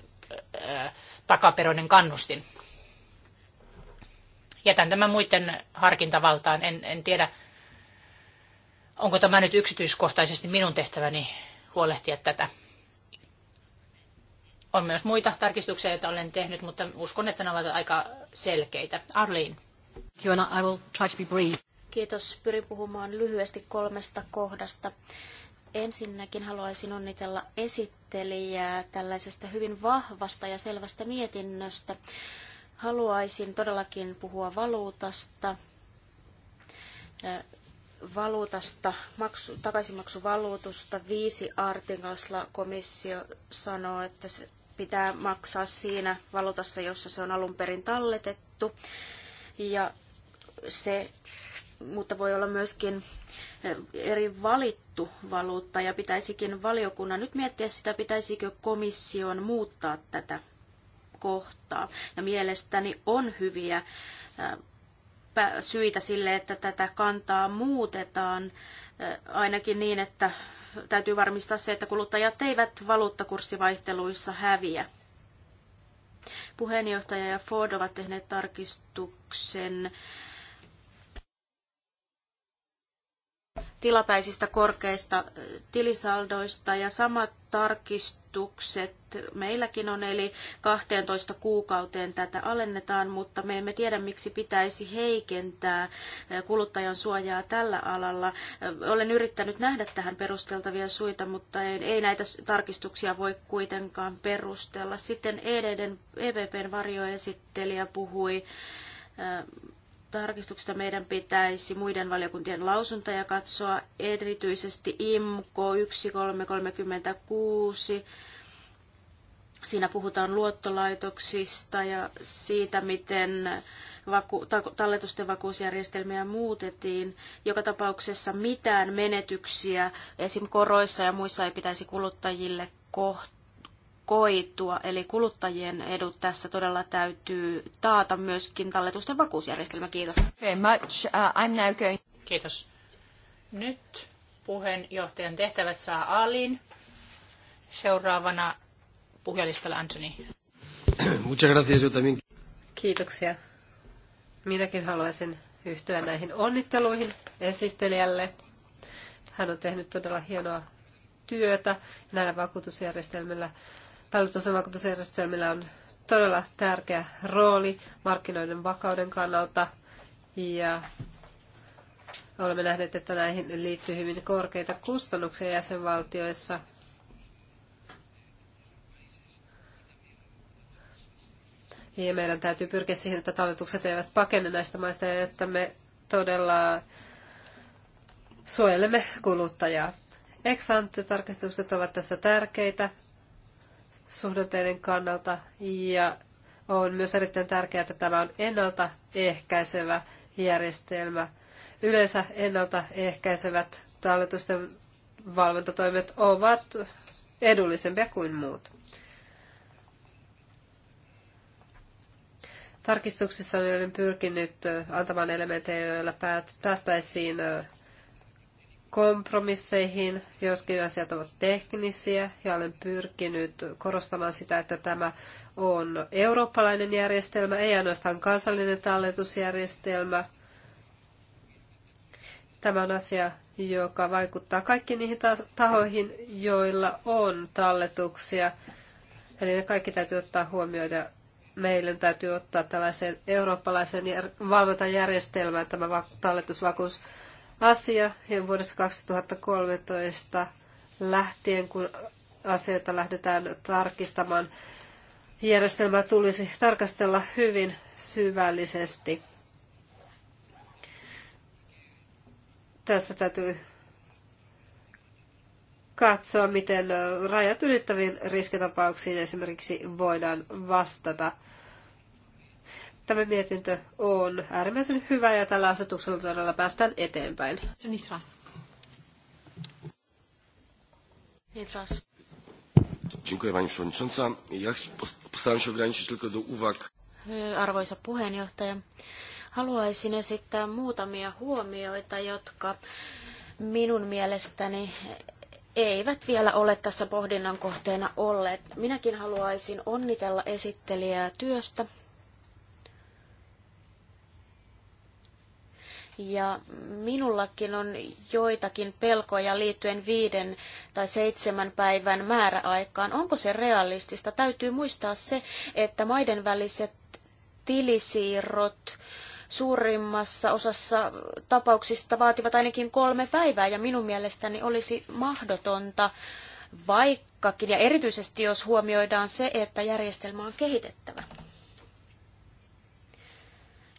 äh, takaperoinen kannustin. Jätän tämän muiden harkintavaltaan. En, en tiedä, Onko tämä nyt yksityiskohtaisesti minun tehtäväni huolehtia tätä? On myös muita tarkistuksia, joita olen tehnyt, mutta uskon, että ne ovat aika selkeitä. Arlene. Joanna, I will try to be brief. Kiitos. Pyrin puhumaan lyhyesti kolmesta kohdasta. Ensinnäkin haluaisin onnitella esittelijää tällaisesta hyvin vahvasta ja selvästä mietinnöstä. Haluaisin todellakin puhua valuutasta, valuutasta, maksu, takaisinmaksuvaluutusta viisi artiklassa komissio sanoo, että se pitää maksaa siinä valuutassa, jossa se on alun perin talletettu. Ja se, mutta voi olla myöskin eh, eri valittu valuutta ja pitäisikin valiokunnan nyt miettiä sitä, pitäisikö komission muuttaa tätä kohtaa. Ja mielestäni on hyviä eh, syitä sille, että tätä kantaa muutetaan, ainakin niin, että täytyy varmistaa se, että kuluttajat eivät valuuttakurssivaihteluissa häviä. Puheenjohtaja ja Ford ovat tehneet tarkistuksen tilapäisistä korkeista äh, tilisaldoista ja samat tarkistukset meilläkin on, eli 12 kuukauteen tätä alennetaan, mutta me emme tiedä, miksi pitäisi heikentää äh, kuluttajan suojaa tällä alalla. Äh, olen yrittänyt nähdä tähän perusteltavia suita, mutta ei, näitä tarkistuksia voi kuitenkaan perustella. Sitten EDDn, EVPn varjoesittelijä puhui tarkistuksesta meidän pitäisi muiden valiokuntien lausuntoja katsoa, erityisesti IMKO 1336. Siinä puhutaan luottolaitoksista ja siitä, miten vaku- talletusten vakuusjärjestelmiä muutettiin. Joka tapauksessa mitään menetyksiä esim. koroissa ja muissa ei pitäisi kuluttajille kohtaa koitua, eli kuluttajien edut tässä todella täytyy taata myöskin talletusten vakuusjärjestelmä. Kiitos. Very much. Uh, I'm now going... Kiitos. Nyt puheenjohtajan tehtävät saa Alin. Seuraavana puhujalistalla Anthony. Kiitoksia. Minäkin haluaisin yhtyä näihin onnitteluihin esittelijälle. Hän on tehnyt todella hienoa työtä näillä vakuutusjärjestelmillä Talletusten on todella tärkeä rooli markkinoiden vakauden kannalta ja olemme nähneet, että näihin liittyy hyvin korkeita kustannuksia jäsenvaltioissa. Ja meidän täytyy pyrkiä siihen, että talletukset eivät pakene näistä maista ja että me todella suojelemme kuluttajaa. Ex-ante-tarkistukset ovat tässä tärkeitä suhdanteiden kannalta ja on myös erittäin tärkeää, että tämä on ennaltaehkäisevä järjestelmä. Yleensä ennaltaehkäisevät talletusten valvontatoimet ovat edullisempia kuin muut. Tarkistuksissa olen pyrkinyt antamaan elementtejä, joilla päästäisiin kompromisseihin. Jotkin asiat ovat teknisiä ja olen pyrkinyt korostamaan sitä, että tämä on eurooppalainen järjestelmä, ei ainoastaan kansallinen talletusjärjestelmä. Tämä on asia, joka vaikuttaa kaikkiin niihin tahoihin, joilla on talletuksia. Eli ne kaikki täytyy ottaa huomioida. Meidän täytyy ottaa tällaisen eurooppalaisen valvontajärjestelmään tämä talletusvakuus asia ja vuodesta 2013 lähtien, kun asioita lähdetään tarkistamaan, järjestelmää tulisi tarkastella hyvin syvällisesti. Tässä täytyy katsoa, miten rajat ylittäviin riskitapauksiin esimerkiksi voidaan vastata – Tämä mietintö on äärimmäisen hyvä ja tällä asetuksella todella päästään eteenpäin. Nitras. Dziękuję Pani Przewodnicząca. Ja postaram się ograniczyć tylko do uwag. Arvoisa puheenjohtaja, haluaisin esittää muutamia huomioita, jotka minun mielestäni eivät vielä ole tässä pohdinnan kohteena olleet. Minäkin haluaisin onnitella esittelijää työstä Ja minullakin on joitakin pelkoja liittyen viiden tai seitsemän päivän määräaikaan. Onko se realistista? Täytyy muistaa se, että maiden väliset tilisiirrot suurimmassa osassa tapauksista vaativat ainakin kolme päivää, ja minun mielestäni olisi mahdotonta vaikkakin, ja erityisesti jos huomioidaan se, että järjestelmä on kehitettävä.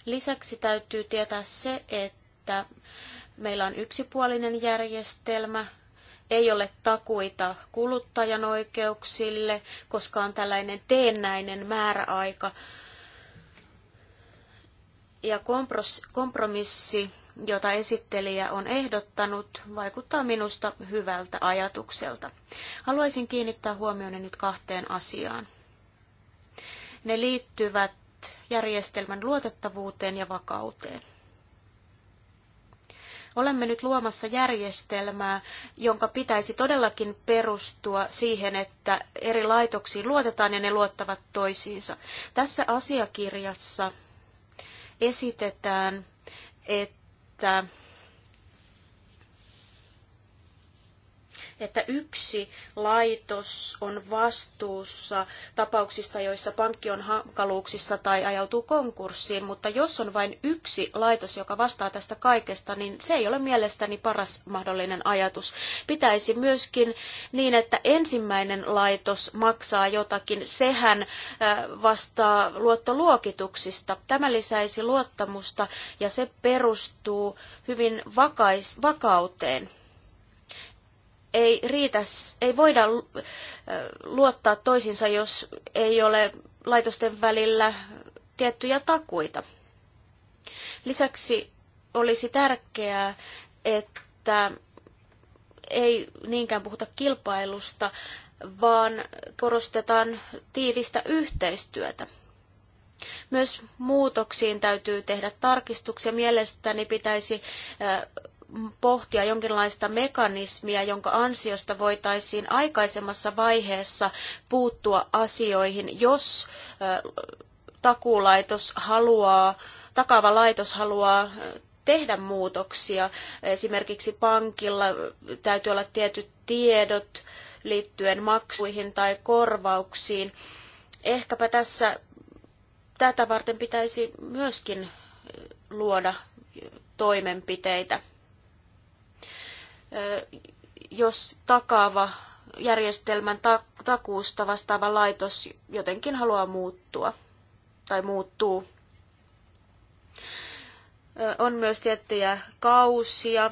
Lisäksi täytyy tietää se, että meillä on yksipuolinen järjestelmä, ei ole takuita kuluttajan oikeuksille, koska on tällainen teennäinen määräaika. Ja kompromissi, jota esittelijä on ehdottanut, vaikuttaa minusta hyvältä ajatukselta. Haluaisin kiinnittää huomioon nyt kahteen asiaan. Ne liittyvät järjestelmän luotettavuuteen ja vakauteen. Olemme nyt luomassa järjestelmää, jonka pitäisi todellakin perustua siihen, että eri laitoksiin luotetaan ja ne luottavat toisiinsa. Tässä asiakirjassa esitetään, että että yksi laitos on vastuussa tapauksista, joissa pankki on hankaluuksissa tai ajautuu konkurssiin, mutta jos on vain yksi laitos, joka vastaa tästä kaikesta, niin se ei ole mielestäni paras mahdollinen ajatus. Pitäisi myöskin niin, että ensimmäinen laitos maksaa jotakin, sehän vastaa luottoluokituksista. Tämä lisäisi luottamusta ja se perustuu hyvin vakais, vakauteen ei riitä, ei voida äh, luottaa toisinsa, jos ei ole laitosten välillä tiettyjä takuita. Lisäksi olisi tärkeää, että ei niinkään puhuta kilpailusta, vaan korostetaan tiivistä yhteistyötä. Myös muutoksiin täytyy tehdä tarkistuksia. Mielestäni pitäisi äh, pohtia jonkinlaista mekanismia, jonka ansiosta voitaisiin aikaisemmassa vaiheessa puuttua asioihin, jos takuulaitos haluaa, takaava laitos haluaa tehdä muutoksia. Esimerkiksi pankilla täytyy olla tietyt tiedot liittyen maksuihin tai korvauksiin. Ehkäpä tässä tätä varten pitäisi myöskin luoda toimenpiteitä jos takaava järjestelmän takuusta vastaava laitos jotenkin haluaa muuttua tai muuttuu. On myös tiettyjä kausia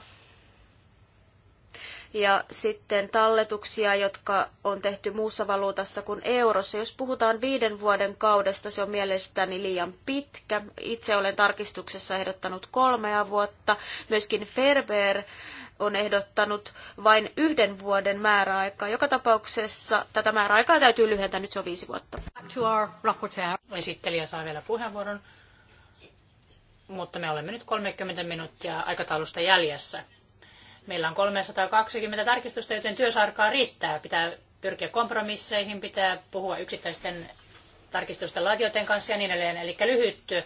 ja sitten talletuksia, jotka on tehty muussa valuutassa kuin eurossa. Jos puhutaan viiden vuoden kaudesta, se on mielestäni liian pitkä. Itse olen tarkistuksessa ehdottanut kolmea vuotta. Myöskin Ferber on ehdottanut vain yhden vuoden määräaikaa. Joka tapauksessa tätä määräaikaa täytyy lyhentää, nyt se on viisi vuotta. To our rapporteur. Esittelijä saa vielä puheenvuoron, mutta me olemme nyt 30 minuuttia aikataulusta jäljessä. Meillä on 320 tarkistusta, joten työsarkaa riittää. Pitää pyrkiä kompromisseihin, pitää puhua yksittäisten tarkistusten laatioiden kanssa ja niin edelleen. Eli lyhyt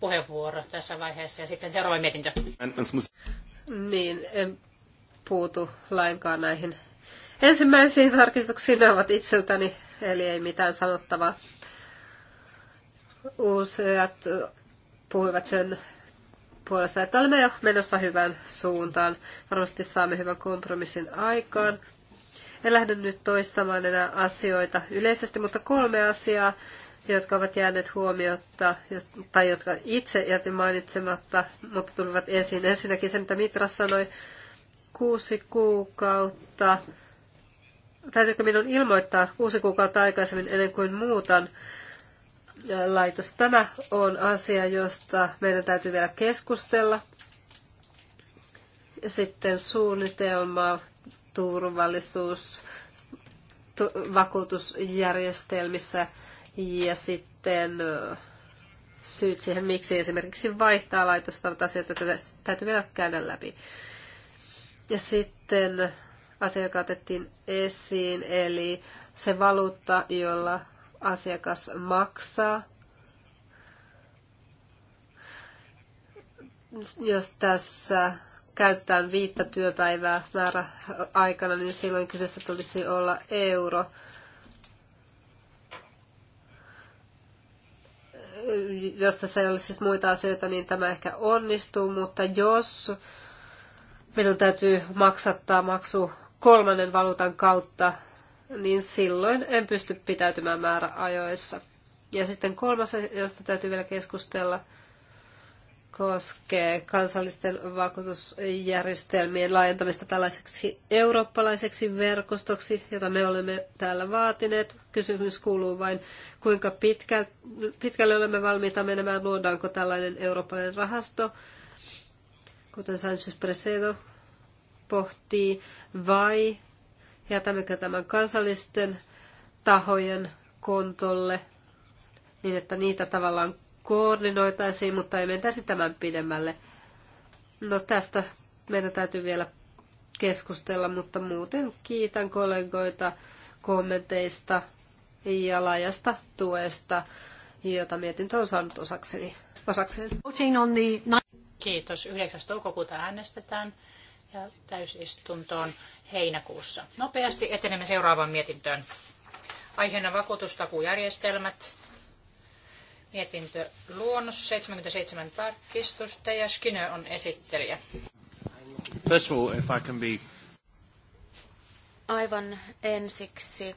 puheenvuoro tässä vaiheessa ja sitten seuraava mietintö. Niin, puutu lainkaan näihin ensimmäisiin tarkistuksiin. Ne ovat itseltäni, eli ei mitään sanottavaa. Useat puhuivat sen puolesta, että olemme jo menossa hyvään suuntaan. Varmasti saamme hyvän kompromissin aikaan. En lähde nyt toistamaan enää asioita yleisesti, mutta kolme asiaa, jotka ovat jääneet huomiotta tai jotka itse jätin mainitsematta, mutta tulivat esiin. Ensinnäkin se, mitä Mitra sanoi kuusi kuukautta, täytyykö minun ilmoittaa kuusi kuukautta aikaisemmin ennen kuin muutan laitos. Tämä on asia, josta meidän täytyy vielä keskustella. Sitten suunnitelma, turvallisuus, vakuutusjärjestelmissä ja sitten syyt siihen, miksi esimerkiksi vaihtaa laitosta, mutta asioita, täytyy vielä käydä läpi. Ja sitten asiakkaat otettiin esiin, eli se valuutta, jolla asiakas maksaa. Jos tässä käytetään viittä työpäivää määrä aikana, niin silloin kyseessä tulisi olla euro. Jos tässä ei ole siis muita asioita, niin tämä ehkä onnistuu, mutta jos minun täytyy maksattaa maksu kolmannen valuutan kautta, niin silloin en pysty pitäytymään määräajoissa. Ja sitten kolmas, josta täytyy vielä keskustella, koskee kansallisten vakuutusjärjestelmien laajentamista tällaiseksi eurooppalaiseksi verkostoksi, jota me olemme täällä vaatineet. Kysymys kuuluu vain, kuinka pitkä, pitkälle olemme valmiita menemään, luodaanko tällainen eurooppalainen rahasto – kuten Sanchez siis Presedo pohtii, vai jätämmekö tämän kansallisten tahojen kontolle niin, että niitä tavallaan koordinoitaisiin, mutta ei mentäisi tämän pidemmälle. No tästä meidän täytyy vielä keskustella, mutta muuten kiitän kollegoita kommenteista ja laajasta tuesta, jota mietintö on saanut osakseni. osakseni. Kiitos. 9. toukokuuta äänestetään ja täysistuntoon heinäkuussa. Nopeasti etenemme seuraavaan mietintöön. Aiheena vakuutustakujärjestelmät. Mietintö luonnos 77 tarkistusta ja Skinö on esittelijä. First of all, if I can be... Aivan ensiksi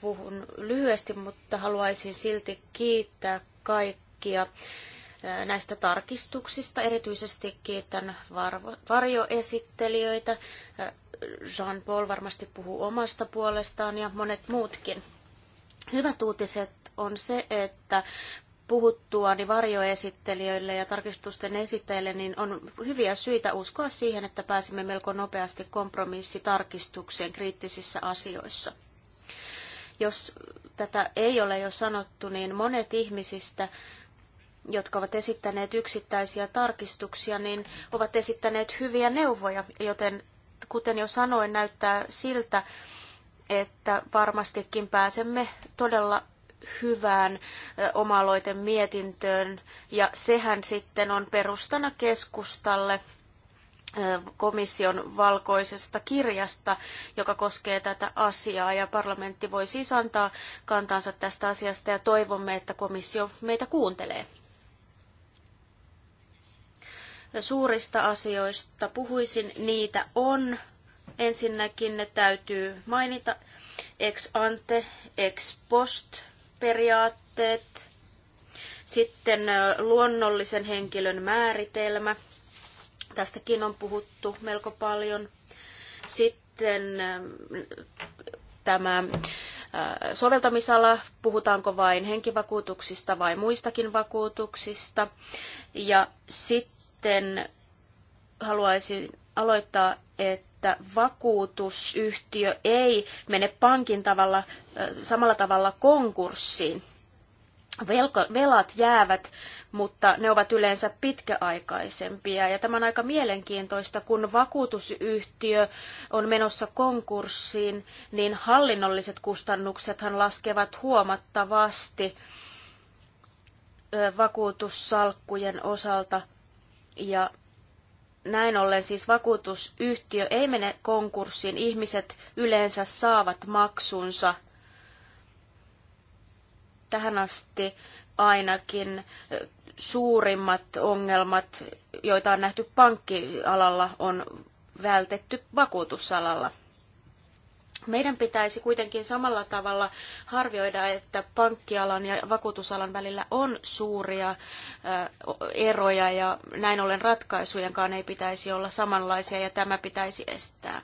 puhun lyhyesti, mutta haluaisin silti kiittää kaikkia näistä tarkistuksista. Erityisesti kiitän varjoesittelijöitä. Jean-Paul varmasti puhuu omasta puolestaan ja monet muutkin. Hyvät uutiset on se, että puhuttuani varjoesittelijöille ja tarkistusten esittäjille, niin on hyviä syitä uskoa siihen, että pääsimme melko nopeasti kompromissitarkistukseen kriittisissä asioissa. Jos tätä ei ole jo sanottu, niin monet ihmisistä jotka ovat esittäneet yksittäisiä tarkistuksia, niin ovat esittäneet hyviä neuvoja, joten kuten jo sanoin, näyttää siltä, että varmastikin pääsemme todella hyvään oma mietintöön, ja sehän sitten on perustana keskustalle komission valkoisesta kirjasta, joka koskee tätä asiaa, ja parlamentti voi siis antaa kantansa tästä asiasta, ja toivomme, että komissio meitä kuuntelee suurista asioista puhuisin. Niitä on. Ensinnäkin ne täytyy mainita ex ante, ex post periaatteet, sitten luonnollisen henkilön määritelmä. Tästäkin on puhuttu melko paljon. Sitten tämä soveltamisala, puhutaanko vain henkivakuutuksista vai muistakin vakuutuksista. Ja sitten sitten haluaisin aloittaa, että vakuutusyhtiö ei mene pankin tavalla, samalla tavalla konkurssiin. Velko, velat jäävät, mutta ne ovat yleensä pitkäaikaisempia. Ja tämä on aika mielenkiintoista, kun vakuutusyhtiö on menossa konkurssiin, niin hallinnolliset kustannuksethan laskevat huomattavasti vakuutussalkkujen osalta – ja näin ollen siis vakuutusyhtiö ei mene konkurssiin. Ihmiset yleensä saavat maksunsa tähän asti ainakin suurimmat ongelmat, joita on nähty pankkialalla, on vältetty vakuutusalalla. Meidän pitäisi kuitenkin samalla tavalla harvioida, että pankkialan ja vakuutusalan välillä on suuria eroja ja näin ollen ratkaisujenkaan ei pitäisi olla samanlaisia ja tämä pitäisi estää.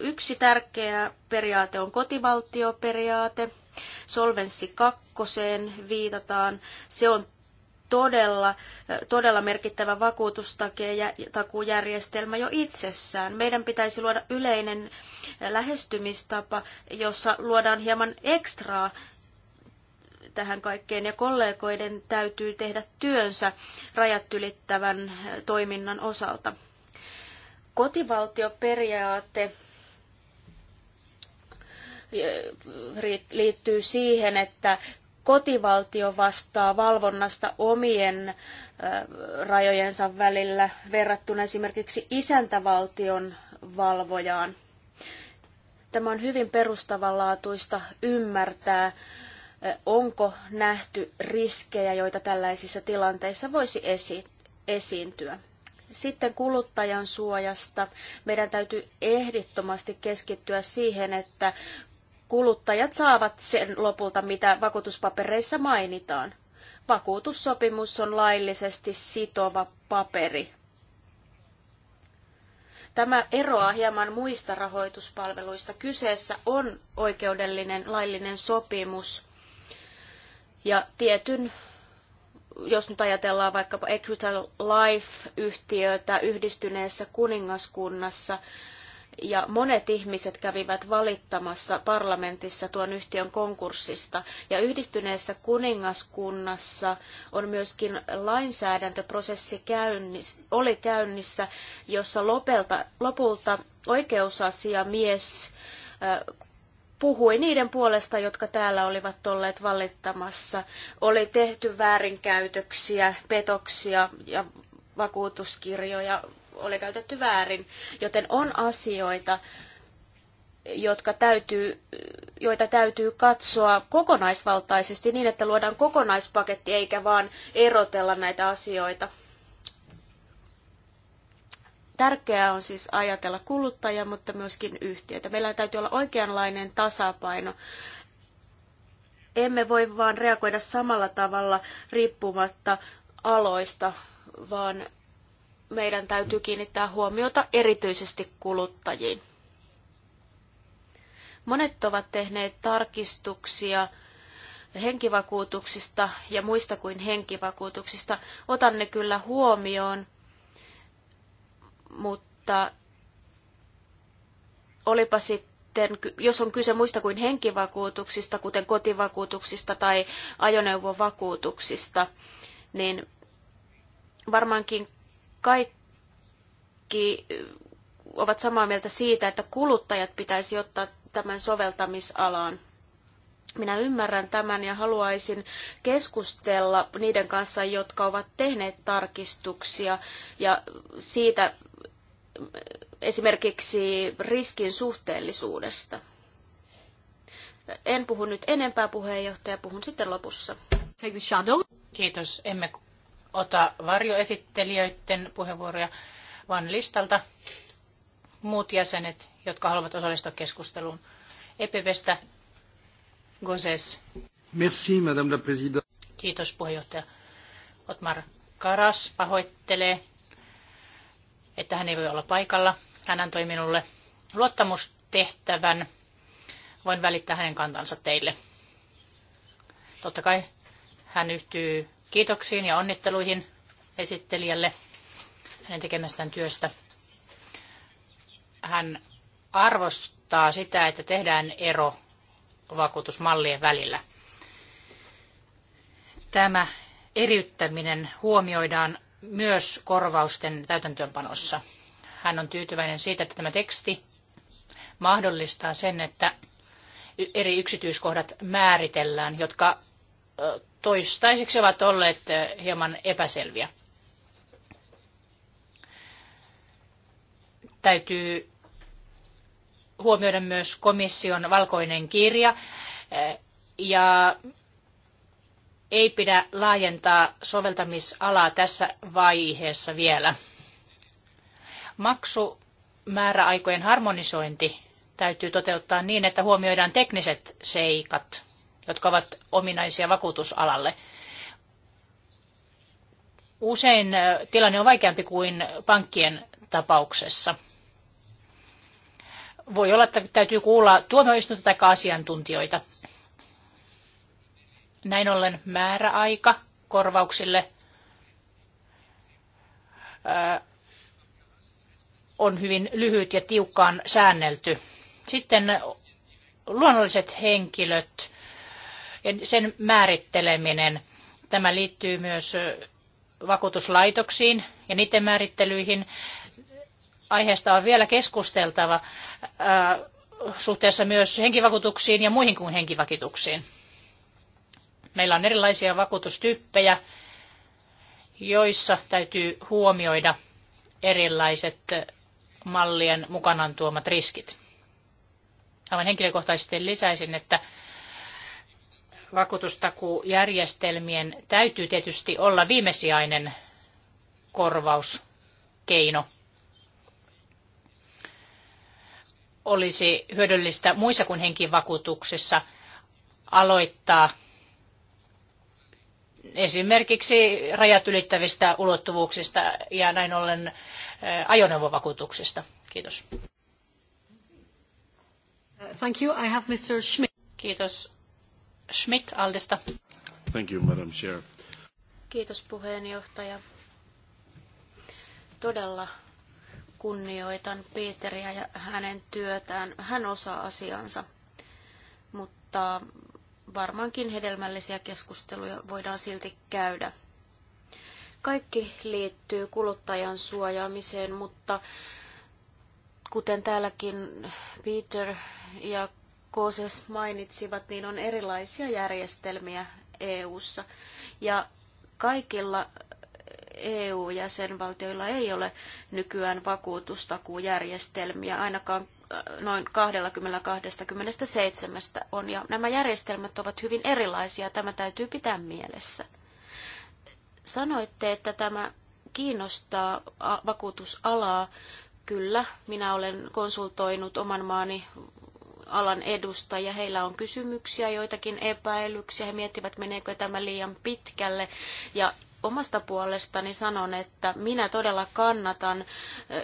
Yksi tärkeä periaate on kotivaltioperiaate. Solvenssi kakkoseen viitataan. Se on todella, todella merkittävä takujärjestelmä jo itsessään. Meidän pitäisi luoda yleinen lähestymistapa, jossa luodaan hieman ekstraa tähän kaikkeen ja kollegoiden täytyy tehdä työnsä rajat ylittävän toiminnan osalta. Kotivaltioperiaate liittyy siihen, että kotivaltio vastaa valvonnasta omien rajojensa välillä verrattuna esimerkiksi isäntävaltion valvojaan. Tämä on hyvin perustavanlaatuista ymmärtää, onko nähty riskejä, joita tällaisissa tilanteissa voisi esi- esiintyä. Sitten kuluttajan suojasta. Meidän täytyy ehdittomasti keskittyä siihen, että kuluttajat saavat sen lopulta, mitä vakuutuspapereissa mainitaan. Vakuutussopimus on laillisesti sitova paperi. Tämä eroaa hieman muista rahoituspalveluista. Kyseessä on oikeudellinen laillinen sopimus ja tietyn jos nyt ajatellaan vaikkapa Equital Life-yhtiötä yhdistyneessä kuningaskunnassa, ja monet ihmiset kävivät valittamassa parlamentissa tuon yhtiön konkurssista. Ja yhdistyneessä kuningaskunnassa on myöskin lainsäädäntöprosessi käynnissä, oli käynnissä, jossa lopelta, lopulta oikeusasiamies puhui niiden puolesta, jotka täällä olivat olleet valittamassa. Oli tehty väärinkäytöksiä, petoksia ja vakuutuskirjoja ole käytetty väärin. Joten on asioita, jotka täytyy, joita täytyy katsoa kokonaisvaltaisesti niin, että luodaan kokonaispaketti eikä vaan erotella näitä asioita. Tärkeää on siis ajatella kuluttajia, mutta myöskin yhtiöitä. Meillä täytyy olla oikeanlainen tasapaino. Emme voi vaan reagoida samalla tavalla riippumatta aloista, vaan meidän täytyy kiinnittää huomiota erityisesti kuluttajiin. Monet ovat tehneet tarkistuksia henkivakuutuksista ja muista kuin henkivakuutuksista. Otan ne kyllä huomioon, mutta olipa sitten, jos on kyse muista kuin henkivakuutuksista, kuten kotivakuutuksista tai ajoneuvovakuutuksista, niin varmaankin kaikki ovat samaa mieltä siitä, että kuluttajat pitäisi ottaa tämän soveltamisalaan. Minä ymmärrän tämän ja haluaisin keskustella niiden kanssa, jotka ovat tehneet tarkistuksia ja siitä esimerkiksi riskin suhteellisuudesta. En puhu nyt enempää puheenjohtaja, puhun sitten lopussa. shadow. Kiitos. Emme ota varjoesittelijöiden puheenvuoroja, vaan listalta muut jäsenet, jotka haluavat osallistua keskusteluun. EPVstä Gozes. Merci, Madame la Présidente. Kiitos puheenjohtaja. Otmar Karas pahoittelee, että hän ei voi olla paikalla. Hän antoi minulle luottamustehtävän. Voin välittää hänen kantansa teille. Totta kai hän yhtyy kiitoksiin ja onnitteluihin esittelijälle hänen tekemästään työstä. Hän arvostaa sitä, että tehdään ero vakuutusmallien välillä. Tämä eriyttäminen huomioidaan myös korvausten täytäntöönpanossa. Hän on tyytyväinen siitä, että tämä teksti mahdollistaa sen, että eri yksityiskohdat määritellään, jotka toistaiseksi ovat olleet eh, hieman epäselviä. Täytyy huomioida myös komission valkoinen kirja eh, ja ei pidä laajentaa soveltamisalaa tässä vaiheessa vielä. Maksumääräaikojen harmonisointi täytyy toteuttaa niin, että huomioidaan tekniset seikat jotka ovat ominaisia vakuutusalalle. Usein tilanne on vaikeampi kuin pankkien tapauksessa. Voi olla, että täytyy kuulla tuomioistuinta tai asiantuntijoita. Näin ollen määräaika korvauksille on hyvin lyhyt ja tiukkaan säännelty. Sitten luonnolliset henkilöt ja sen määritteleminen. Tämä liittyy myös vakuutuslaitoksiin ja niiden määrittelyihin. Aiheesta on vielä keskusteltava suhteessa myös henkivakuutuksiin ja muihin kuin henkivakuutuksiin. Meillä on erilaisia vakuutustyyppejä, joissa täytyy huomioida erilaiset mallien mukanaan tuomat riskit. Aivan henkilökohtaisesti lisäisin, että vakuutustakuujärjestelmien täytyy tietysti olla viimesijainen korvauskeino. Olisi hyödyllistä muissa kuin henkivakuutuksissa aloittaa esimerkiksi rajat ylittävistä ulottuvuuksista ja näin ollen ajoneuvovakuutuksista. Kiitos. Thank you. I have Mr. Schmidt. Kiitos. Schmidt Aldesta. Thank you, Madam Chair. Kiitos puheenjohtaja. Todella kunnioitan Peteriä ja hänen työtään. Hän osaa asiansa, mutta varmaankin hedelmällisiä keskusteluja voidaan silti käydä. Kaikki liittyy kuluttajan suojaamiseen, mutta kuten täälläkin Peter ja Kooses mainitsivat, niin on erilaisia järjestelmiä EU:ssa ja kaikilla EU-jäsenvaltioilla ei ole nykyään vakuutustakuujärjestelmiä, ainakaan äh, noin 20-27 on, ja nämä järjestelmät ovat hyvin erilaisia, tämä täytyy pitää mielessä. Sanoitte, että tämä kiinnostaa äh, vakuutusalaa. Kyllä, minä olen konsultoinut oman maani alan edustajia. Heillä on kysymyksiä, joitakin epäilyksiä. He miettivät, meneekö tämä liian pitkälle. Ja omasta puolestani sanon, että minä todella kannatan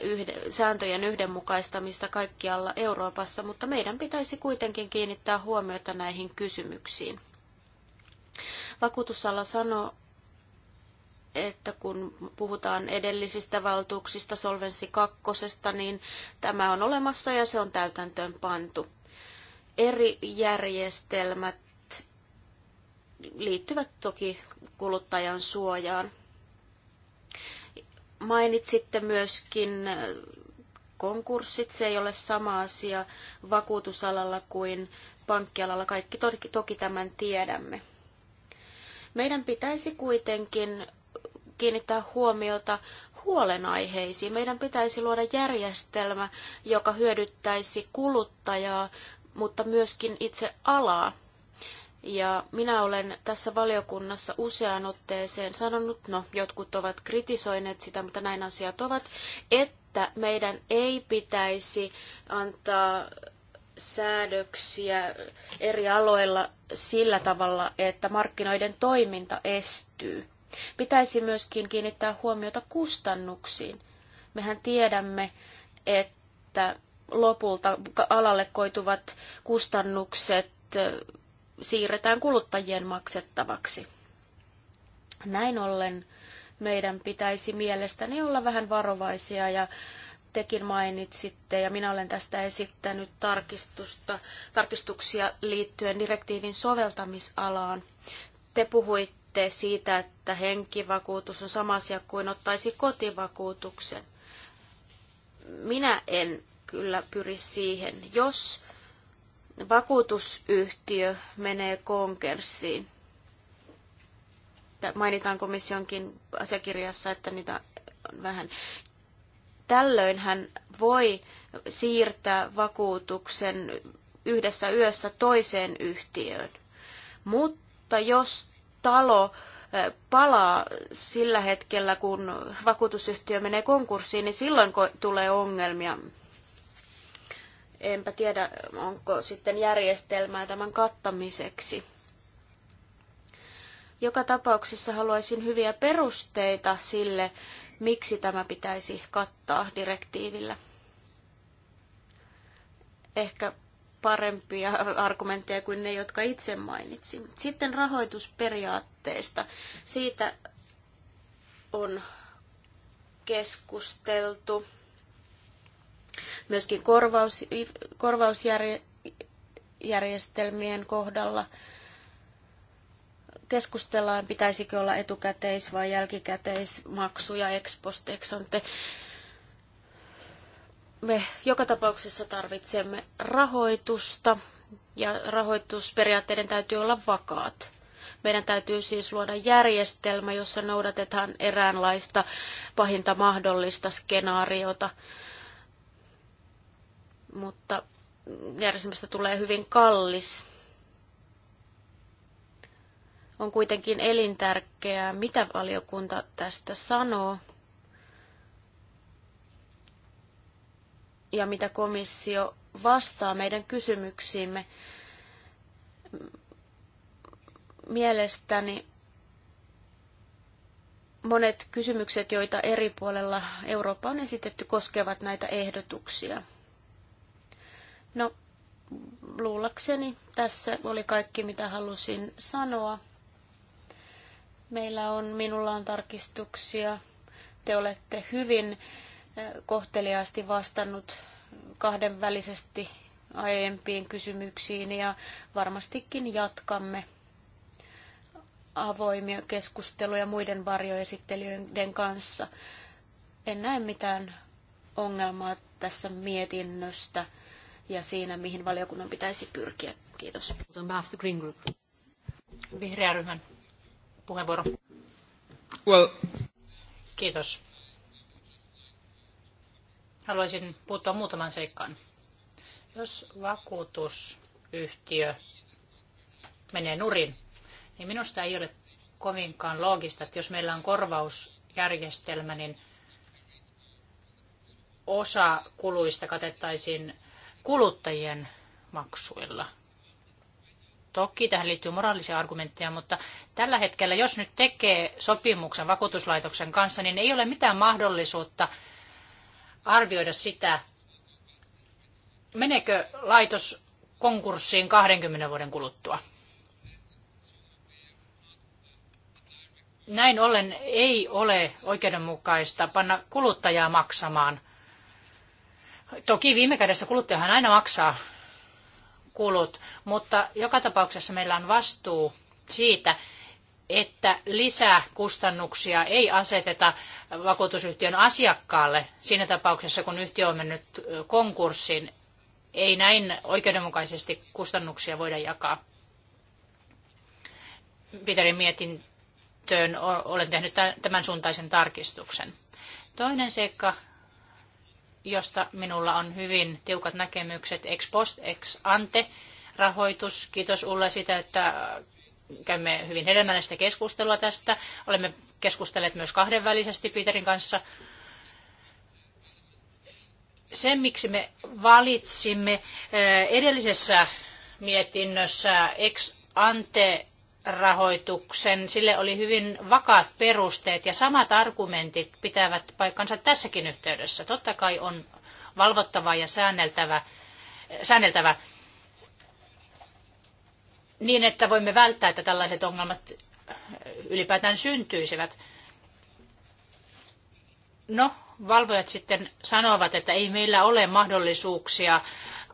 yhde, sääntöjen yhdenmukaistamista kaikkialla Euroopassa, mutta meidän pitäisi kuitenkin kiinnittää huomiota näihin kysymyksiin. Vakuutusala sanoo, että kun puhutaan edellisistä valtuuksista, solvensi kakkosesta, niin tämä on olemassa ja se on täytäntöön pantu eri järjestelmät liittyvät toki kuluttajan suojaan. Mainitsitte myöskin konkurssit, se ei ole sama asia vakuutusalalla kuin pankkialalla. Kaikki toki tämän tiedämme. Meidän pitäisi kuitenkin kiinnittää huomiota huolenaiheisiin. Meidän pitäisi luoda järjestelmä, joka hyödyttäisi kuluttajaa mutta myöskin itse alaa. Ja minä olen tässä valiokunnassa useaan otteeseen sanonut, no jotkut ovat kritisoineet sitä, mutta näin asiat ovat, että meidän ei pitäisi antaa säädöksiä eri aloilla sillä tavalla, että markkinoiden toiminta estyy. Pitäisi myöskin kiinnittää huomiota kustannuksiin. Mehän tiedämme, että lopulta alalle koituvat kustannukset siirretään kuluttajien maksettavaksi. Näin ollen meidän pitäisi mielestäni olla vähän varovaisia ja tekin mainitsitte, ja minä olen tästä esittänyt tarkistusta, tarkistuksia liittyen direktiivin soveltamisalaan. Te puhuitte siitä, että henkivakuutus on sama asia kuin ottaisi kotivakuutuksen. Minä en kyllä pyri siihen, jos vakuutusyhtiö menee konkerssiin. Mainitaan komissionkin asiakirjassa, että niitä on vähän. Tällöin hän voi siirtää vakuutuksen yhdessä yössä toiseen yhtiöön. Mutta jos talo palaa sillä hetkellä, kun vakuutusyhtiö menee konkurssiin, niin silloin tulee ongelmia enpä tiedä, onko sitten järjestelmää tämän kattamiseksi. Joka tapauksessa haluaisin hyviä perusteita sille, miksi tämä pitäisi kattaa direktiivillä. Ehkä parempia argumentteja kuin ne, jotka itse mainitsin. Sitten rahoitusperiaatteesta. Siitä on keskusteltu myöskin korvaus, korvausjärjestelmien kohdalla keskustellaan, pitäisikö olla etukäteis- vai jälkikäteismaksuja, ex post, ex ante. Me joka tapauksessa tarvitsemme rahoitusta ja rahoitusperiaatteiden täytyy olla vakaat. Meidän täytyy siis luoda järjestelmä, jossa noudatetaan eräänlaista pahinta mahdollista skenaariota mutta järjestelmästä tulee hyvin kallis. On kuitenkin elintärkeää, mitä valiokunta tästä sanoo ja mitä komissio vastaa meidän kysymyksiimme. Mielestäni monet kysymykset, joita eri puolella Eurooppa on esitetty, koskevat näitä ehdotuksia. No, luullakseni tässä oli kaikki, mitä halusin sanoa. Meillä on, minulla on tarkistuksia. Te olette hyvin eh, kohteliaasti vastannut kahdenvälisesti aiempiin kysymyksiin ja varmastikin jatkamme avoimia keskusteluja muiden varjoesittelijöiden kanssa. En näe mitään ongelmaa tässä mietinnöstä ja siinä, mihin valiokunnan pitäisi pyrkiä. Kiitos. On behalf the Green Group. Vihreä ryhmän puheenvuoro. Well. Kiitos. Haluaisin puuttua muutaman seikkaan. Jos vakuutusyhtiö menee nurin, niin minusta ei ole kovinkaan loogista, että jos meillä on korvausjärjestelmä, niin osa kuluista katettaisiin kuluttajien maksuilla. Toki tähän liittyy moraalisia argumentteja, mutta tällä hetkellä, jos nyt tekee sopimuksen vakuutuslaitoksen kanssa, niin ei ole mitään mahdollisuutta arvioida sitä, menekö laitos konkurssiin 20 vuoden kuluttua. Näin ollen ei ole oikeudenmukaista panna kuluttajaa maksamaan – Toki viime kädessä kuluttajahan aina maksaa kulut, mutta joka tapauksessa meillä on vastuu siitä, että lisäkustannuksia ei aseteta vakuutusyhtiön asiakkaalle siinä tapauksessa, kun yhtiö on mennyt konkurssiin. Ei näin oikeudenmukaisesti kustannuksia voida jakaa. Peterin mietintöön olen tehnyt tämän suuntaisen tarkistuksen. Toinen seikka josta minulla on hyvin tiukat näkemykset, ex post, ex ante rahoitus. Kiitos Ulla siitä, että käymme hyvin hedelmällistä keskustelua tästä. Olemme keskustelleet myös kahdenvälisesti Peterin kanssa. Se, miksi me valitsimme eh, edellisessä mietinnössä ex ante rahoituksen. Sille oli hyvin vakaat perusteet ja samat argumentit pitävät paikkansa tässäkin yhteydessä. Totta kai on valvottava ja säänneltävä, säänneltävä niin, että voimme välttää, että tällaiset ongelmat ylipäätään syntyisivät. No, valvojat sitten sanovat, että ei meillä ole mahdollisuuksia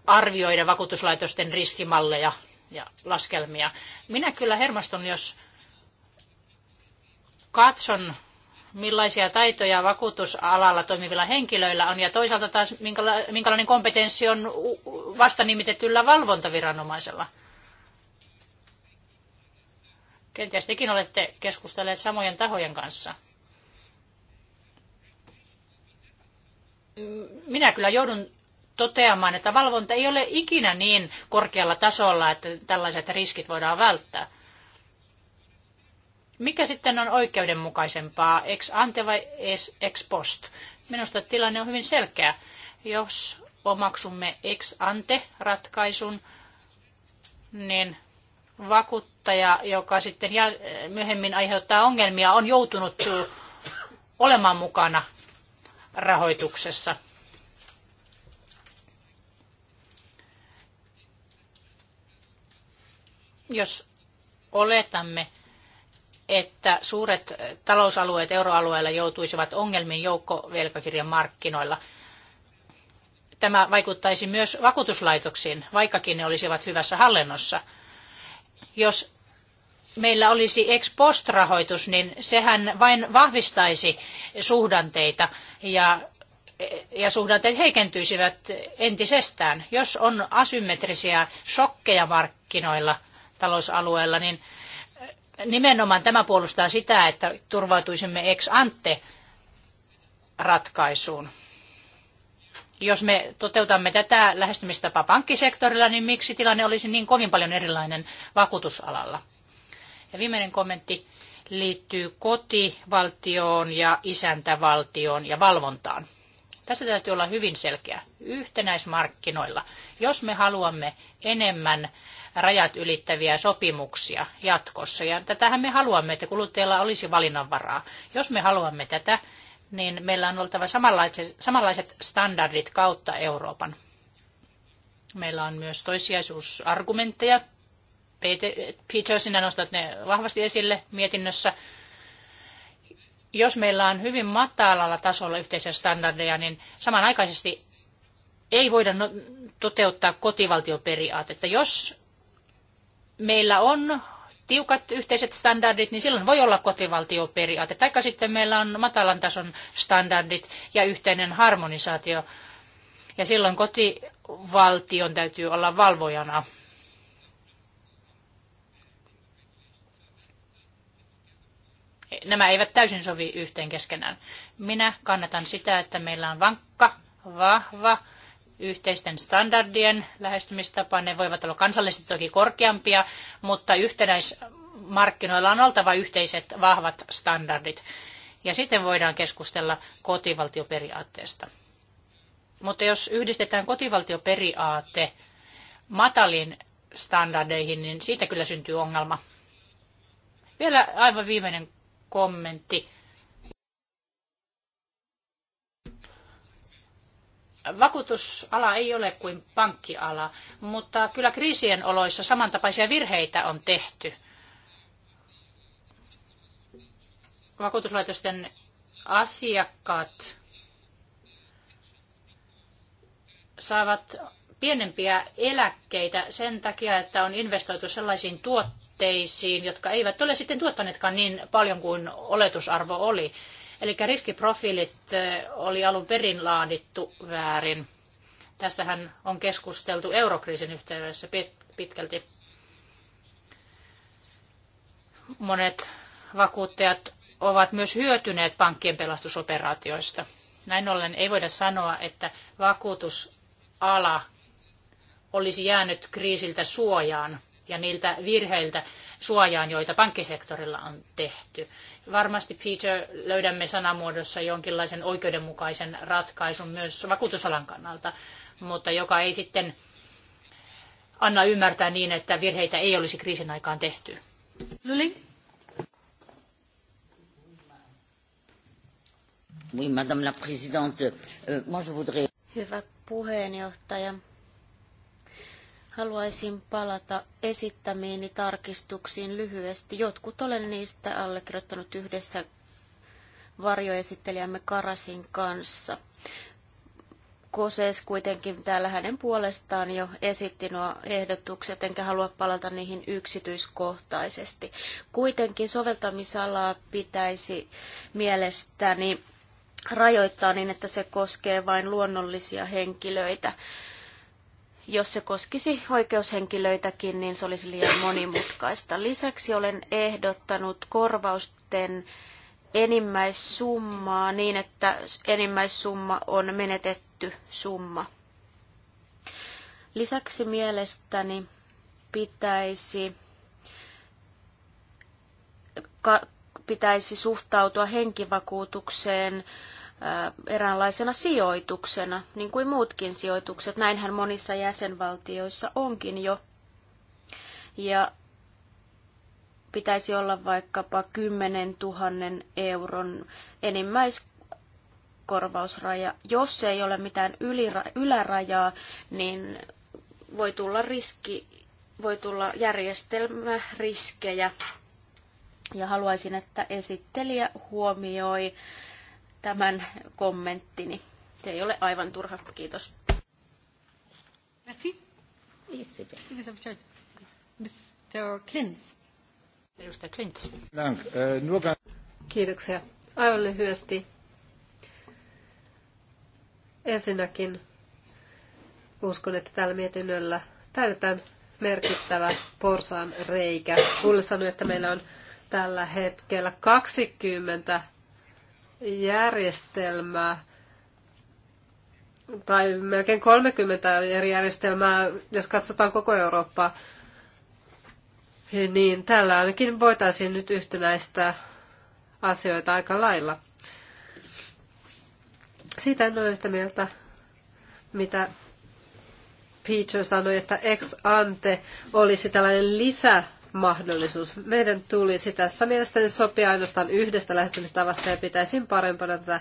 arvioida vakuutuslaitosten riskimalleja ja laskelmia. Minä kyllä hermostun, jos katson, millaisia taitoja vakuutusalalla toimivilla henkilöillä on, ja toisaalta taas minkälainen kompetenssi on vasta nimitetyllä valvontaviranomaisella. Kenties tekin olette keskustelleet samojen tahojen kanssa. minä kyllä joudun toteamaan, että valvonta ei ole ikinä niin korkealla tasolla, että tällaiset riskit voidaan välttää. Mikä sitten on oikeudenmukaisempaa, ex ante vai ex post? Minusta tilanne on hyvin selkeä. Jos omaksumme ex ante ratkaisun, niin vakuuttaja, joka sitten myöhemmin aiheuttaa ongelmia, on joutunut olemaan mukana rahoituksessa. Jos oletamme, että suuret talousalueet euroalueella joutuisivat ongelmiin joukkovelkakirjan markkinoilla, tämä vaikuttaisi myös vakuutuslaitoksiin, vaikkakin ne olisivat hyvässä hallinnossa. Jos meillä olisi ex post-rahoitus, niin sehän vain vahvistaisi suhdanteita ja, ja suhdanteet heikentyisivät entisestään. Jos on asymmetrisiä shokkeja markkinoilla – talousalueella, niin äh, nimenomaan tämä puolustaa sitä, että turvautuisimme ex ante ratkaisuun. Jos me toteutamme tätä lähestymistapaa pankkisektorilla, niin miksi tilanne olisi niin kovin paljon erilainen vakuutusalalla? Ja viimeinen kommentti liittyy kotivaltioon ja isäntävaltioon ja valvontaan. Tässä täytyy olla hyvin selkeä. Yhtenäismarkkinoilla. Jos me haluamme enemmän rajat ylittäviä sopimuksia jatkossa. Ja tätähän me haluamme, että kuluttajilla olisi valinnanvaraa. Jos me haluamme tätä, niin meillä on oltava samanlaiset, samanlaiset standardit kautta Euroopan. Meillä on myös toissijaisuusargumentteja. Peter, sinä nostat ne vahvasti esille mietinnössä. Jos meillä on hyvin matalalla tasolla yhteisiä standardeja, niin samanaikaisesti ei voida no- toteuttaa kotivaltioperiaatetta. Jos meillä on tiukat yhteiset standardit, niin silloin voi olla kotivaltioperiaate. Tai sitten meillä on matalan tason standardit ja yhteinen harmonisaatio. Ja silloin kotivaltion täytyy olla valvojana. Nämä eivät täysin sovi yhteen keskenään. Minä kannatan sitä, että meillä on vankka, vahva yhteisten standardien lähestymistapa. Ne voivat olla kansallisesti toki korkeampia, mutta yhtenäismarkkinoilla on oltava yhteiset vahvat standardit. Ja sitten voidaan keskustella kotivaltioperiaatteesta. Mutta jos yhdistetään kotivaltioperiaate matalin standardeihin, niin siitä kyllä syntyy ongelma. Vielä aivan viimeinen kommentti Vakuutusala ei ole kuin pankkiala, mutta kyllä kriisien oloissa samantapaisia virheitä on tehty. Vakuutuslaitosten asiakkaat saavat pienempiä eläkkeitä sen takia, että on investoitu sellaisiin tuotteisiin, jotka eivät ole sitten tuottaneetkaan niin paljon kuin oletusarvo oli. Eli riskiprofiilit oli alun perin laadittu väärin. Tästähän on keskusteltu eurokriisin yhteydessä pitkälti. Monet vakuuttajat ovat myös hyötyneet pankkien pelastusoperaatioista. Näin ollen ei voida sanoa, että vakuutusala olisi jäänyt kriisiltä suojaan ja niiltä virheiltä suojaan, joita pankkisektorilla on tehty. Varmasti Peter löydämme sanamuodossa jonkinlaisen oikeudenmukaisen ratkaisun myös vakuutusalan kannalta, mutta joka ei sitten anna ymmärtää niin, että virheitä ei olisi kriisin aikaan tehty. Lyli? Oui, madame la présidente. Euh, moi, je voudrais... Hyvä puheenjohtaja. Haluaisin palata esittämiini tarkistuksiin lyhyesti. Jotkut olen niistä allekirjoittanut yhdessä varjoesittelijämme Karasin kanssa. Koses kuitenkin täällä hänen puolestaan jo esitti nuo ehdotukset, enkä halua palata niihin yksityiskohtaisesti. Kuitenkin soveltamisalaa pitäisi mielestäni rajoittaa niin, että se koskee vain luonnollisia henkilöitä. Jos se koskisi oikeushenkilöitäkin, niin se olisi liian monimutkaista. Lisäksi olen ehdottanut korvausten enimmäissummaa niin, että enimmäissumma on menetetty summa. Lisäksi mielestäni pitäisi, ka, pitäisi suhtautua henkivakuutukseen eräänlaisena sijoituksena, niin kuin muutkin sijoitukset. Näinhän monissa jäsenvaltioissa onkin jo. Ja pitäisi olla vaikkapa 10 000 euron enimmäiskorvausraja. Jos ei ole mitään ylira- ylärajaa, niin voi tulla riski, voi tulla järjestelmäriskejä. Ja haluaisin, että esittelijä huomioi tämän kommenttini. Se ei ole aivan turha. Kiitos. Äh, Kiitoksia. Aivan lyhyesti. Ensinnäkin uskon, että tällä mietinnöllä täytetään merkittävä porsaan reikä. Kulle sanoi, että meillä on tällä hetkellä 20 järjestelmää tai melkein 30 eri järjestelmää, jos katsotaan koko Eurooppaa, niin tällä ainakin voitaisiin nyt yhtenäistä asioita aika lailla. Siitä en ole yhtä mieltä, mitä Peter sanoi, että ex ante olisi tällainen lisä mahdollisuus. Meidän tulisi tässä mielestäni sopia ainoastaan yhdestä lähestymistavasta ja pitäisin parempana tätä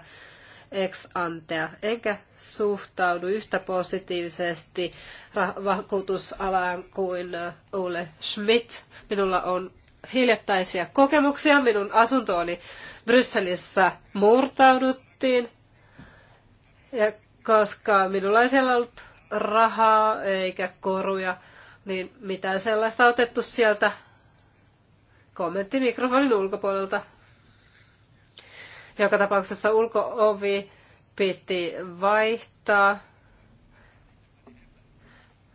ex antea, enkä suhtaudu yhtä positiivisesti vakuutusalaan kuin äh, Ole Schmidt. Minulla on hiljattaisia kokemuksia. Minun asuntooni Brysselissä murtauduttiin. Ja koska minulla ei siellä ollut rahaa eikä koruja, niin mitään sellaista otettu sieltä kommentti ulkopuolelta. Joka tapauksessa ulkoovi piti vaihtaa,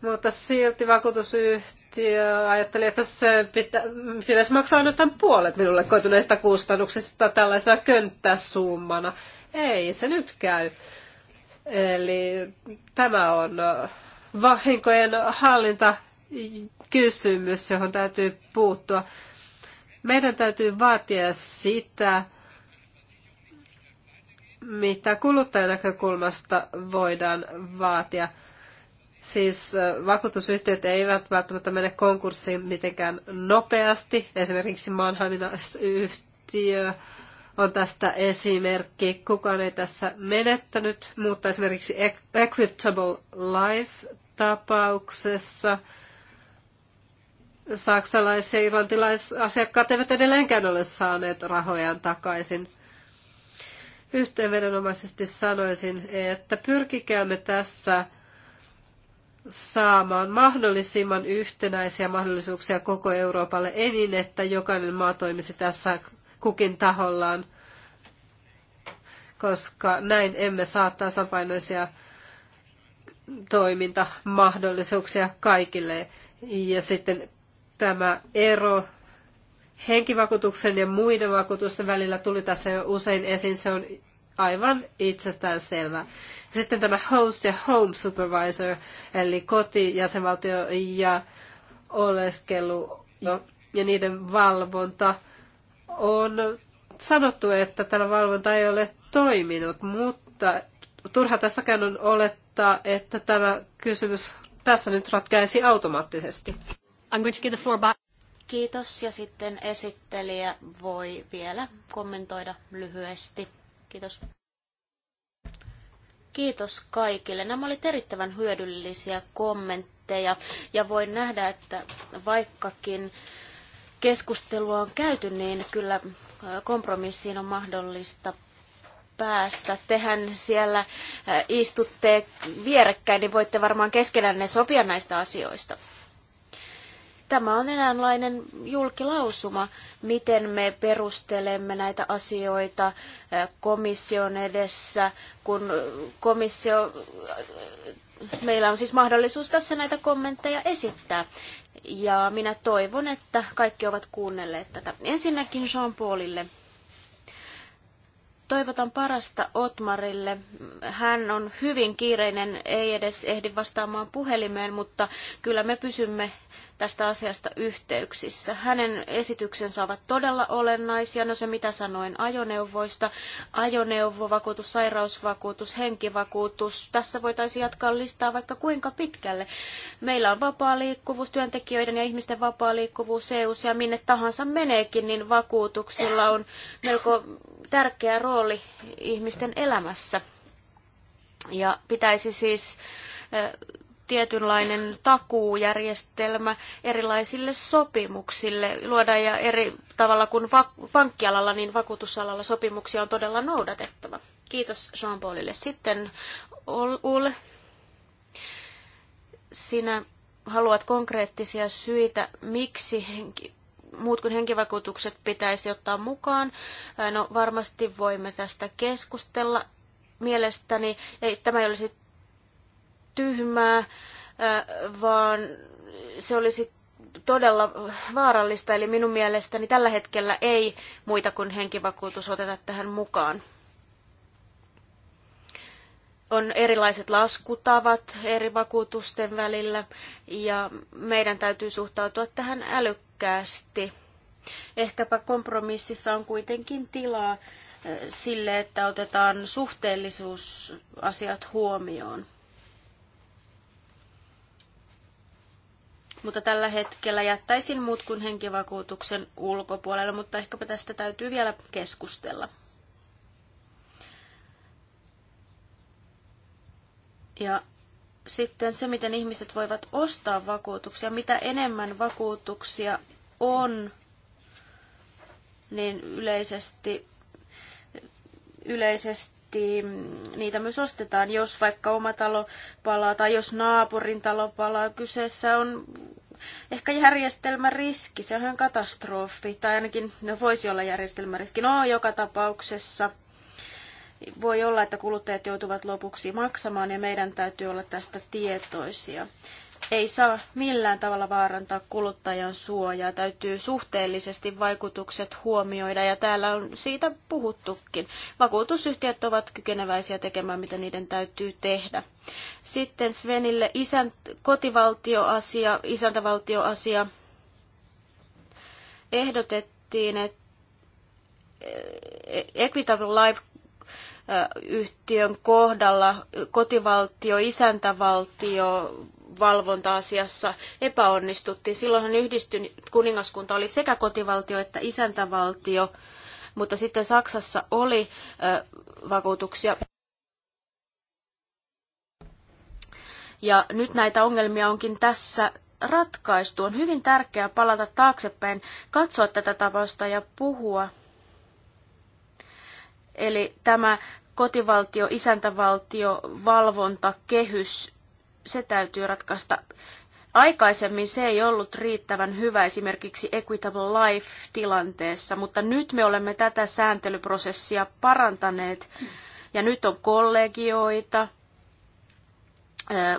mutta silti vakuutusyhtiö ajatteli, että se pitä, pitäisi maksaa ainoastaan puolet minulle koituneista kustannuksista tällaisena könttäsummana. Ei se nyt käy. Eli tämä on vahinkojen hallinta kysymys, johon täytyy puuttua. Meidän täytyy vaatia sitä, mitä kuluttajan näkökulmasta voidaan vaatia. Siis äh, vakuutusyhtiöt eivät välttämättä mene konkurssiin mitenkään nopeasti. Esimerkiksi Mannheimin yhtiö on tästä esimerkki. Kukaan ei tässä menettänyt, mutta esimerkiksi Equitable Life-tapauksessa – saksalais- ja irlantilaisasiakkaat eivät edelleenkään ole saaneet rahojaan takaisin. Yhteenvedonomaisesti sanoisin, että pyrkikäämme tässä saamaan mahdollisimman yhtenäisiä mahdollisuuksia koko Euroopalle, ei niin, että jokainen maa toimisi tässä kukin tahollaan, koska näin emme saa tasapainoisia toimintamahdollisuuksia kaikille. Ja sitten Tämä ero henkivakuutuksen ja muiden vakuutusten välillä tuli tässä jo usein esiin. Se on aivan itsestään selvä. Sitten tämä host ja home supervisor, eli koti, jäsenvaltio ja oleskelu no, ja niiden valvonta on sanottu, että tämä valvonta ei ole toiminut, mutta turha tässäkään on olettaa, että tämä kysymys tässä nyt ratkaisi automaattisesti. I'm going to give the floor back. Kiitos ja sitten esittelijä voi vielä kommentoida lyhyesti. Kiitos. Kiitos kaikille. Nämä olivat erittäin hyödyllisiä kommentteja ja voin nähdä, että vaikkakin keskustelua on käyty, niin kyllä kompromissiin on mahdollista päästä. Tehän siellä istutte vierekkäin, niin voitte varmaan ne sopia näistä asioista. Tämä on eräänlainen julkilausuma, miten me perustelemme näitä asioita komission edessä, kun komissio, meillä on siis mahdollisuus tässä näitä kommentteja esittää. Ja minä toivon, että kaikki ovat kuunnelleet tätä. Ensinnäkin Jean-Paulille toivotan parasta Otmarille. Hän on hyvin kiireinen, ei edes ehdi vastaamaan puhelimeen, mutta kyllä me pysymme tästä asiasta yhteyksissä. Hänen esityksensä ovat todella olennaisia. No se, mitä sanoin ajoneuvoista, ajoneuvovakuutus, sairausvakuutus, henkivakuutus. Tässä voitaisiin jatkaa listaa vaikka kuinka pitkälle. Meillä on vapaa liikkuvuus, työntekijöiden ja ihmisten vapaa liikkuvuus eu ja minne tahansa meneekin, niin vakuutuksilla on melko tärkeä rooli ihmisten elämässä. Ja pitäisi siis eh, tietynlainen takuujärjestelmä erilaisille sopimuksille luoda ja eri tavalla kuin va- pankkialalla, niin vakuutusalalla sopimuksia on todella noudatettava. Kiitos Jean-Paulille. Sitten Ulle, sinä haluat konkreettisia syitä, miksi henki, muut kuin henkivakuutukset pitäisi ottaa mukaan. No varmasti voimme tästä keskustella mielestäni ei, tämä ei olisi tyhmää, vaan se olisi todella vaarallista, eli minun mielestäni tällä hetkellä ei muita kuin henkivakuutus oteta tähän mukaan. On erilaiset laskutavat eri vakuutusten välillä ja meidän täytyy suhtautua tähän älykkäästi. Ehkäpä kompromississa on kuitenkin tilaa sille, että otetaan suhteellisuusasiat huomioon. mutta tällä hetkellä jättäisin muut kuin henkivakuutuksen ulkopuolelle, mutta ehkäpä tästä täytyy vielä keskustella. Ja sitten se, miten ihmiset voivat ostaa vakuutuksia. Mitä enemmän vakuutuksia on, niin yleisesti, yleisesti niitä myös ostetaan. Jos vaikka oma talo palaa tai jos naapurin talo palaa, kyseessä on ehkä järjestelmäriski, se on katastrofi, tai ainakin no, voisi olla järjestelmäriski. No, joka tapauksessa voi olla, että kuluttajat joutuvat lopuksi maksamaan, ja meidän täytyy olla tästä tietoisia ei saa millään tavalla vaarantaa kuluttajan suojaa. Täytyy suhteellisesti vaikutukset huomioida ja täällä on siitä puhuttukin. Vakuutusyhtiöt ovat kykeneväisiä tekemään, mitä niiden täytyy tehdä. Sitten Svenille isän, kotivaltioasia, isäntävaltioasia ehdotettiin, että e, Equitable Life e, yhtiön kohdalla kotivaltio, isäntävaltio valvonta-asiassa epäonnistuttiin. Silloinhan yhdistynyt kuningaskunta oli sekä kotivaltio että isäntävaltio, mutta sitten Saksassa oli vakuutuksia. Ja nyt näitä ongelmia onkin tässä ratkaistu. On hyvin tärkeää palata taaksepäin, katsoa tätä tapausta ja puhua. Eli tämä kotivaltio, isäntävaltio, valvonta, kehys se täytyy ratkaista Aikaisemmin se ei ollut riittävän hyvä esimerkiksi Equitable Life-tilanteessa, mutta nyt me olemme tätä sääntelyprosessia parantaneet ja nyt on kollegioita,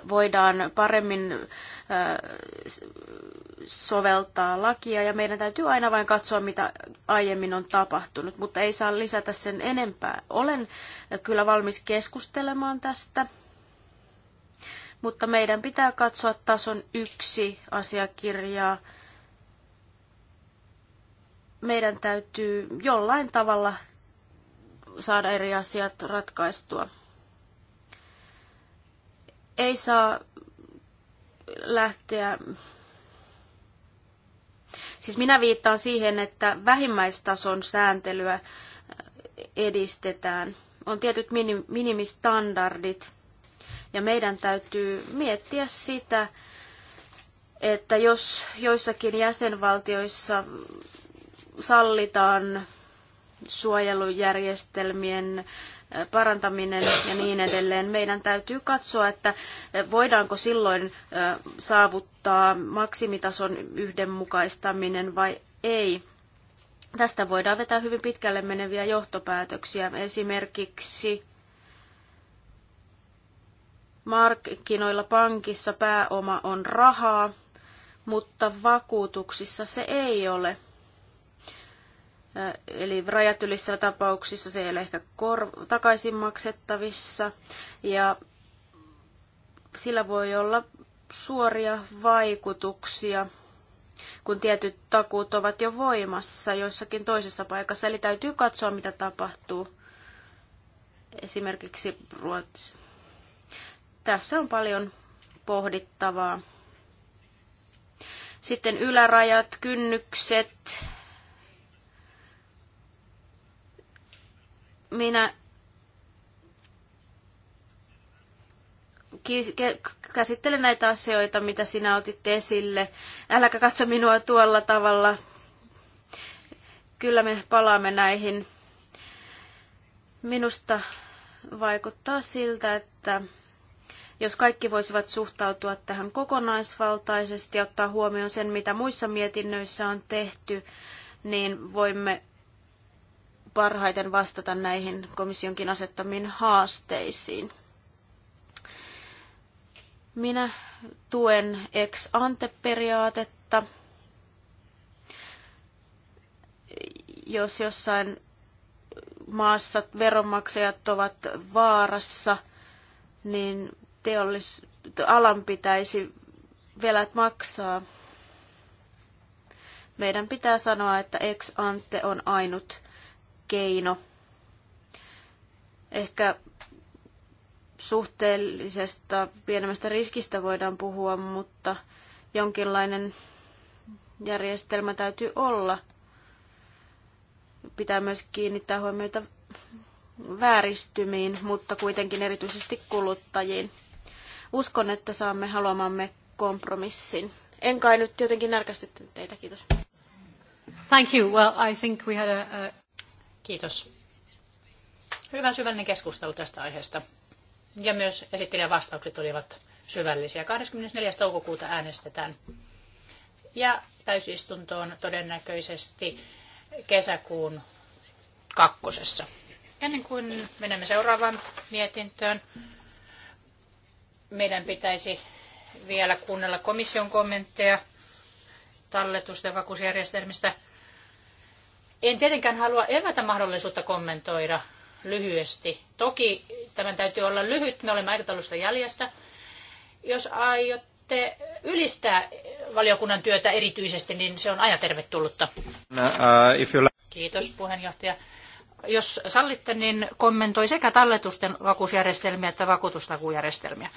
voidaan paremmin soveltaa lakia ja meidän täytyy aina vain katsoa, mitä aiemmin on tapahtunut, mutta ei saa lisätä sen enempää. Olen kyllä valmis keskustelemaan tästä mutta meidän pitää katsoa tason yksi asiakirjaa. Meidän täytyy jollain tavalla saada eri asiat ratkaistua. Ei saa lähteä. Siis minä viittaan siihen, että vähimmäistason sääntelyä edistetään. On tietyt minimistandardit, ja meidän täytyy miettiä sitä, että jos joissakin jäsenvaltioissa sallitaan suojelujärjestelmien eh, parantaminen ja niin edelleen. Meidän täytyy katsoa, että eh, voidaanko silloin eh, saavuttaa maksimitason yhdenmukaistaminen vai ei. Tästä voidaan vetää hyvin pitkälle meneviä johtopäätöksiä. Esimerkiksi Markkinoilla pankissa pääoma on rahaa, mutta vakuutuksissa se ei ole. Eli rajat ylissä tapauksissa se ei ole ehkä kor- takaisin maksettavissa ja sillä voi olla suoria vaikutuksia, kun tietyt takuut ovat jo voimassa joissakin toisessa paikassa. Eli täytyy katsoa, mitä tapahtuu esimerkiksi Ruotsissa. Tässä on paljon pohdittavaa. Sitten ylärajat, kynnykset. Minä käsittele näitä asioita, mitä sinä otit esille. Äläkä katso minua tuolla tavalla. Kyllä me palaamme näihin. Minusta vaikuttaa siltä, että jos kaikki voisivat suhtautua tähän kokonaisvaltaisesti ja ottaa huomioon sen, mitä muissa mietinnöissä on tehty, niin voimme parhaiten vastata näihin komissionkin asettamiin haasteisiin. Minä tuen ex ante periaatetta. Jos jossain maassa veronmaksajat ovat vaarassa, niin teollis, alan pitäisi velät maksaa. Meidän pitää sanoa, että ex ante on ainut keino. Ehkä suhteellisesta pienemmästä riskistä voidaan puhua, mutta jonkinlainen järjestelmä täytyy olla. Pitää myös kiinnittää huomiota vääristymiin, mutta kuitenkin erityisesti kuluttajiin. Uskon, että saamme haluamamme kompromissin. En kai nyt jotenkin närkästyttänyt teitä. Kiitos. Thank you. Well, I think we had a, a... Kiitos. Hyvä syvällinen keskustelu tästä aiheesta. Ja myös esittelijän vastaukset olivat syvällisiä. 24. toukokuuta äänestetään. Ja täysistuntoon todennäköisesti kesäkuun kakkosessa. Ennen kuin menemme seuraavaan mietintöön, meidän pitäisi vielä kuunnella komission kommentteja talletusten vakuusjärjestelmistä. En tietenkään halua evätä mahdollisuutta kommentoida lyhyesti. Toki tämän täytyy olla lyhyt, me olemme aikataulusta jäljestä. Jos aiotte ylistää valiokunnan työtä erityisesti, niin se on aina tervetullutta. Uh, Kiitos puheenjohtaja jos sallitte, niin kommentoi sekä talletusten vakuusjärjestelmiä että vakuutustakuujärjestelmiä.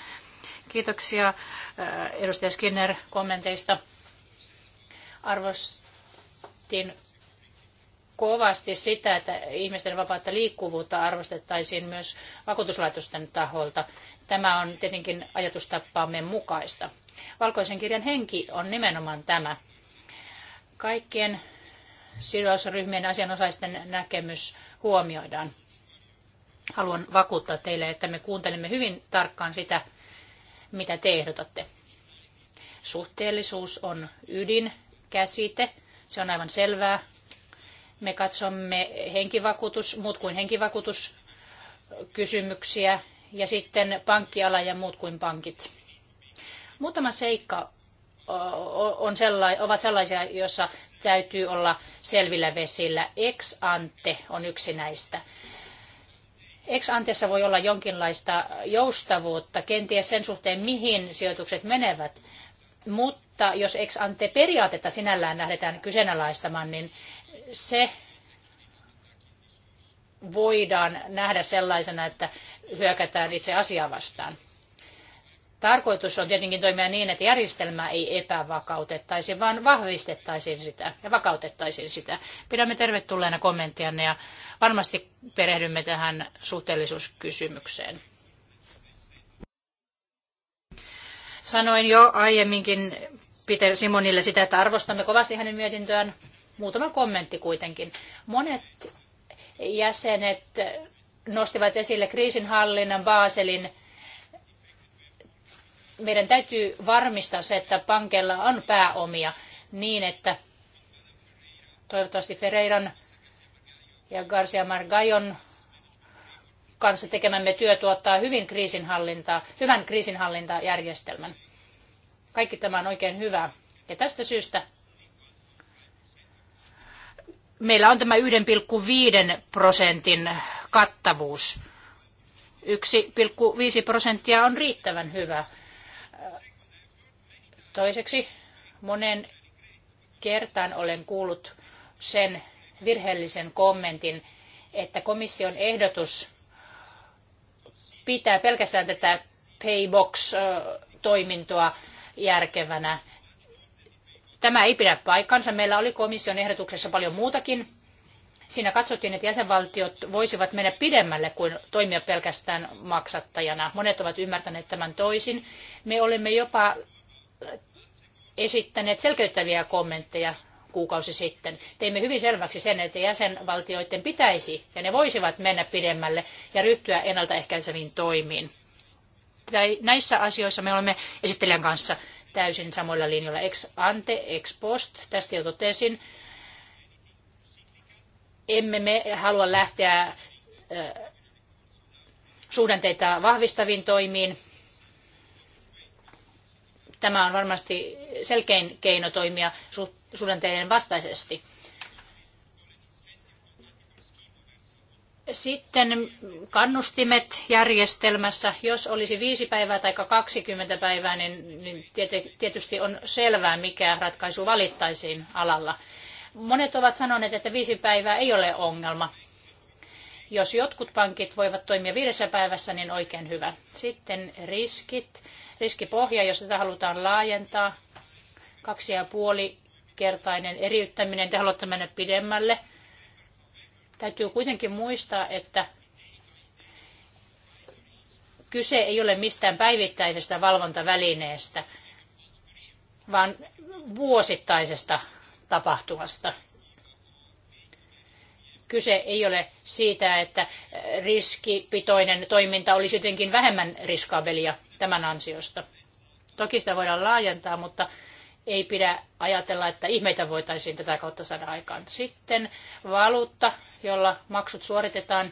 Kiitoksia äh, edustaja Skinner kommenteista. Arvostin kovasti sitä, että ihmisten vapaata liikkuvuutta arvostettaisiin myös vakuutuslaitosten taholta. Tämä on tietenkin ajatustappaamme mukaista. Valkoisen kirjan henki on nimenomaan tämä. Kaikkien sidosryhmien asianosaisten näkemys huomioidaan. Haluan vakuuttaa teille, että me kuuntelemme hyvin tarkkaan sitä, mitä te ehdotatte. Suhteellisuus on ydinkäsite, se on aivan selvää. Me katsomme henkivakuutus, muut kuin henkivakuutuskysymyksiä ja sitten pankkiala ja muut kuin pankit. Muutama seikka on sellai, ovat sellaisia, joissa täytyy olla selvillä vesillä. Ex ante on yksi näistä. Ex anteessa voi olla jonkinlaista joustavuutta, kenties sen suhteen, mihin sijoitukset menevät. Mutta jos ex ante periaatetta sinällään lähdetään kyseenalaistamaan, niin se voidaan nähdä sellaisena, että hyökätään itse asiaa vastaan. Tarkoitus on tietenkin toimia niin, että järjestelmää ei epävakautettaisi, vaan vahvistettaisiin sitä ja vakautettaisiin sitä. Pidämme tervetulleena kommenttianne ja varmasti perehdymme tähän suhteellisuuskysymykseen. Sanoin jo aiemminkin Peter Simonille sitä, että arvostamme kovasti hänen mietintöään. Muutama kommentti kuitenkin. Monet jäsenet nostivat esille kriisinhallinnan, Baselin meidän täytyy varmistaa se, että pankeilla on pääomia niin, että toivottavasti Ferreiran ja Garcia Margajon kanssa tekemämme työ tuottaa hyvin kriisinhallintaa, hyvän kriisinhallintajärjestelmän. Kaikki tämä on oikein hyvä. Ja tästä syystä meillä on tämä 1,5 prosentin kattavuus. 1,5 prosenttia on riittävän hyvä. Toiseksi monen kertaan olen kuullut sen virheellisen kommentin, että komission ehdotus pitää pelkästään tätä paybox-toimintoa järkevänä. Tämä ei pidä paikkansa. Meillä oli komission ehdotuksessa paljon muutakin Siinä katsottiin, että jäsenvaltiot voisivat mennä pidemmälle kuin toimia pelkästään maksattajana. Monet ovat ymmärtäneet tämän toisin. Me olemme jopa esittäneet selkeyttäviä kommentteja kuukausi sitten. Teimme hyvin selväksi sen, että jäsenvaltioiden pitäisi ja ne voisivat mennä pidemmälle ja ryhtyä ennaltaehkäiseviin toimiin. Näissä asioissa me olemme esittelijän kanssa täysin samoilla linjoilla ex ante, ex post, tästä jo totesin emme me halua lähteä suhdanteita vahvistaviin toimiin. Tämä on varmasti selkein keino toimia suhdanteiden vastaisesti. Sitten kannustimet järjestelmässä. Jos olisi viisi päivää tai 20 päivää, niin, niin tietysti on selvää, mikä ratkaisu valittaisiin alalla. Monet ovat sanoneet, että viisi päivää ei ole ongelma. Jos jotkut pankit voivat toimia viidessä päivässä, niin oikein hyvä. Sitten riskit, riskipohja, jos tätä halutaan laajentaa, kaksi ja puoli kertainen eriyttäminen, te haluatte mennä pidemmälle. Täytyy kuitenkin muistaa, että kyse ei ole mistään päivittäisestä valvontavälineestä, vaan vuosittaisesta tapahtumasta. Kyse ei ole siitä, että riskipitoinen toiminta olisi jotenkin vähemmän riskaabelia tämän ansiosta. Toki sitä voidaan laajentaa, mutta ei pidä ajatella, että ihmeitä voitaisiin tätä kautta saada aikaan. Sitten valuutta, jolla maksut suoritetaan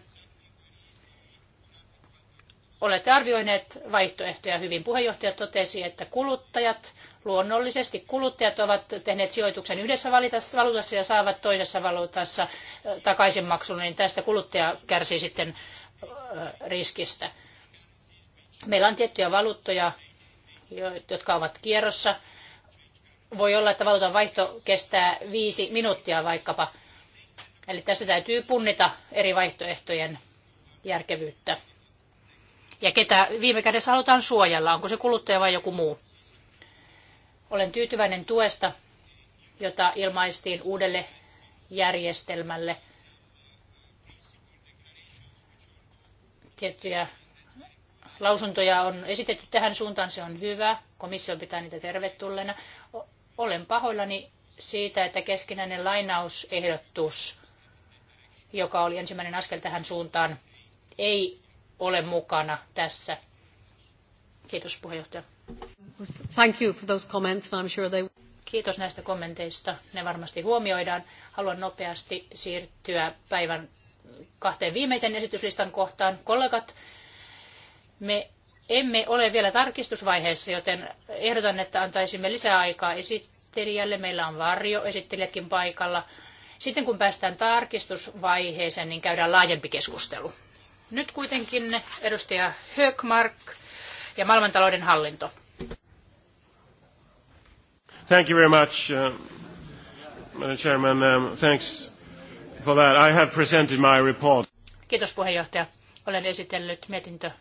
olette arvioineet vaihtoehtoja hyvin. Puheenjohtaja totesi, että kuluttajat, luonnollisesti kuluttajat ovat tehneet sijoituksen yhdessä valuutassa ja saavat toisessa valuutassa takaisinmaksun, niin tästä kuluttaja kärsii sitten riskistä. Meillä on tiettyjä valuuttoja, jotka ovat kierrossa. Voi olla, että valuutan vaihto kestää viisi minuuttia vaikkapa. Eli tässä täytyy punnita eri vaihtoehtojen järkevyyttä ja ketä viime kädessä halutaan suojella, onko se kuluttaja vai joku muu. Olen tyytyväinen tuesta, jota ilmaistiin uudelle järjestelmälle. Tiettyjä lausuntoja on esitetty tähän suuntaan, se on hyvä. Komissio pitää niitä tervetulleena. Olen pahoillani siitä, että keskinäinen lainausehdotus, joka oli ensimmäinen askel tähän suuntaan, ei ole mukana tässä. Kiitos puheenjohtaja. Thank you for those comments and I'm sure they... Kiitos näistä kommenteista. Ne varmasti huomioidaan. Haluan nopeasti siirtyä päivän kahteen viimeisen esityslistan kohtaan. Kollegat, me emme ole vielä tarkistusvaiheessa, joten ehdotan, että antaisimme lisää aikaa esittelijälle. Meillä on varjo, esittelijätkin paikalla. Sitten kun päästään tarkistusvaiheeseen, niin käydään laajempi keskustelu. Nyt kuitenkin edustaja Höökmark ja maailmantalouden hallinto. Thank you very much, uh, Madam Chairman. Um, thanks for that. I have presented my report. Kiitos puheenjohtaja. Olen esitellyt mietintö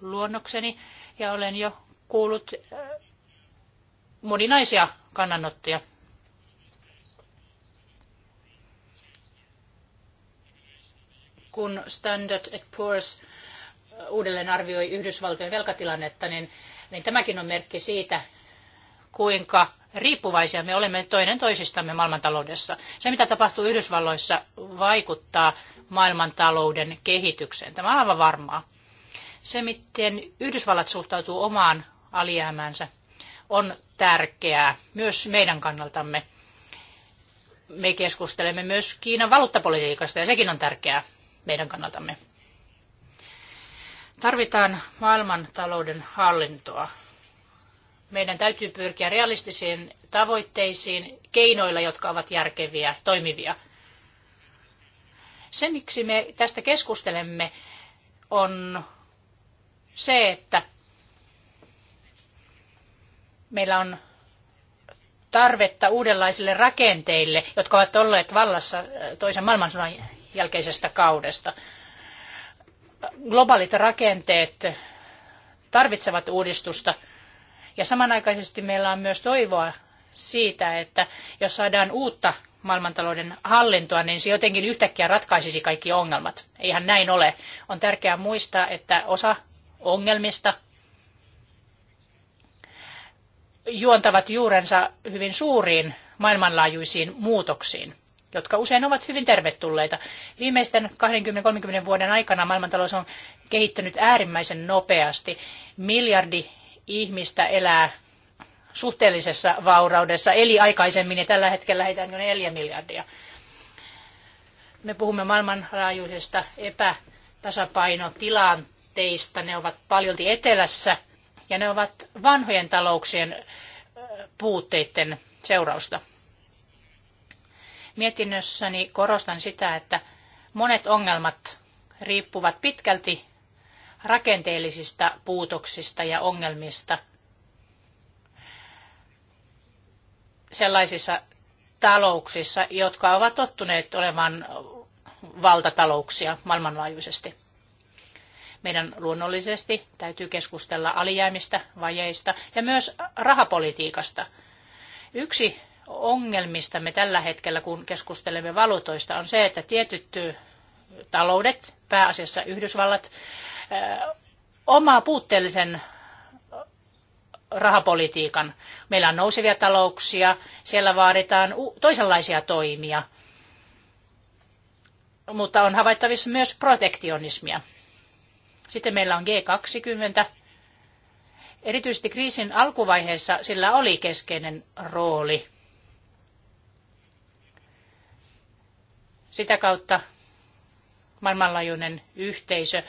luonnokseni ja olen jo kuullut äh, moninaisia kannanottoja kun Standard Poor's uudelleen arvioi Yhdysvaltojen velkatilannetta, niin, niin tämäkin on merkki siitä, kuinka riippuvaisia me olemme toinen toisistamme maailmantaloudessa. Se, mitä tapahtuu Yhdysvalloissa, vaikuttaa maailmantalouden kehitykseen. Tämä on aivan varmaa. Se, miten Yhdysvallat suhtautuu omaan alijäämäänsä, on tärkeää myös meidän kannaltamme. Me keskustelemme myös Kiinan valuuttapolitiikasta ja sekin on tärkeää meidän kannaltamme. Tarvitaan maailmantalouden hallintoa. Meidän täytyy pyrkiä realistisiin tavoitteisiin keinoilla, jotka ovat järkeviä, toimivia. Se, miksi me tästä keskustelemme, on se, että meillä on tarvetta uudenlaisille rakenteille, jotka ovat olleet vallassa äh, toisen maailmansodan jälkeisestä kaudesta. Globaalit rakenteet tarvitsevat uudistusta ja samanaikaisesti meillä on myös toivoa siitä, että jos saadaan uutta maailmantalouden hallintoa, niin se jotenkin yhtäkkiä ratkaisisi kaikki ongelmat. Eihän näin ole. On tärkeää muistaa, että osa ongelmista juontavat juurensa hyvin suuriin maailmanlaajuisiin muutoksiin jotka usein ovat hyvin tervetulleita. Viimeisten 20-30 vuoden aikana maailmantalous on kehittynyt äärimmäisen nopeasti. Miljardi ihmistä elää suhteellisessa vauraudessa, eli aikaisemmin ja tällä hetkellä heitä on jo neljä miljardia. Me puhumme maailmanlaajuisesta epätasapainotilanteista. Ne ovat paljolti etelässä ja ne ovat vanhojen talouksien puutteiden seurausta. Mietinnössäni korostan sitä, että monet ongelmat riippuvat pitkälti rakenteellisista puutoksista ja ongelmista sellaisissa talouksissa, jotka ovat tottuneet olemaan valtatalouksia maailmanlaajuisesti. Meidän luonnollisesti täytyy keskustella alijäämistä, vajeista ja myös rahapolitiikasta. Yksi ongelmistamme tällä hetkellä, kun keskustelemme valuutoista, on se, että tietyt taloudet, pääasiassa Yhdysvallat, eh, omaa puutteellisen rahapolitiikan. Meillä on nousevia talouksia, siellä vaaditaan toisenlaisia toimia, mutta on havaittavissa myös protektionismia. Sitten meillä on G20. Erityisesti kriisin alkuvaiheessa sillä oli keskeinen rooli Sitä kautta maailmanlaajuinen yhteisö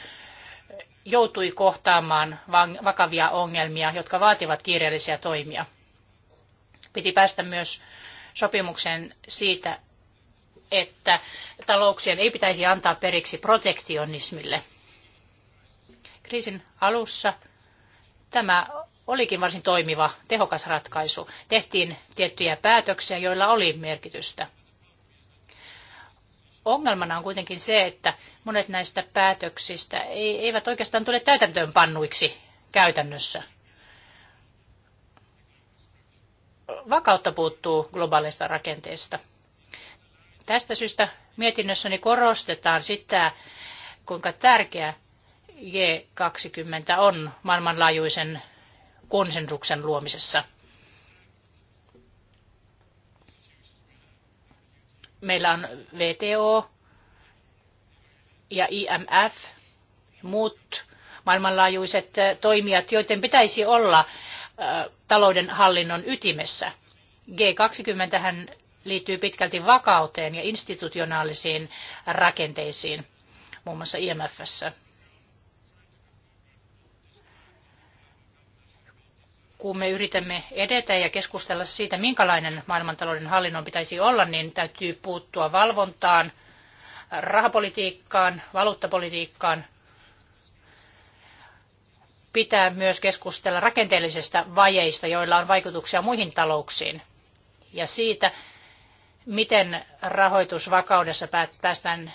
joutui kohtaamaan vakavia ongelmia, jotka vaativat kiireellisiä toimia. Piti päästä myös sopimukseen siitä, että talouksien ei pitäisi antaa periksi protektionismille. Kriisin alussa tämä olikin varsin toimiva, tehokas ratkaisu. Tehtiin tiettyjä päätöksiä, joilla oli merkitystä ongelmana on kuitenkin se, että monet näistä päätöksistä eivät oikeastaan tule täytäntöönpannuiksi käytännössä. Vakautta puuttuu globaalista rakenteesta. Tästä syystä mietinnössäni korostetaan sitä, kuinka tärkeä G20 on maailmanlaajuisen konsensuksen luomisessa. Meillä on VTO ja IMF, muut maailmanlaajuiset toimijat, joiden pitäisi olla talouden hallinnon ytimessä. G20 hän liittyy pitkälti vakauteen ja institutionaalisiin rakenteisiin, muun muassa IMFssä. kun me yritämme edetä ja keskustella siitä, minkälainen maailmantalouden hallinnon pitäisi olla, niin täytyy puuttua valvontaan, rahapolitiikkaan, valuuttapolitiikkaan. Pitää myös keskustella rakenteellisista vajeista, joilla on vaikutuksia muihin talouksiin, ja siitä, miten rahoitusvakaudessa päästään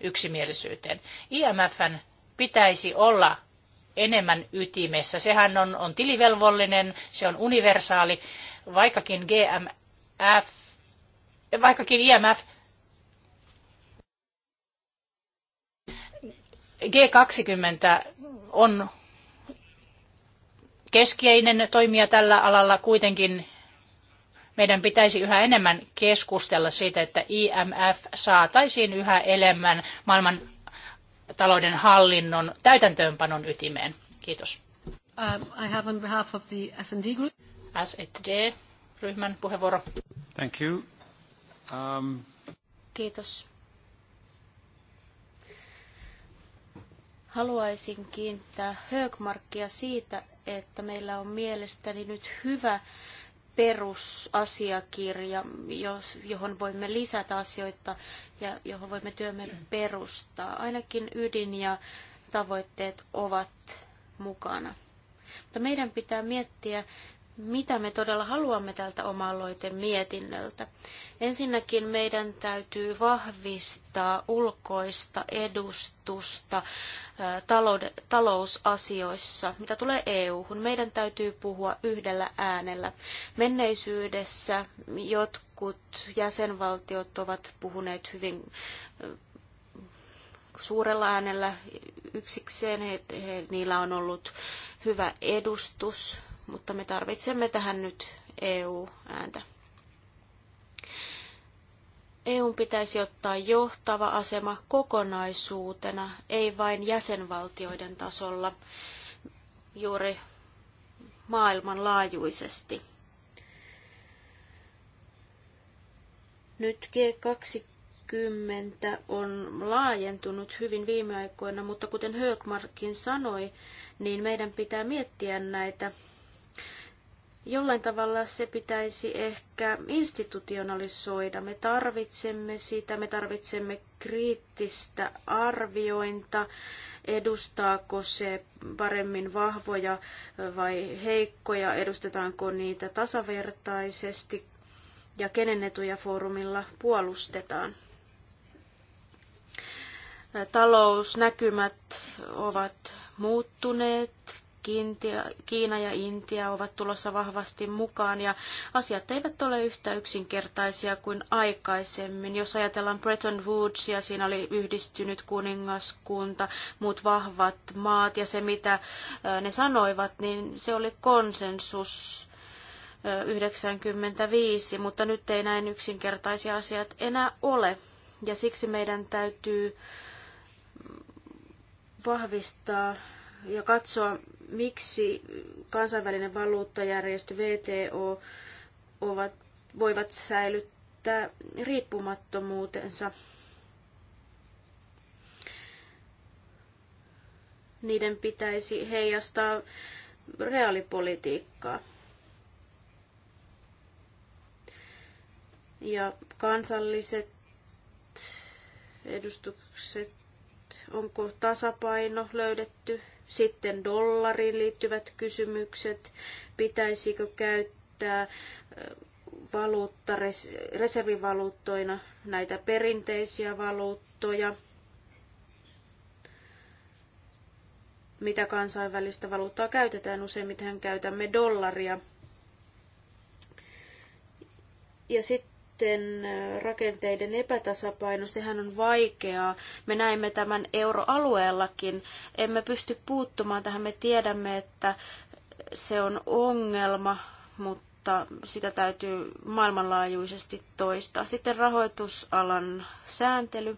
yksimielisyyteen. IMFn pitäisi olla enemmän ytimessä. Sehän on, on tilivelvollinen, se on universaali, vaikkakin GMF, vaikkakin IMF G20 on keskeinen toimija tällä alalla kuitenkin meidän pitäisi yhä enemmän keskustella siitä, että IMF saataisiin yhä enemmän maailman talouden hallinnon täytäntöönpanon ytimeen. Kiitos. Um, I have on behalf of the S&D group. S&D-ryhmän puheenvuoro. Thank you. Um... Kiitos. Haluaisin kiinnittää Högmarkia siitä, että meillä on mielestäni nyt hyvä perusasiakirja, jos, johon voimme lisätä asioita ja johon voimme työmme perustaa. Ainakin ydin ja tavoitteet ovat mukana. Mutta meidän pitää miettiä, mitä me todella haluamme tältä oma mietinnöltä. Ensinnäkin meidän täytyy vahvistaa ulkoista edustusta talousasioissa, mitä tulee EU-hun. Meidän täytyy puhua yhdellä äänellä. Menneisyydessä jotkut jäsenvaltiot ovat puhuneet hyvin suurella äänellä yksikseen. He, he, niillä on ollut hyvä edustus mutta me tarvitsemme tähän nyt EU-ääntä. EU pitäisi ottaa johtava asema kokonaisuutena, ei vain jäsenvaltioiden tasolla, juuri maailmanlaajuisesti. Nyt G20 on laajentunut hyvin viime aikoina, mutta kuten Högmarkin sanoi, niin meidän pitää miettiä näitä Jollain tavalla se pitäisi ehkä institutionalisoida. Me tarvitsemme sitä, me tarvitsemme kriittistä arviointa, edustaako se paremmin vahvoja vai heikkoja, edustetaanko niitä tasavertaisesti ja kenen etuja foorumilla puolustetaan. Talousnäkymät ovat muuttuneet, Kiintia, Kiina ja Intia ovat tulossa vahvasti mukaan ja asiat eivät ole yhtä yksinkertaisia kuin aikaisemmin. Jos ajatellaan Bretton Woodsia, siinä oli yhdistynyt kuningaskunta, muut vahvat maat ja se mitä ne sanoivat, niin se oli konsensus 95, mutta nyt ei näin yksinkertaisia asiat enää ole. Ja siksi meidän täytyy vahvistaa ja katsoa, miksi kansainvälinen valuuttajärjestö VTO ovat, voivat säilyttää riippumattomuutensa. Niiden pitäisi heijastaa reaalipolitiikkaa. Ja kansalliset edustukset, onko tasapaino löydetty sitten dollariin liittyvät kysymykset, pitäisikö käyttää valuutta, reservivaluuttoina näitä perinteisiä valuuttoja, mitä kansainvälistä valuuttaa käytetään. Useimmiten käytämme dollaria. Ja sitten näiden rakenteiden epätasapaino, sehän on vaikeaa. Me näemme tämän euroalueellakin. Emme pysty puuttumaan tähän. Me tiedämme, että se on ongelma, mutta sitä täytyy maailmanlaajuisesti toistaa. Sitten rahoitusalan sääntely.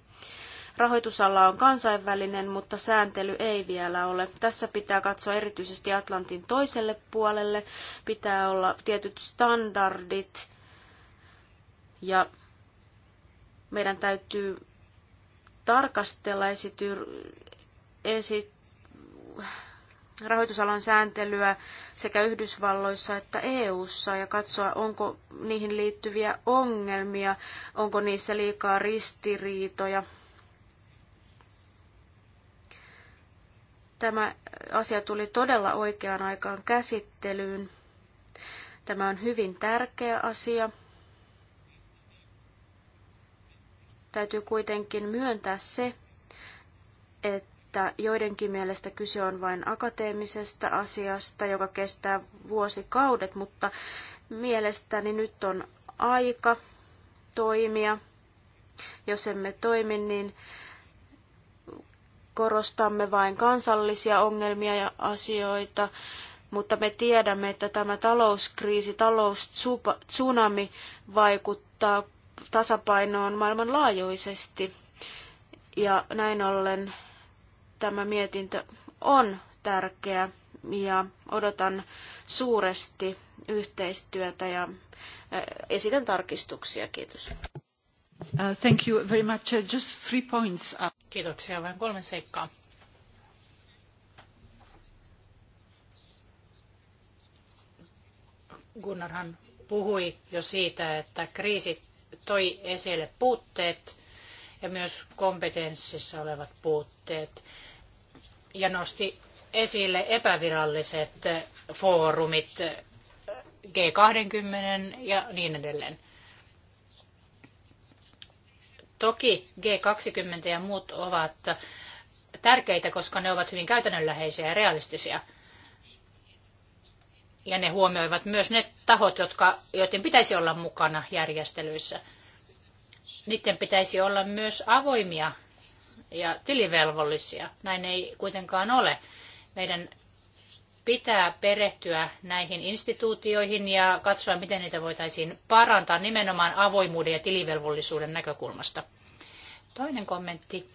Rahoitusala on kansainvälinen, mutta sääntely ei vielä ole. Tässä pitää katsoa erityisesti Atlantin toiselle puolelle. Pitää olla tietyt standardit, ja meidän täytyy tarkastella esity, esi, rahoitusalan sääntelyä sekä Yhdysvalloissa että EU:ssa ja katsoa, onko niihin liittyviä ongelmia, onko niissä liikaa ristiriitoja. Tämä asia tuli todella oikeaan aikaan käsittelyyn. Tämä on hyvin tärkeä asia. Täytyy kuitenkin myöntää se, että joidenkin mielestä kyse on vain akateemisesta asiasta, joka kestää vuosikaudet, mutta mielestäni nyt on aika toimia. Jos emme toimi, niin korostamme vain kansallisia ongelmia ja asioita, mutta me tiedämme, että tämä talouskriisi, taloustsunami vaikuttaa tasapainoon maailmanlaajuisesti. Ja näin ollen tämä mietintö on tärkeä ja odotan suuresti yhteistyötä ja esitän tarkistuksia. Kiitos. Uh, thank you very much. Uh, just three points. Uh, Kiitoksia. Vain kolme seikkaa. Gunnarhan puhui jo siitä, että kriisit toi esille puutteet ja myös kompetenssissa olevat puutteet ja nosti esille epäviralliset foorumit G20 ja niin edelleen. Toki G20 ja muut ovat tärkeitä, koska ne ovat hyvin käytännönläheisiä ja realistisia – ja ne huomioivat myös ne tahot, jotka, joiden pitäisi olla mukana järjestelyissä. Niiden pitäisi olla myös avoimia ja tilivelvollisia. Näin ei kuitenkaan ole. Meidän pitää perehtyä näihin instituutioihin ja katsoa, miten niitä voitaisiin parantaa nimenomaan avoimuuden ja tilivelvollisuuden näkökulmasta. Toinen kommentti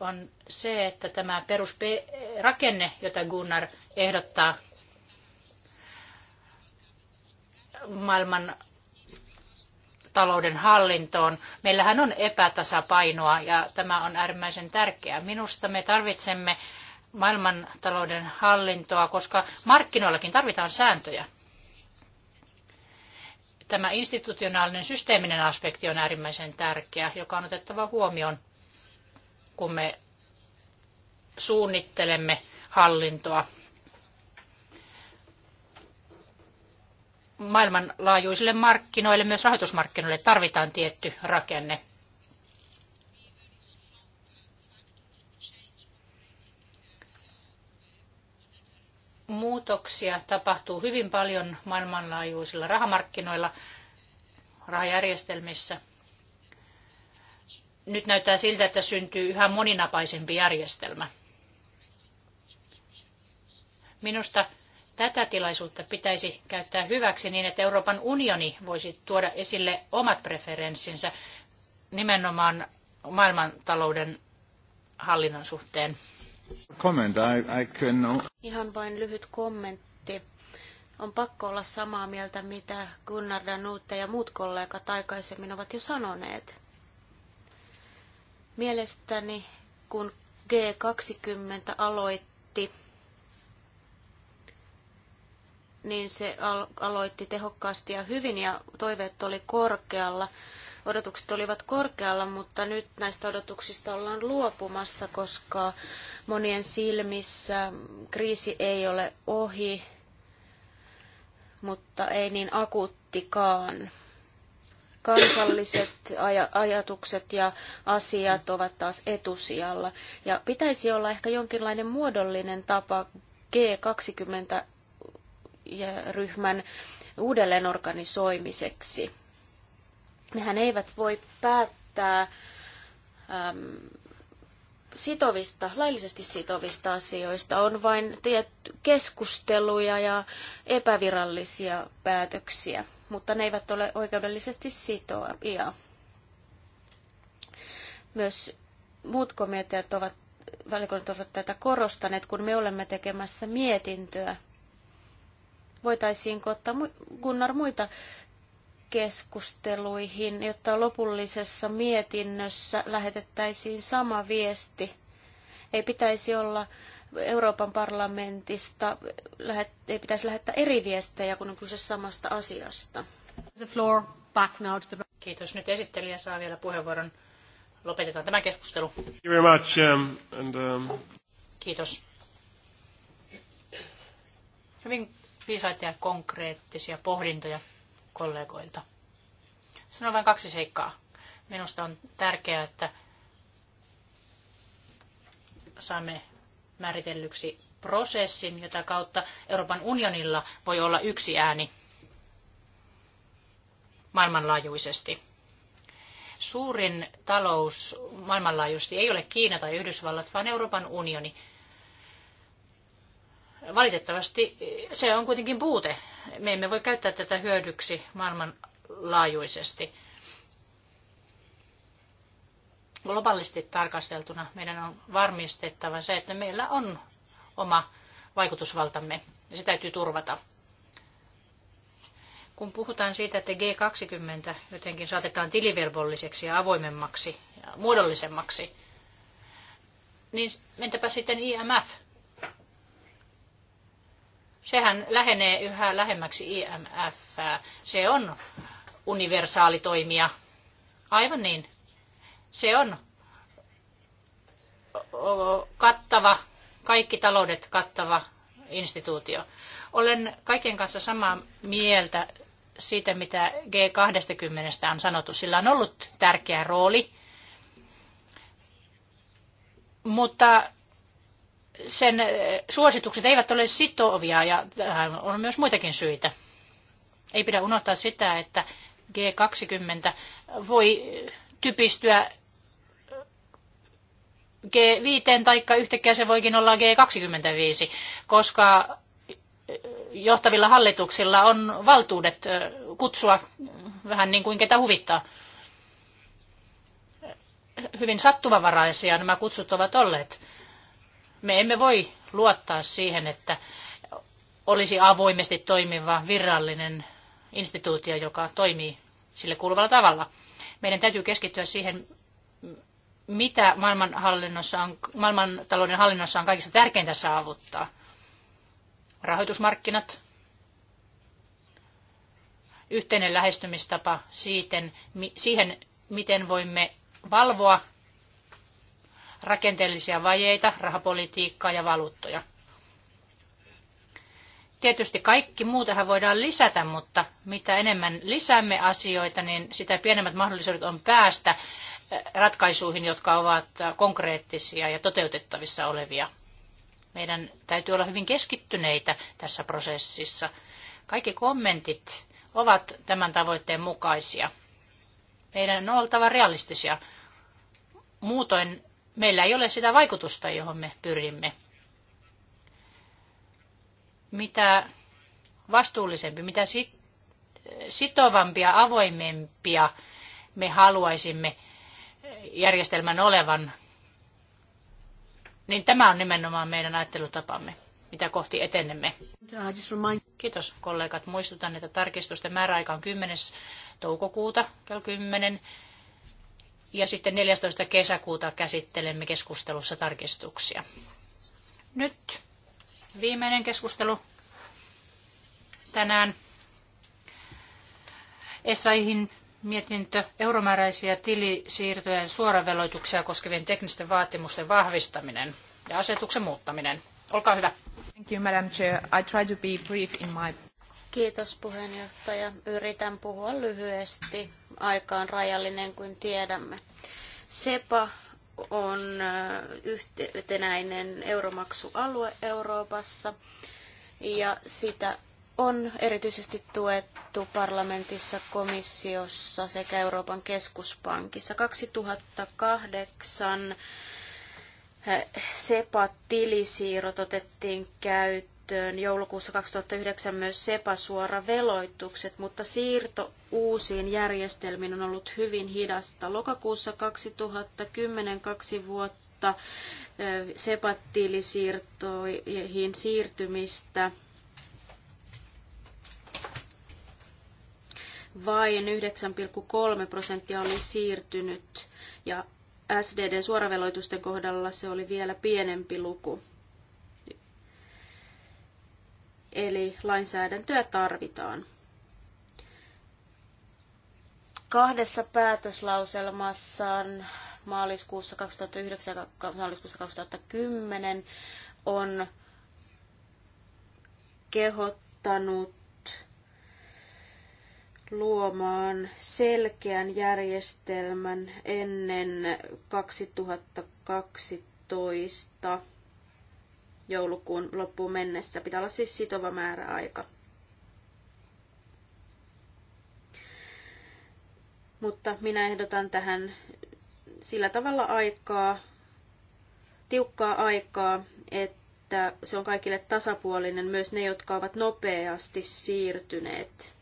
on se, että tämä perusrakenne, jota Gunnar ehdottaa, maailman talouden hallintoon. Meillähän on epätasapainoa ja tämä on äärimmäisen tärkeää. Minusta me tarvitsemme maailman talouden hallintoa, koska markkinoillakin tarvitaan sääntöjä. Tämä institutionaalinen systeeminen aspekti on äärimmäisen tärkeä, joka on otettava huomioon, kun me suunnittelemme hallintoa maailmanlaajuisille markkinoille, myös rahoitusmarkkinoille tarvitaan tietty rakenne. Muutoksia tapahtuu hyvin paljon maailmanlaajuisilla rahamarkkinoilla, rahajärjestelmissä. Nyt näyttää siltä, että syntyy yhä moninapaisempi järjestelmä. Minusta Tätä tilaisuutta pitäisi käyttää hyväksi niin, että Euroopan unioni voisi tuoda esille omat preferenssinsä nimenomaan maailmantalouden hallinnan suhteen. Comment, I, I can... No- Ihan vain lyhyt kommentti. On pakko olla samaa mieltä, mitä Gunnar Danutte ja muut kollegat aikaisemmin ovat jo sanoneet. Mielestäni, kun G20 aloitti niin se aloitti tehokkaasti ja hyvin ja toiveet oli korkealla. Odotukset olivat korkealla, mutta nyt näistä odotuksista ollaan luopumassa, koska monien silmissä kriisi ei ole ohi, mutta ei niin akuuttikaan. Kansalliset aj- ajatukset ja asiat ovat taas etusijalla. Ja pitäisi olla ehkä jonkinlainen muodollinen tapa G20 ryhmän uudelleenorganisoimiseksi. Nehän eivät voi päättää äm, sitovista, laillisesti sitovista asioista. On vain tiet- keskusteluja ja epävirallisia päätöksiä, mutta ne eivät ole oikeudellisesti sitovia. Myös muut komiteat ovat ovat tätä korostaneet, kun me olemme tekemässä mietintöä voitaisiinko ottaa Gunnar muita keskusteluihin, jotta lopullisessa mietinnössä lähetettäisiin sama viesti. Ei pitäisi olla Euroopan parlamentista, ei pitäisi lähettää eri viestejä, kun on kyse samasta asiasta. The floor back now to the... Kiitos. Nyt esittelijä saa vielä puheenvuoron. Lopetetaan tämä keskustelu. Thank you very much, um, and, um... Kiitos. Hyvin viisaita ja konkreettisia pohdintoja kollegoilta. Sanon vain kaksi seikkaa. Minusta on tärkeää, että saamme määritellyksi prosessin, jota kautta Euroopan unionilla voi olla yksi ääni maailmanlaajuisesti. Suurin talous maailmanlaajuisesti ei ole Kiina tai Yhdysvallat, vaan Euroopan unioni. Valitettavasti se on kuitenkin puute. Me emme voi käyttää tätä hyödyksi maailmanlaajuisesti. Globaalisti tarkasteltuna meidän on varmistettava se, että meillä on oma vaikutusvaltamme ja se täytyy turvata kun puhutaan siitä, että G20 jotenkin saatetaan tilivelvolliseksi ja avoimemmaksi ja muodollisemmaksi, niin entäpä sitten IMF? Sehän lähenee yhä lähemmäksi IMF. Se on universaali toimija. Aivan niin. Se on kattava, kaikki taloudet kattava instituutio. Olen kaikkien kanssa samaa mieltä siitä, mitä G20 on sanottu. Sillä on ollut tärkeä rooli, mutta sen suositukset eivät ole sitovia ja tähän on myös muitakin syitä. Ei pidä unohtaa sitä, että G20 voi typistyä G5 taikka yhtäkkiä se voikin olla G25, koska johtavilla hallituksilla on valtuudet kutsua vähän niin kuin ketä huvittaa. Hyvin sattumavaraisia nämä kutsut ovat olleet. Me emme voi luottaa siihen, että olisi avoimesti toimiva virallinen instituutio, joka toimii sille kuuluvalla tavalla. Meidän täytyy keskittyä siihen, mitä maailmanhallinnossa on, maailmantalouden hallinnossa on kaikista tärkeintä saavuttaa. Rahoitusmarkkinat, yhteinen lähestymistapa siihen, miten voimme valvoa rakenteellisia vajeita, rahapolitiikkaa ja valuuttoja. Tietysti kaikki tähän voidaan lisätä, mutta mitä enemmän lisäämme asioita, niin sitä pienemmät mahdollisuudet on päästä eh, ratkaisuihin, jotka ovat konkreettisia ja toteutettavissa olevia. Meidän täytyy olla hyvin keskittyneitä tässä prosessissa. Kaikki kommentit ovat tämän tavoitteen mukaisia. Meidän on oltava realistisia. Muutoin meillä ei ole sitä vaikutusta, johon me pyrimme. Mitä vastuullisempi, mitä sitovampia, avoimempia me haluaisimme järjestelmän olevan, niin tämä on nimenomaan meidän ajattelutapamme, mitä kohti etenemme. Kiitos kollegat. Muistutan, että tarkistusten määräaika on 10. toukokuuta kello 10 ja sitten 14. kesäkuuta käsittelemme keskustelussa tarkistuksia. Nyt viimeinen keskustelu tänään. Essaihin mietintö euromääräisiä tilisiirtoja ja suoraveloituksia koskevien teknisten vaatimusten vahvistaminen ja asetuksen muuttaminen. Olkaa hyvä. Thank you, Madam Chair. I try to be brief in my Kiitos puheenjohtaja. Yritän puhua lyhyesti. Aika on rajallinen kuin tiedämme. SEPA on äh, yhtenäinen euromaksualue Euroopassa ja sitä on erityisesti tuettu parlamentissa, komissiossa sekä Euroopan keskuspankissa. 2008 äh, SEPA-tilisiirrot otettiin käyttöön käyttöön joulukuussa 2009 myös sepasuora veloitukset, mutta siirto uusiin järjestelmiin on ollut hyvin hidasta. Lokakuussa 2010 kaksi vuotta sepattiilisiirtoihin siirtymistä vain 9,3 prosenttia oli siirtynyt ja sdd suoraveloitusten kohdalla se oli vielä pienempi luku. eli lainsäädäntöä tarvitaan. Kahdessa päätöslauselmassaan maaliskuussa 2009 ja maaliskuussa 2010 on kehottanut luomaan selkeän järjestelmän ennen 2012 joulukuun loppuun mennessä. Pitää olla siis sitova määräaika. Mutta minä ehdotan tähän sillä tavalla aikaa, tiukkaa aikaa, että se on kaikille tasapuolinen, myös ne, jotka ovat nopeasti siirtyneet.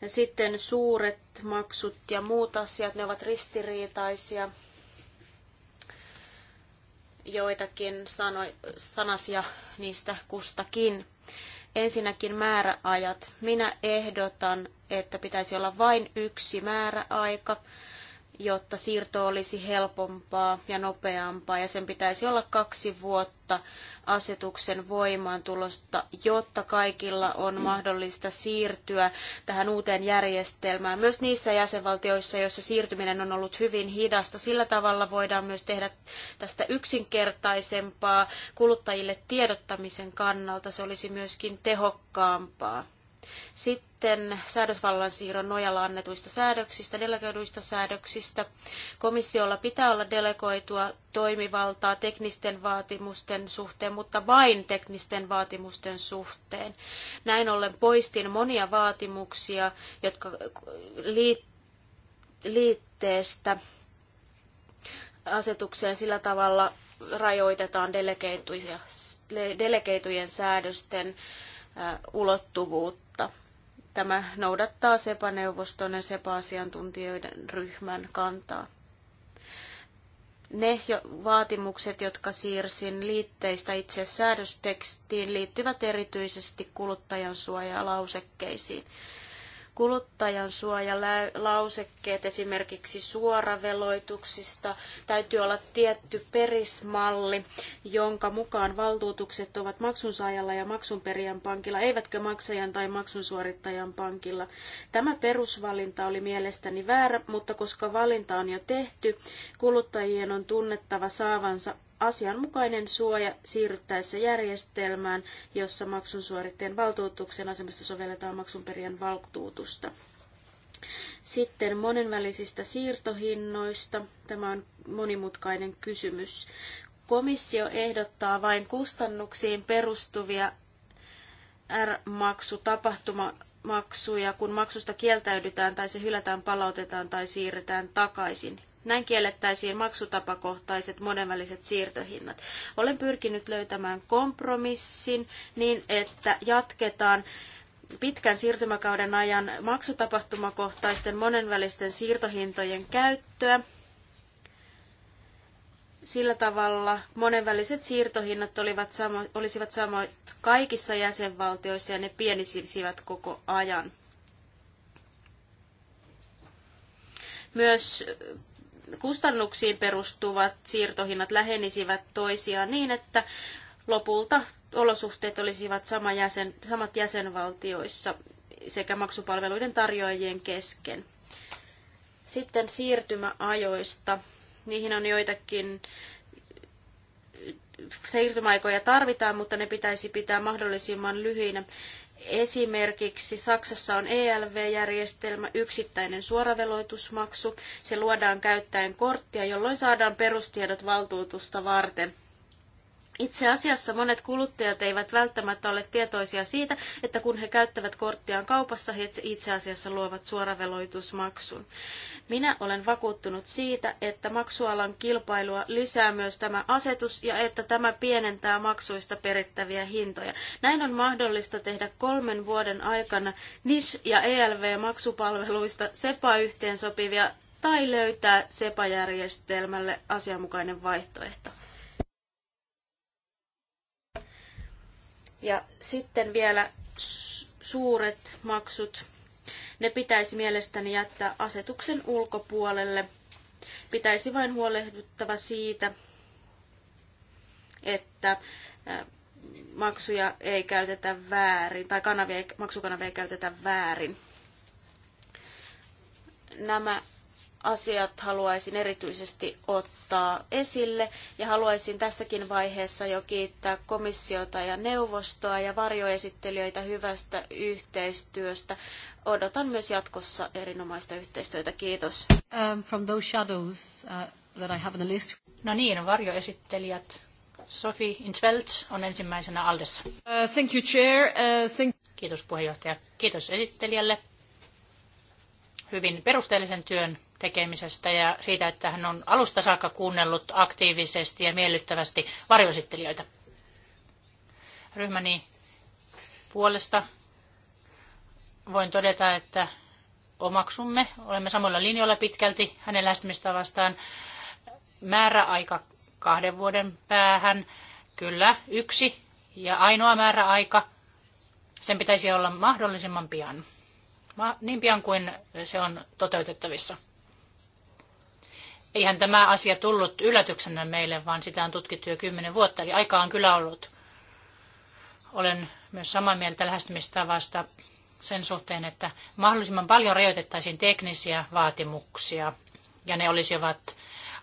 Ja sitten suuret maksut ja muut asiat, ne ovat ristiriitaisia – joitakin sano, sanasia niistä kustakin. Ensinnäkin määräajat. Minä ehdotan, että pitäisi olla vain yksi määräaika jotta siirto olisi helpompaa ja nopeampaa, ja sen pitäisi olla kaksi vuotta asetuksen voimaantulosta, jotta kaikilla on mahdollista siirtyä tähän uuteen järjestelmään. Myös niissä jäsenvaltioissa, joissa siirtyminen on ollut hyvin hidasta, sillä tavalla voidaan myös tehdä tästä yksinkertaisempaa kuluttajille tiedottamisen kannalta. Se olisi myöskin tehokkaampaa. Sitten säädösvallan siirron nojalla annetuista säädöksistä, delegoiduista säädöksistä. Komissiolla pitää olla delegoitua toimivaltaa teknisten vaatimusten suhteen, mutta vain teknisten vaatimusten suhteen. Näin ollen poistin monia vaatimuksia, jotka liitteestä asetukseen sillä tavalla rajoitetaan delegeitujen säädösten ulottuvuutta. Tämä noudattaa SEPA-neuvoston ja SEPA-asiantuntijoiden ryhmän kantaa. Ne jo vaatimukset, jotka siirsin liitteistä itse säädöstekstiin, liittyvät erityisesti kuluttajansuojalausekkeisiin. lausekkeisiin Kuluttajan suojalausekkeet esimerkiksi suoraveloituksista täytyy olla tietty perismalli, jonka mukaan valtuutukset ovat maksunsaajalla ja maksunperijän pankilla, eivätkä maksajan tai maksunsuorittajan pankilla. Tämä perusvalinta oli mielestäni väärä, mutta koska valinta on jo tehty, kuluttajien on tunnettava saavansa asianmukainen suoja siirryttäessä järjestelmään, jossa maksun suoritteen valtuutuksen asemasta sovelletaan maksunperijän valtuutusta. Sitten monenvälisistä siirtohinnoista. Tämä on monimutkainen kysymys. Komissio ehdottaa vain kustannuksiin perustuvia R-maksu, tapahtumamaksuja, kun maksusta kieltäydytään tai se hylätään, palautetaan tai siirretään takaisin näin kiellettäisiin maksutapakohtaiset monenväliset siirtohinnat. Olen pyrkinyt löytämään kompromissin niin, että jatketaan pitkän siirtymäkauden ajan maksutapahtumakohtaisten monenvälisten siirtohintojen käyttöä. Sillä tavalla monenväliset siirtohinnat olivat samo, olisivat samoit kaikissa jäsenvaltioissa ja ne pienisivät koko ajan. Myös kustannuksiin perustuvat siirtohinnat lähenisivät toisiaan niin, että lopulta olosuhteet olisivat sama jäsen, samat jäsenvaltioissa sekä maksupalveluiden tarjoajien kesken. Sitten siirtymäajoista. Niihin on joitakin siirtymäaikoja tarvitaan, mutta ne pitäisi pitää mahdollisimman lyhyinä. Esimerkiksi Saksassa on ELV-järjestelmä, yksittäinen suoraveloitusmaksu. Se luodaan käyttäen korttia, jolloin saadaan perustiedot valtuutusta varten. Itse asiassa monet kuluttajat eivät välttämättä ole tietoisia siitä, että kun he käyttävät korttiaan kaupassa, he itse asiassa luovat suoraveloitusmaksun. Minä olen vakuuttunut siitä, että maksualan kilpailua lisää myös tämä asetus ja että tämä pienentää maksuista perittäviä hintoja. Näin on mahdollista tehdä kolmen vuoden aikana Nis- ja ELV-maksupalveluista SEPA-yhteensopivia tai löytää SEPA-järjestelmälle asianmukainen vaihtoehto. Ja sitten vielä suuret maksut. Ne pitäisi mielestäni jättää asetuksen ulkopuolelle. Pitäisi vain huolehduttava siitä, että maksuja ei käytetä väärin tai kanavia, maksukanavia ei käytetä väärin. Nämä asiat haluaisin erityisesti ottaa esille ja haluaisin tässäkin vaiheessa jo kiittää komissiota ja neuvostoa ja varjoesittelijöitä hyvästä yhteistyöstä. Odotan myös jatkossa erinomaista yhteistyötä. Kiitos. Um, from those shadows, uh, that I have on the list. No niin, varjoesittelijät. Sophie Intveld on ensimmäisenä Aldessa. Uh, thank you, chair. Uh, thank... Kiitos puheenjohtaja. Kiitos esittelijälle hyvin perusteellisen työn tekemisestä ja siitä, että hän on alusta saakka kuunnellut aktiivisesti ja miellyttävästi varjoesittelijöitä. Ryhmäni puolesta voin todeta, että omaksumme, olemme samalla linjoilla pitkälti hänen lähestymistavastaan. Määräaika kahden vuoden päähän, kyllä yksi ja ainoa määräaika, sen pitäisi olla mahdollisimman pian, niin pian kuin se on toteutettavissa eihän tämä asia tullut yllätyksenä meille, vaan sitä on tutkittu jo kymmenen vuotta, eli aika on kyllä ollut. Olen myös samaa mieltä lähestymistavasta sen suhteen, että mahdollisimman paljon rajoitettaisiin teknisiä vaatimuksia, ja ne olisivat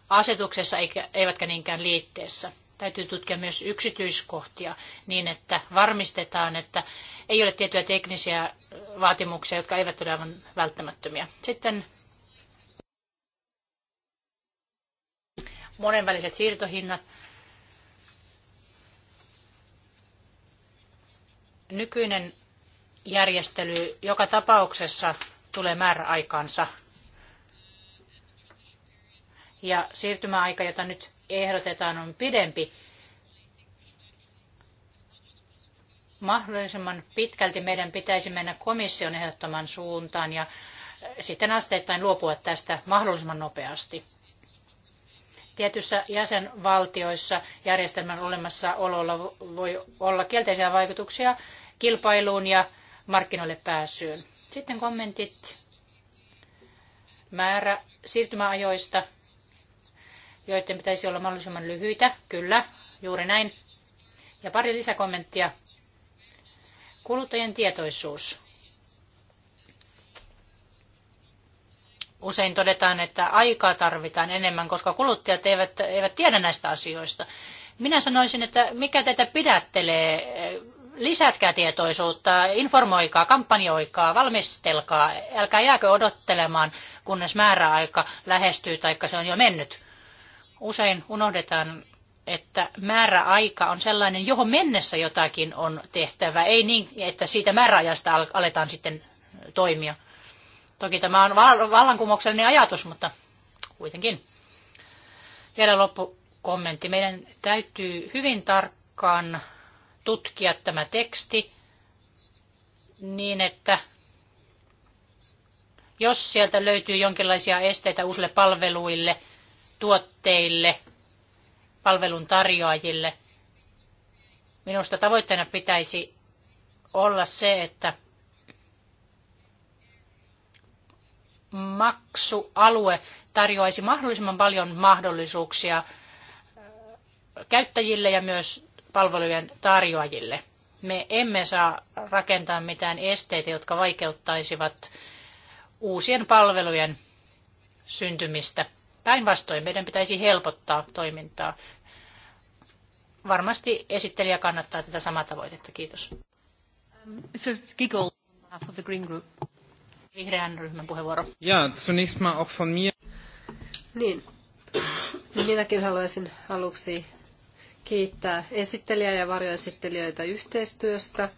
asetuksessa eivätkä niinkään liitteessä. Täytyy tutkia myös yksityiskohtia niin, että varmistetaan, että ei ole tiettyjä teknisiä vaatimuksia, jotka eivät ole aivan välttämättömiä. Sitten monenväliset siirtohinnat. Nykyinen järjestely joka tapauksessa tulee määräaikaansa. Ja siirtymäaika, jota nyt ehdotetaan, on pidempi. Mahdollisimman pitkälti meidän pitäisi mennä komission ehdottaman suuntaan ja sitten asteittain luopua tästä mahdollisimman nopeasti tietyissä jäsenvaltioissa järjestelmän olemassaololla voi olla kielteisiä vaikutuksia kilpailuun ja markkinoille pääsyyn. Sitten kommentit määrä siirtymäajoista, joiden pitäisi olla mahdollisimman lyhyitä. Kyllä, juuri näin. Ja pari lisäkommenttia. Kuluttajien tietoisuus. usein todetaan, että aikaa tarvitaan enemmän, koska kuluttajat eivät, eivät tiedä näistä asioista. Minä sanoisin, että mikä teitä pidättelee, lisätkää tietoisuutta, informoikaa, kampanjoikaa, valmistelkaa, älkää jääkö odottelemaan, kunnes määräaika lähestyy tai se on jo mennyt. Usein unohdetaan, että määräaika on sellainen, johon mennessä jotakin on tehtävä, ei niin, että siitä määräajasta aletaan sitten toimia. Toki tämä on vallankumouksellinen ajatus, mutta kuitenkin. Vielä loppukommentti. Meidän täytyy hyvin tarkkaan tutkia tämä teksti niin, että jos sieltä löytyy jonkinlaisia esteitä uusille palveluille, tuotteille, palvelun tarjoajille, minusta tavoitteena pitäisi olla se, että maksualue tarjoaisi mahdollisimman paljon mahdollisuuksia käyttäjille ja myös palvelujen tarjoajille. Me emme saa rakentaa mitään esteitä, jotka vaikeuttaisivat uusien palvelujen syntymistä. Päinvastoin meidän pitäisi helpottaa toimintaa. Varmasti esittelijä kannattaa tätä samaa tavoitetta. Kiitos. Mr. Um, Giggle, of the Green Group. Vihreän ryhmän puheenvuoro. Ja, zunächst mal auch von mir. Niin. Minäkin haluaisin aluksi kiittää esittelijää ja varjoesittelijöitä yhteistyöstä.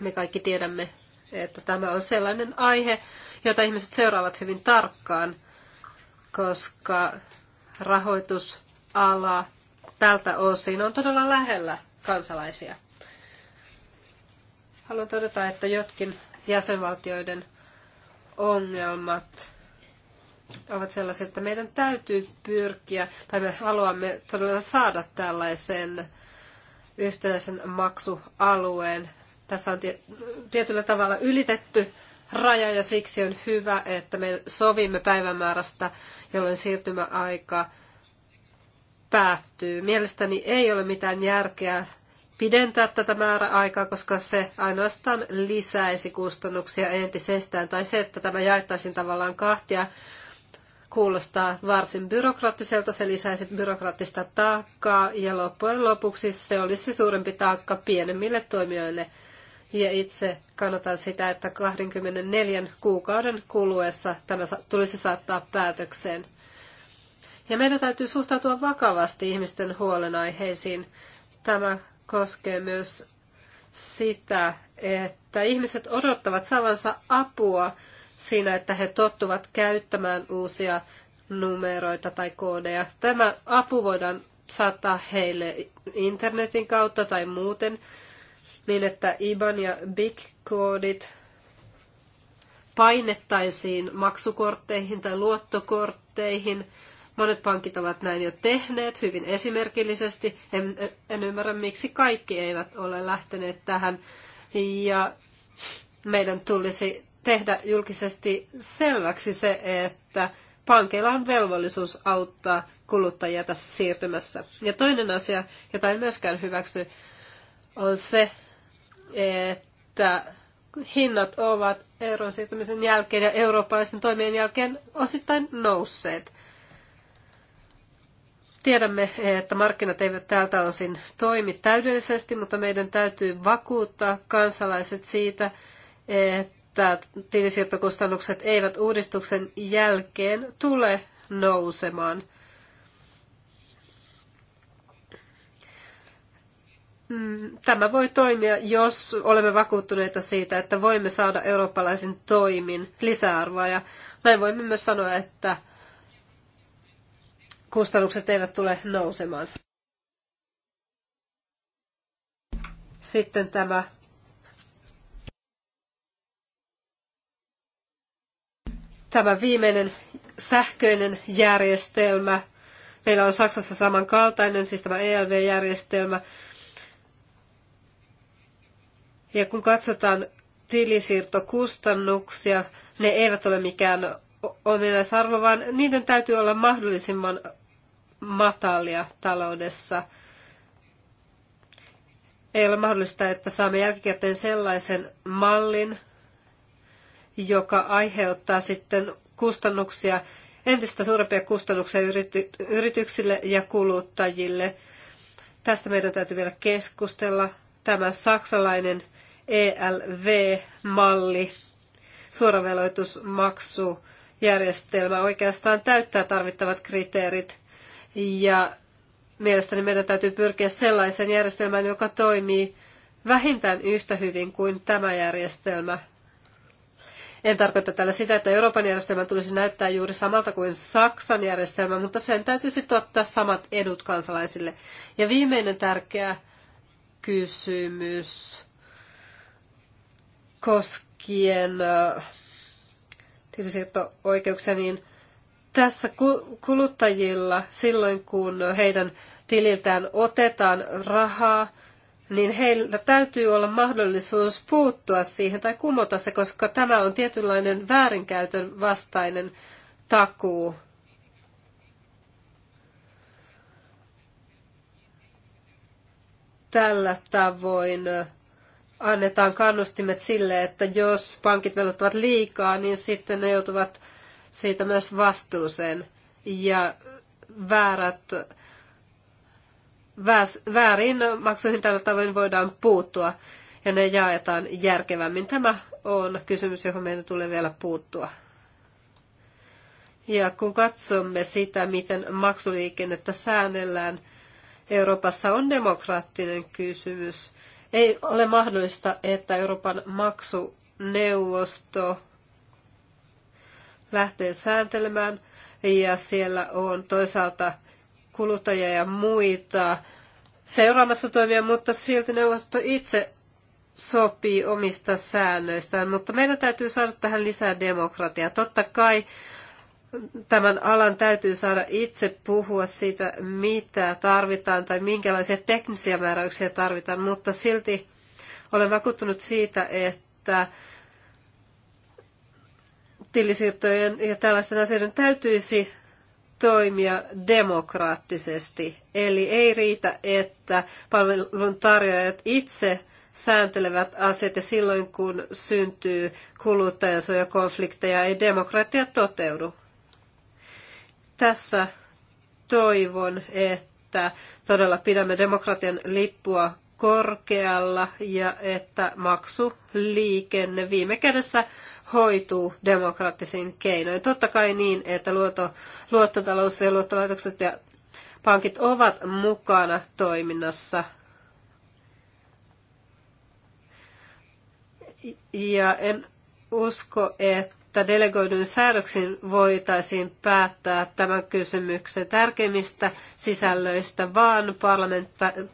Me kaikki tiedämme, että tämä on sellainen aihe, jota ihmiset seuraavat hyvin tarkkaan, koska rahoitusala tältä osin on todella lähellä kansalaisia. Haluan todeta, että jotkin jäsenvaltioiden ongelmat ovat sellaisia, että meidän täytyy pyrkiä, tai me haluamme todella saada tällaisen yhteisen maksualueen. Tässä on tietyllä tavalla ylitetty raja ja siksi on hyvä, että me sovimme päivämäärästä, jolloin siirtymäaika päättyy. Mielestäni ei ole mitään järkeä pidentää tätä määräaikaa, koska se ainoastaan lisäisi kustannuksia entisestään. Tai se, että tämä jaettaisiin tavallaan kahtia, kuulostaa varsin byrokraattiselta, se lisäisi byrokraattista taakkaa ja loppujen lopuksi se olisi suurempi taakka pienemmille toimijoille. Ja itse kannatan sitä, että 24 kuukauden kuluessa tämä tulisi saattaa päätökseen. Ja meidän täytyy suhtautua vakavasti ihmisten huolenaiheisiin. Tämä koskee myös sitä, että ihmiset odottavat saavansa apua siinä, että he tottuvat käyttämään uusia numeroita tai koodeja. Tämä apu voidaan saattaa heille internetin kautta tai muuten niin, että IBAN ja BIC-koodit painettaisiin maksukortteihin tai luottokortteihin – Monet pankit ovat näin jo tehneet hyvin esimerkillisesti. En, en ymmärrä, miksi kaikki eivät ole lähteneet tähän. Ja meidän tulisi tehdä julkisesti selväksi se, että pankeilla on velvollisuus auttaa kuluttajia tässä siirtymässä. Ja toinen asia, jota en myöskään hyväksy, on se, että hinnat ovat euron siirtymisen jälkeen ja eurooppalaisten toimien jälkeen osittain nousseet. Tiedämme, että markkinat eivät tältä osin toimi täydellisesti, mutta meidän täytyy vakuuttaa kansalaiset siitä, että tilisiirtokustannukset eivät uudistuksen jälkeen tule nousemaan. Tämä voi toimia, jos olemme vakuuttuneita siitä, että voimme saada eurooppalaisin toimin lisäarvoa. Ja näin voimme myös sanoa, että kustannukset eivät tule nousemaan. Sitten tämä tämä viimeinen sähköinen järjestelmä. Meillä on Saksassa samankaltainen, siis tämä ELV-järjestelmä. Ja kun katsotaan tilisiirtokustannuksia, ne eivät ole mikään ominaisarvo, vaan niiden täytyy olla mahdollisimman matalia taloudessa. Ei ole mahdollista, että saamme jälkikäteen sellaisen mallin, joka aiheuttaa sitten kustannuksia, entistä suurempia kustannuksia yrity, yrityksille ja kuluttajille. Tästä meidän täytyy vielä keskustella. Tämä saksalainen ELV-malli, suoraveloitusmaksujärjestelmä, oikeastaan täyttää tarvittavat kriteerit. Ja mielestäni meidän täytyy pyrkiä sellaiseen järjestelmään, joka toimii vähintään yhtä hyvin kuin tämä järjestelmä. En tarkoita tällä sitä, että Euroopan järjestelmä tulisi näyttää juuri samalta kuin Saksan järjestelmä, mutta sen täytyisi tuottaa samat edut kansalaisille. Ja viimeinen tärkeä kysymys koskien äh, tietysti, oikeuksia, niin tässä kuluttajilla silloin, kun heidän tililtään otetaan rahaa, niin heillä täytyy olla mahdollisuus puuttua siihen tai kumota se, koska tämä on tietynlainen väärinkäytön vastainen takuu. Tällä tavoin annetaan kannustimet sille, että jos pankit velottavat liikaa, niin sitten ne joutuvat siitä myös vastuuseen. Ja väärät, vääs, väärin maksuihin tällä tavoin voidaan puuttua ja ne jaetaan järkevämmin. Tämä on kysymys, johon meidän tulee vielä puuttua. Ja kun katsomme sitä, miten maksuliikennettä säännellään, Euroopassa on demokraattinen kysymys. Ei ole mahdollista, että Euroopan maksuneuvosto lähtee sääntelemään ja siellä on toisaalta kuluttajia ja muita seuraamassa toimia, mutta silti neuvosto itse sopii omista säännöistään, mutta meidän täytyy saada tähän lisää demokratiaa. Totta kai tämän alan täytyy saada itse puhua siitä, mitä tarvitaan tai minkälaisia teknisiä määräyksiä tarvitaan, mutta silti olen vakuuttunut siitä, että tilisiirtojen ja tällaisten asioiden täytyisi toimia demokraattisesti. Eli ei riitä, että palveluntarjoajat itse sääntelevät asiat ja silloin kun syntyy kuluttajansuojakonflikteja, ei demokratia toteudu. Tässä toivon, että todella pidämme demokratian lippua korkealla ja että maksuliikenne viime kädessä hoituu demokraattisin keinoin. Totta kai niin, että luotto, luottotalous ja luottolaitokset ja pankit ovat mukana toiminnassa. Ja en usko, että delegoidun säädöksin voitaisiin päättää tämän kysymyksen tärkeimmistä sisällöistä, vaan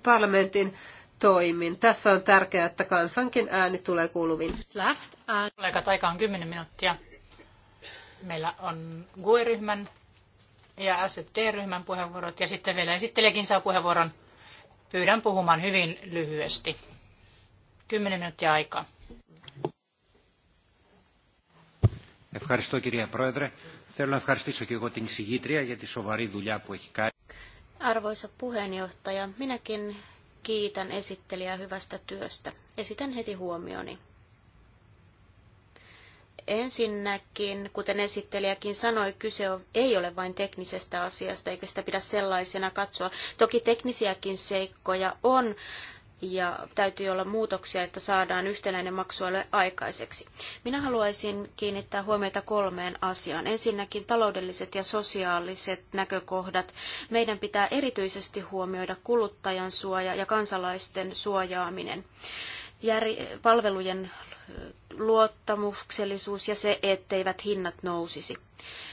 parlamentin toimin. Tässä on tärkeää, että kansankin ääni tulee kuuluviin. Left. Kollegat, aika on 10 minuuttia. Meillä on GUE-ryhmän ja SD-ryhmän puheenvuorot ja sitten vielä esittelijäkin saa puheenvuoron. Pyydän puhumaan hyvin lyhyesti. 10 minuuttia aikaa. Ευχαριστώ κυρία Πρόεδρε. Θέλω να ευχαριστήσω και εγώ την εισηγήτρια για τη σοβαρή δουλειά που έχει κάνει. Arvoisa puheenjohtaja, minäkin kiitän esittelijää hyvästä työstä. Esitän heti huomioni. Ensinnäkin, kuten esittelijäkin sanoi, kyse ei ole vain teknisestä asiasta, eikä sitä pidä sellaisena katsoa. Toki teknisiäkin seikkoja on, ja täytyy olla muutoksia, että saadaan yhtenäinen maksualue aikaiseksi. Minä haluaisin kiinnittää huomiota kolmeen asiaan. Ensinnäkin taloudelliset ja sosiaaliset näkökohdat. Meidän pitää erityisesti huomioida kuluttajan suoja ja kansalaisten suojaaminen. Jär- palvelujen äh, luottamuksellisuus ja se, etteivät hinnat nousisi.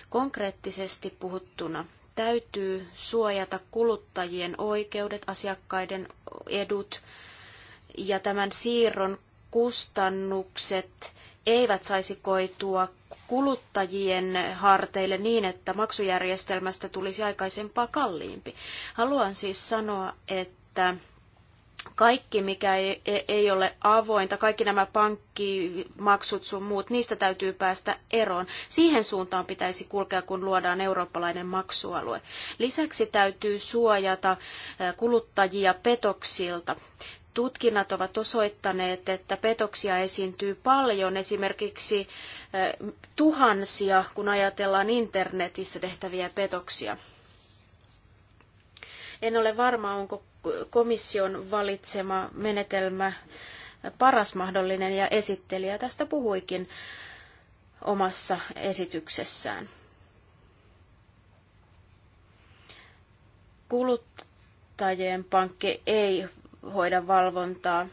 Konkreettisesti puhuttuna täytyy suojata kuluttajien oikeudet, asiakkaiden edut ja tämän siirron kustannukset eivät saisi koitua kuluttajien harteille niin, että maksujärjestelmästä tulisi aikaisempaa kalliimpi. Haluan siis sanoa, että kaikki, mikä ei, e, ei ole avointa, kaikki nämä pankkimaksut sun muut, niistä täytyy päästä eroon. Siihen suuntaan pitäisi kulkea, kun luodaan eurooppalainen maksualue. Lisäksi täytyy suojata e, kuluttajia petoksilta. Tutkinnat ovat osoittaneet, että petoksia esiintyy paljon, esimerkiksi e, tuhansia, kun ajatellaan internetissä tehtäviä petoksia. En ole varma, onko komission valitsema menetelmä paras mahdollinen ja esittelijä tästä puhuikin omassa esityksessään. Kuluttajien pankki ei hoida valvontaa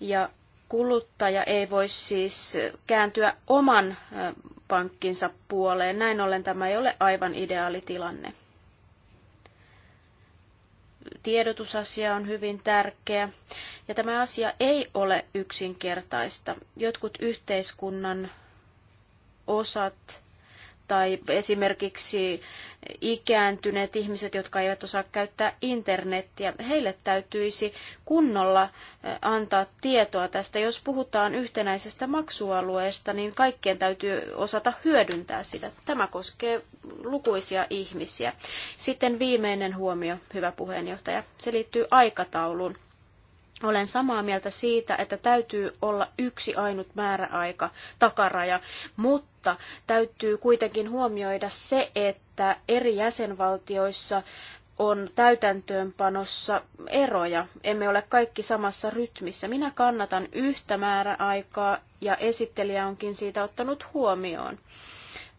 ja kuluttaja ei voi siis kääntyä oman pankkinsa puoleen. Näin ollen tämä ei ole aivan ideaali tilanne tiedotusasia on hyvin tärkeä. Ja tämä asia ei ole yksinkertaista. Jotkut yhteiskunnan osat tai esimerkiksi ikääntyneet ihmiset, jotka eivät osaa käyttää internettiä, heille täytyisi kunnolla antaa tietoa tästä. Jos puhutaan yhtenäisestä maksualueesta, niin kaikkien täytyy osata hyödyntää sitä. Tämä koskee lukuisia ihmisiä. Sitten viimeinen huomio, hyvä puheenjohtaja. Se liittyy aikatauluun. Olen samaa mieltä siitä, että täytyy olla yksi ainut määräaika, takaraja, mutta mutta täytyy kuitenkin huomioida se, että eri jäsenvaltioissa on täytäntöönpanossa eroja. Emme ole kaikki samassa rytmissä. Minä kannatan yhtä määräaikaa ja esittelijä onkin siitä ottanut huomioon.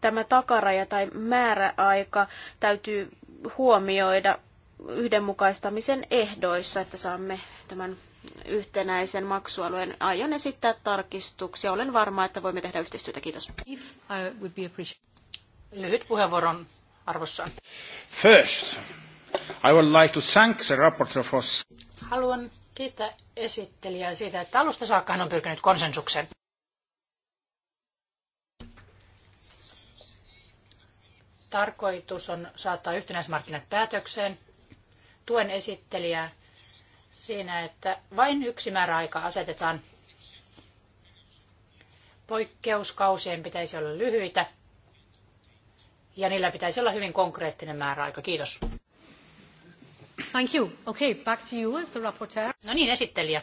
Tämä takaraja tai määräaika täytyy huomioida yhdenmukaistamisen ehdoissa, että saamme tämän yhtenäisen maksualueen. Aion esittää tarkistuksia. Olen varma, että voimme tehdä yhteistyötä. Kiitos. If I would be Lyhyt puheenvuoron arvossa. First, I would like to thank the rapporteur for... Haluan kiittää esittelijää siitä, että alusta saakka hän on pyrkinyt konsensukseen. Tarkoitus on saattaa yhtenäismarkkinat päätökseen. Tuen esittelijää siinä, että vain yksi määräaika asetetaan. Poikkeuskausien pitäisi olla lyhyitä ja niillä pitäisi olla hyvin konkreettinen määräaika. Kiitos. Thank you. Okay, back to you as the rapporteur. No niin, esittelijä.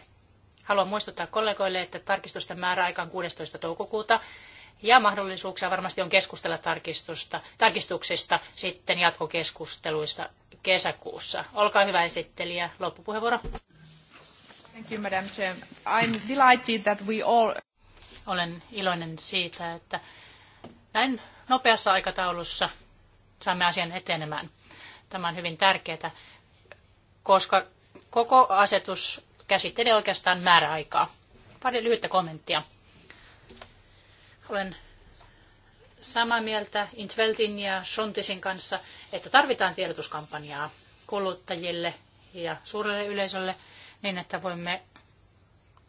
Haluan muistuttaa kollegoille, että tarkistusten määräaika on 16. toukokuuta ja mahdollisuuksia varmasti on keskustella tarkistusta, tarkistuksista sitten jatkokeskusteluista kesäkuussa. Olkaa hyvä esittelijä, loppupuheenvuoro. Thank you, Madam Chair. I'm delighted that we all... Olen iloinen siitä, että näin nopeassa aikataulussa saamme asian etenemään. Tämä on hyvin tärkeää, koska koko asetus käsittelee oikeastaan määräaikaa. Pari lyhyttä kommenttia. Olen samaa mieltä Intveltin ja Shontisin kanssa, että tarvitaan tiedotuskampanjaa kuluttajille ja suurelle yleisölle niin, että voimme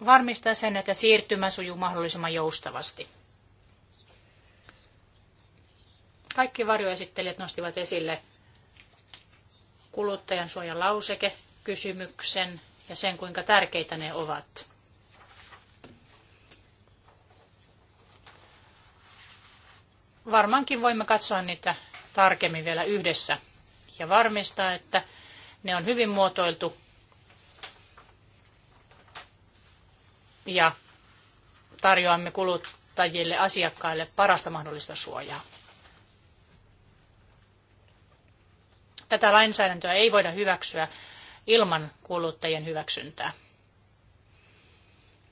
varmistaa sen, että siirtymä sujuu mahdollisimman joustavasti. Kaikki varjoesittelijät nostivat esille kuluttajan suojan lauseke, kysymyksen ja sen, kuinka tärkeitä ne ovat. varmaankin voimme katsoa niitä tarkemmin vielä yhdessä ja varmistaa, että ne on hyvin muotoiltu ja tarjoamme kuluttajille, asiakkaille parasta mahdollista suojaa. Tätä lainsäädäntöä ei voida hyväksyä ilman kuluttajien hyväksyntää.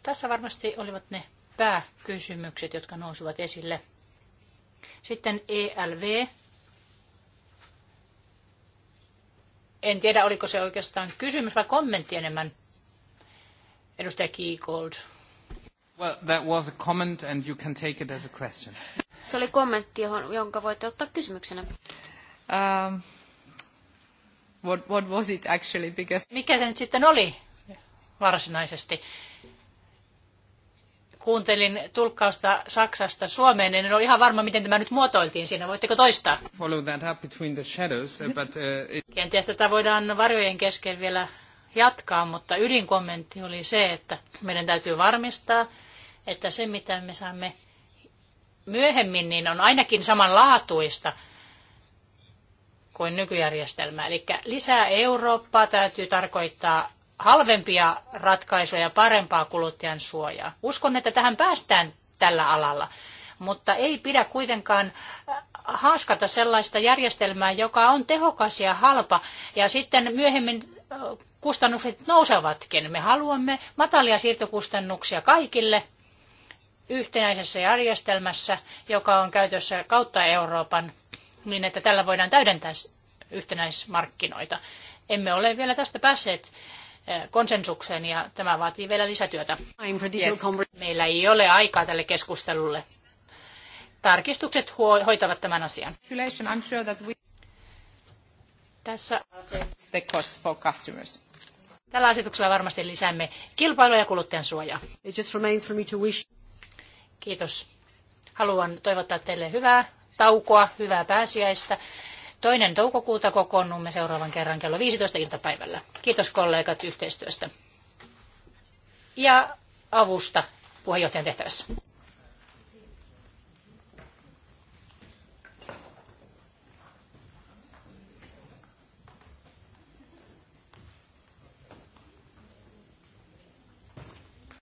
Tässä varmasti olivat ne pääkysymykset, jotka nousivat esille. Sitten ELV. En tiedä, oliko se oikeastaan kysymys vai kommentti enemmän. Edustaja Kiikold. Well, that was a comment and you can take it as a question. Se oli kommentti, johon, jonka voitte ottaa kysymyksenä. Um, what, what was it actually? Because... Mikä se nyt sitten oli varsinaisesti? kuuntelin tulkkausta Saksasta Suomeen, niin en ole ihan varma, miten tämä nyt muotoiltiin siinä. Voitteko toistaa? Follow that up between the shadows, uh, but, uh, it... Kenties tätä voidaan varjojen kesken vielä jatkaa, mutta ydinkommentti oli se, että meidän täytyy varmistaa, että se mitä me saamme myöhemmin, niin on ainakin samanlaatuista kuin nykyjärjestelmä. Eli lisää Eurooppaa täytyy tarkoittaa halvempia ratkaisuja ja parempaa kuluttajan suojaa. Uskon, että tähän päästään tällä alalla, mutta ei pidä kuitenkaan äh, haaskata sellaista järjestelmää, joka on tehokas ja halpa, ja sitten myöhemmin äh, kustannukset nousevatkin. Me haluamme matalia siirtokustannuksia kaikille yhtenäisessä järjestelmässä, joka on käytössä kautta Euroopan, niin että tällä voidaan täydentää yhtenäismarkkinoita. Emme ole vielä tästä päässeet Eh, konsensukseen ja tämä vaatii vielä lisätyötä. Yes. Meillä ei ole aikaa tälle keskustelulle. Tarkistukset hoitavat tämän asian. Tässä the cost for customers. Tällä asetuksella varmasti lisäämme kilpailua ja kuluttajan suojaa. It just remains for me to wish. Kiitos. Haluan toivottaa teille hyvää taukoa, hyvää pääsiäistä Toinen toukokuuta kokoonnumme seuraavan kerran kello 15 iltapäivällä. Kiitos kollegat yhteistyöstä ja avusta puheenjohtajan tehtävässä.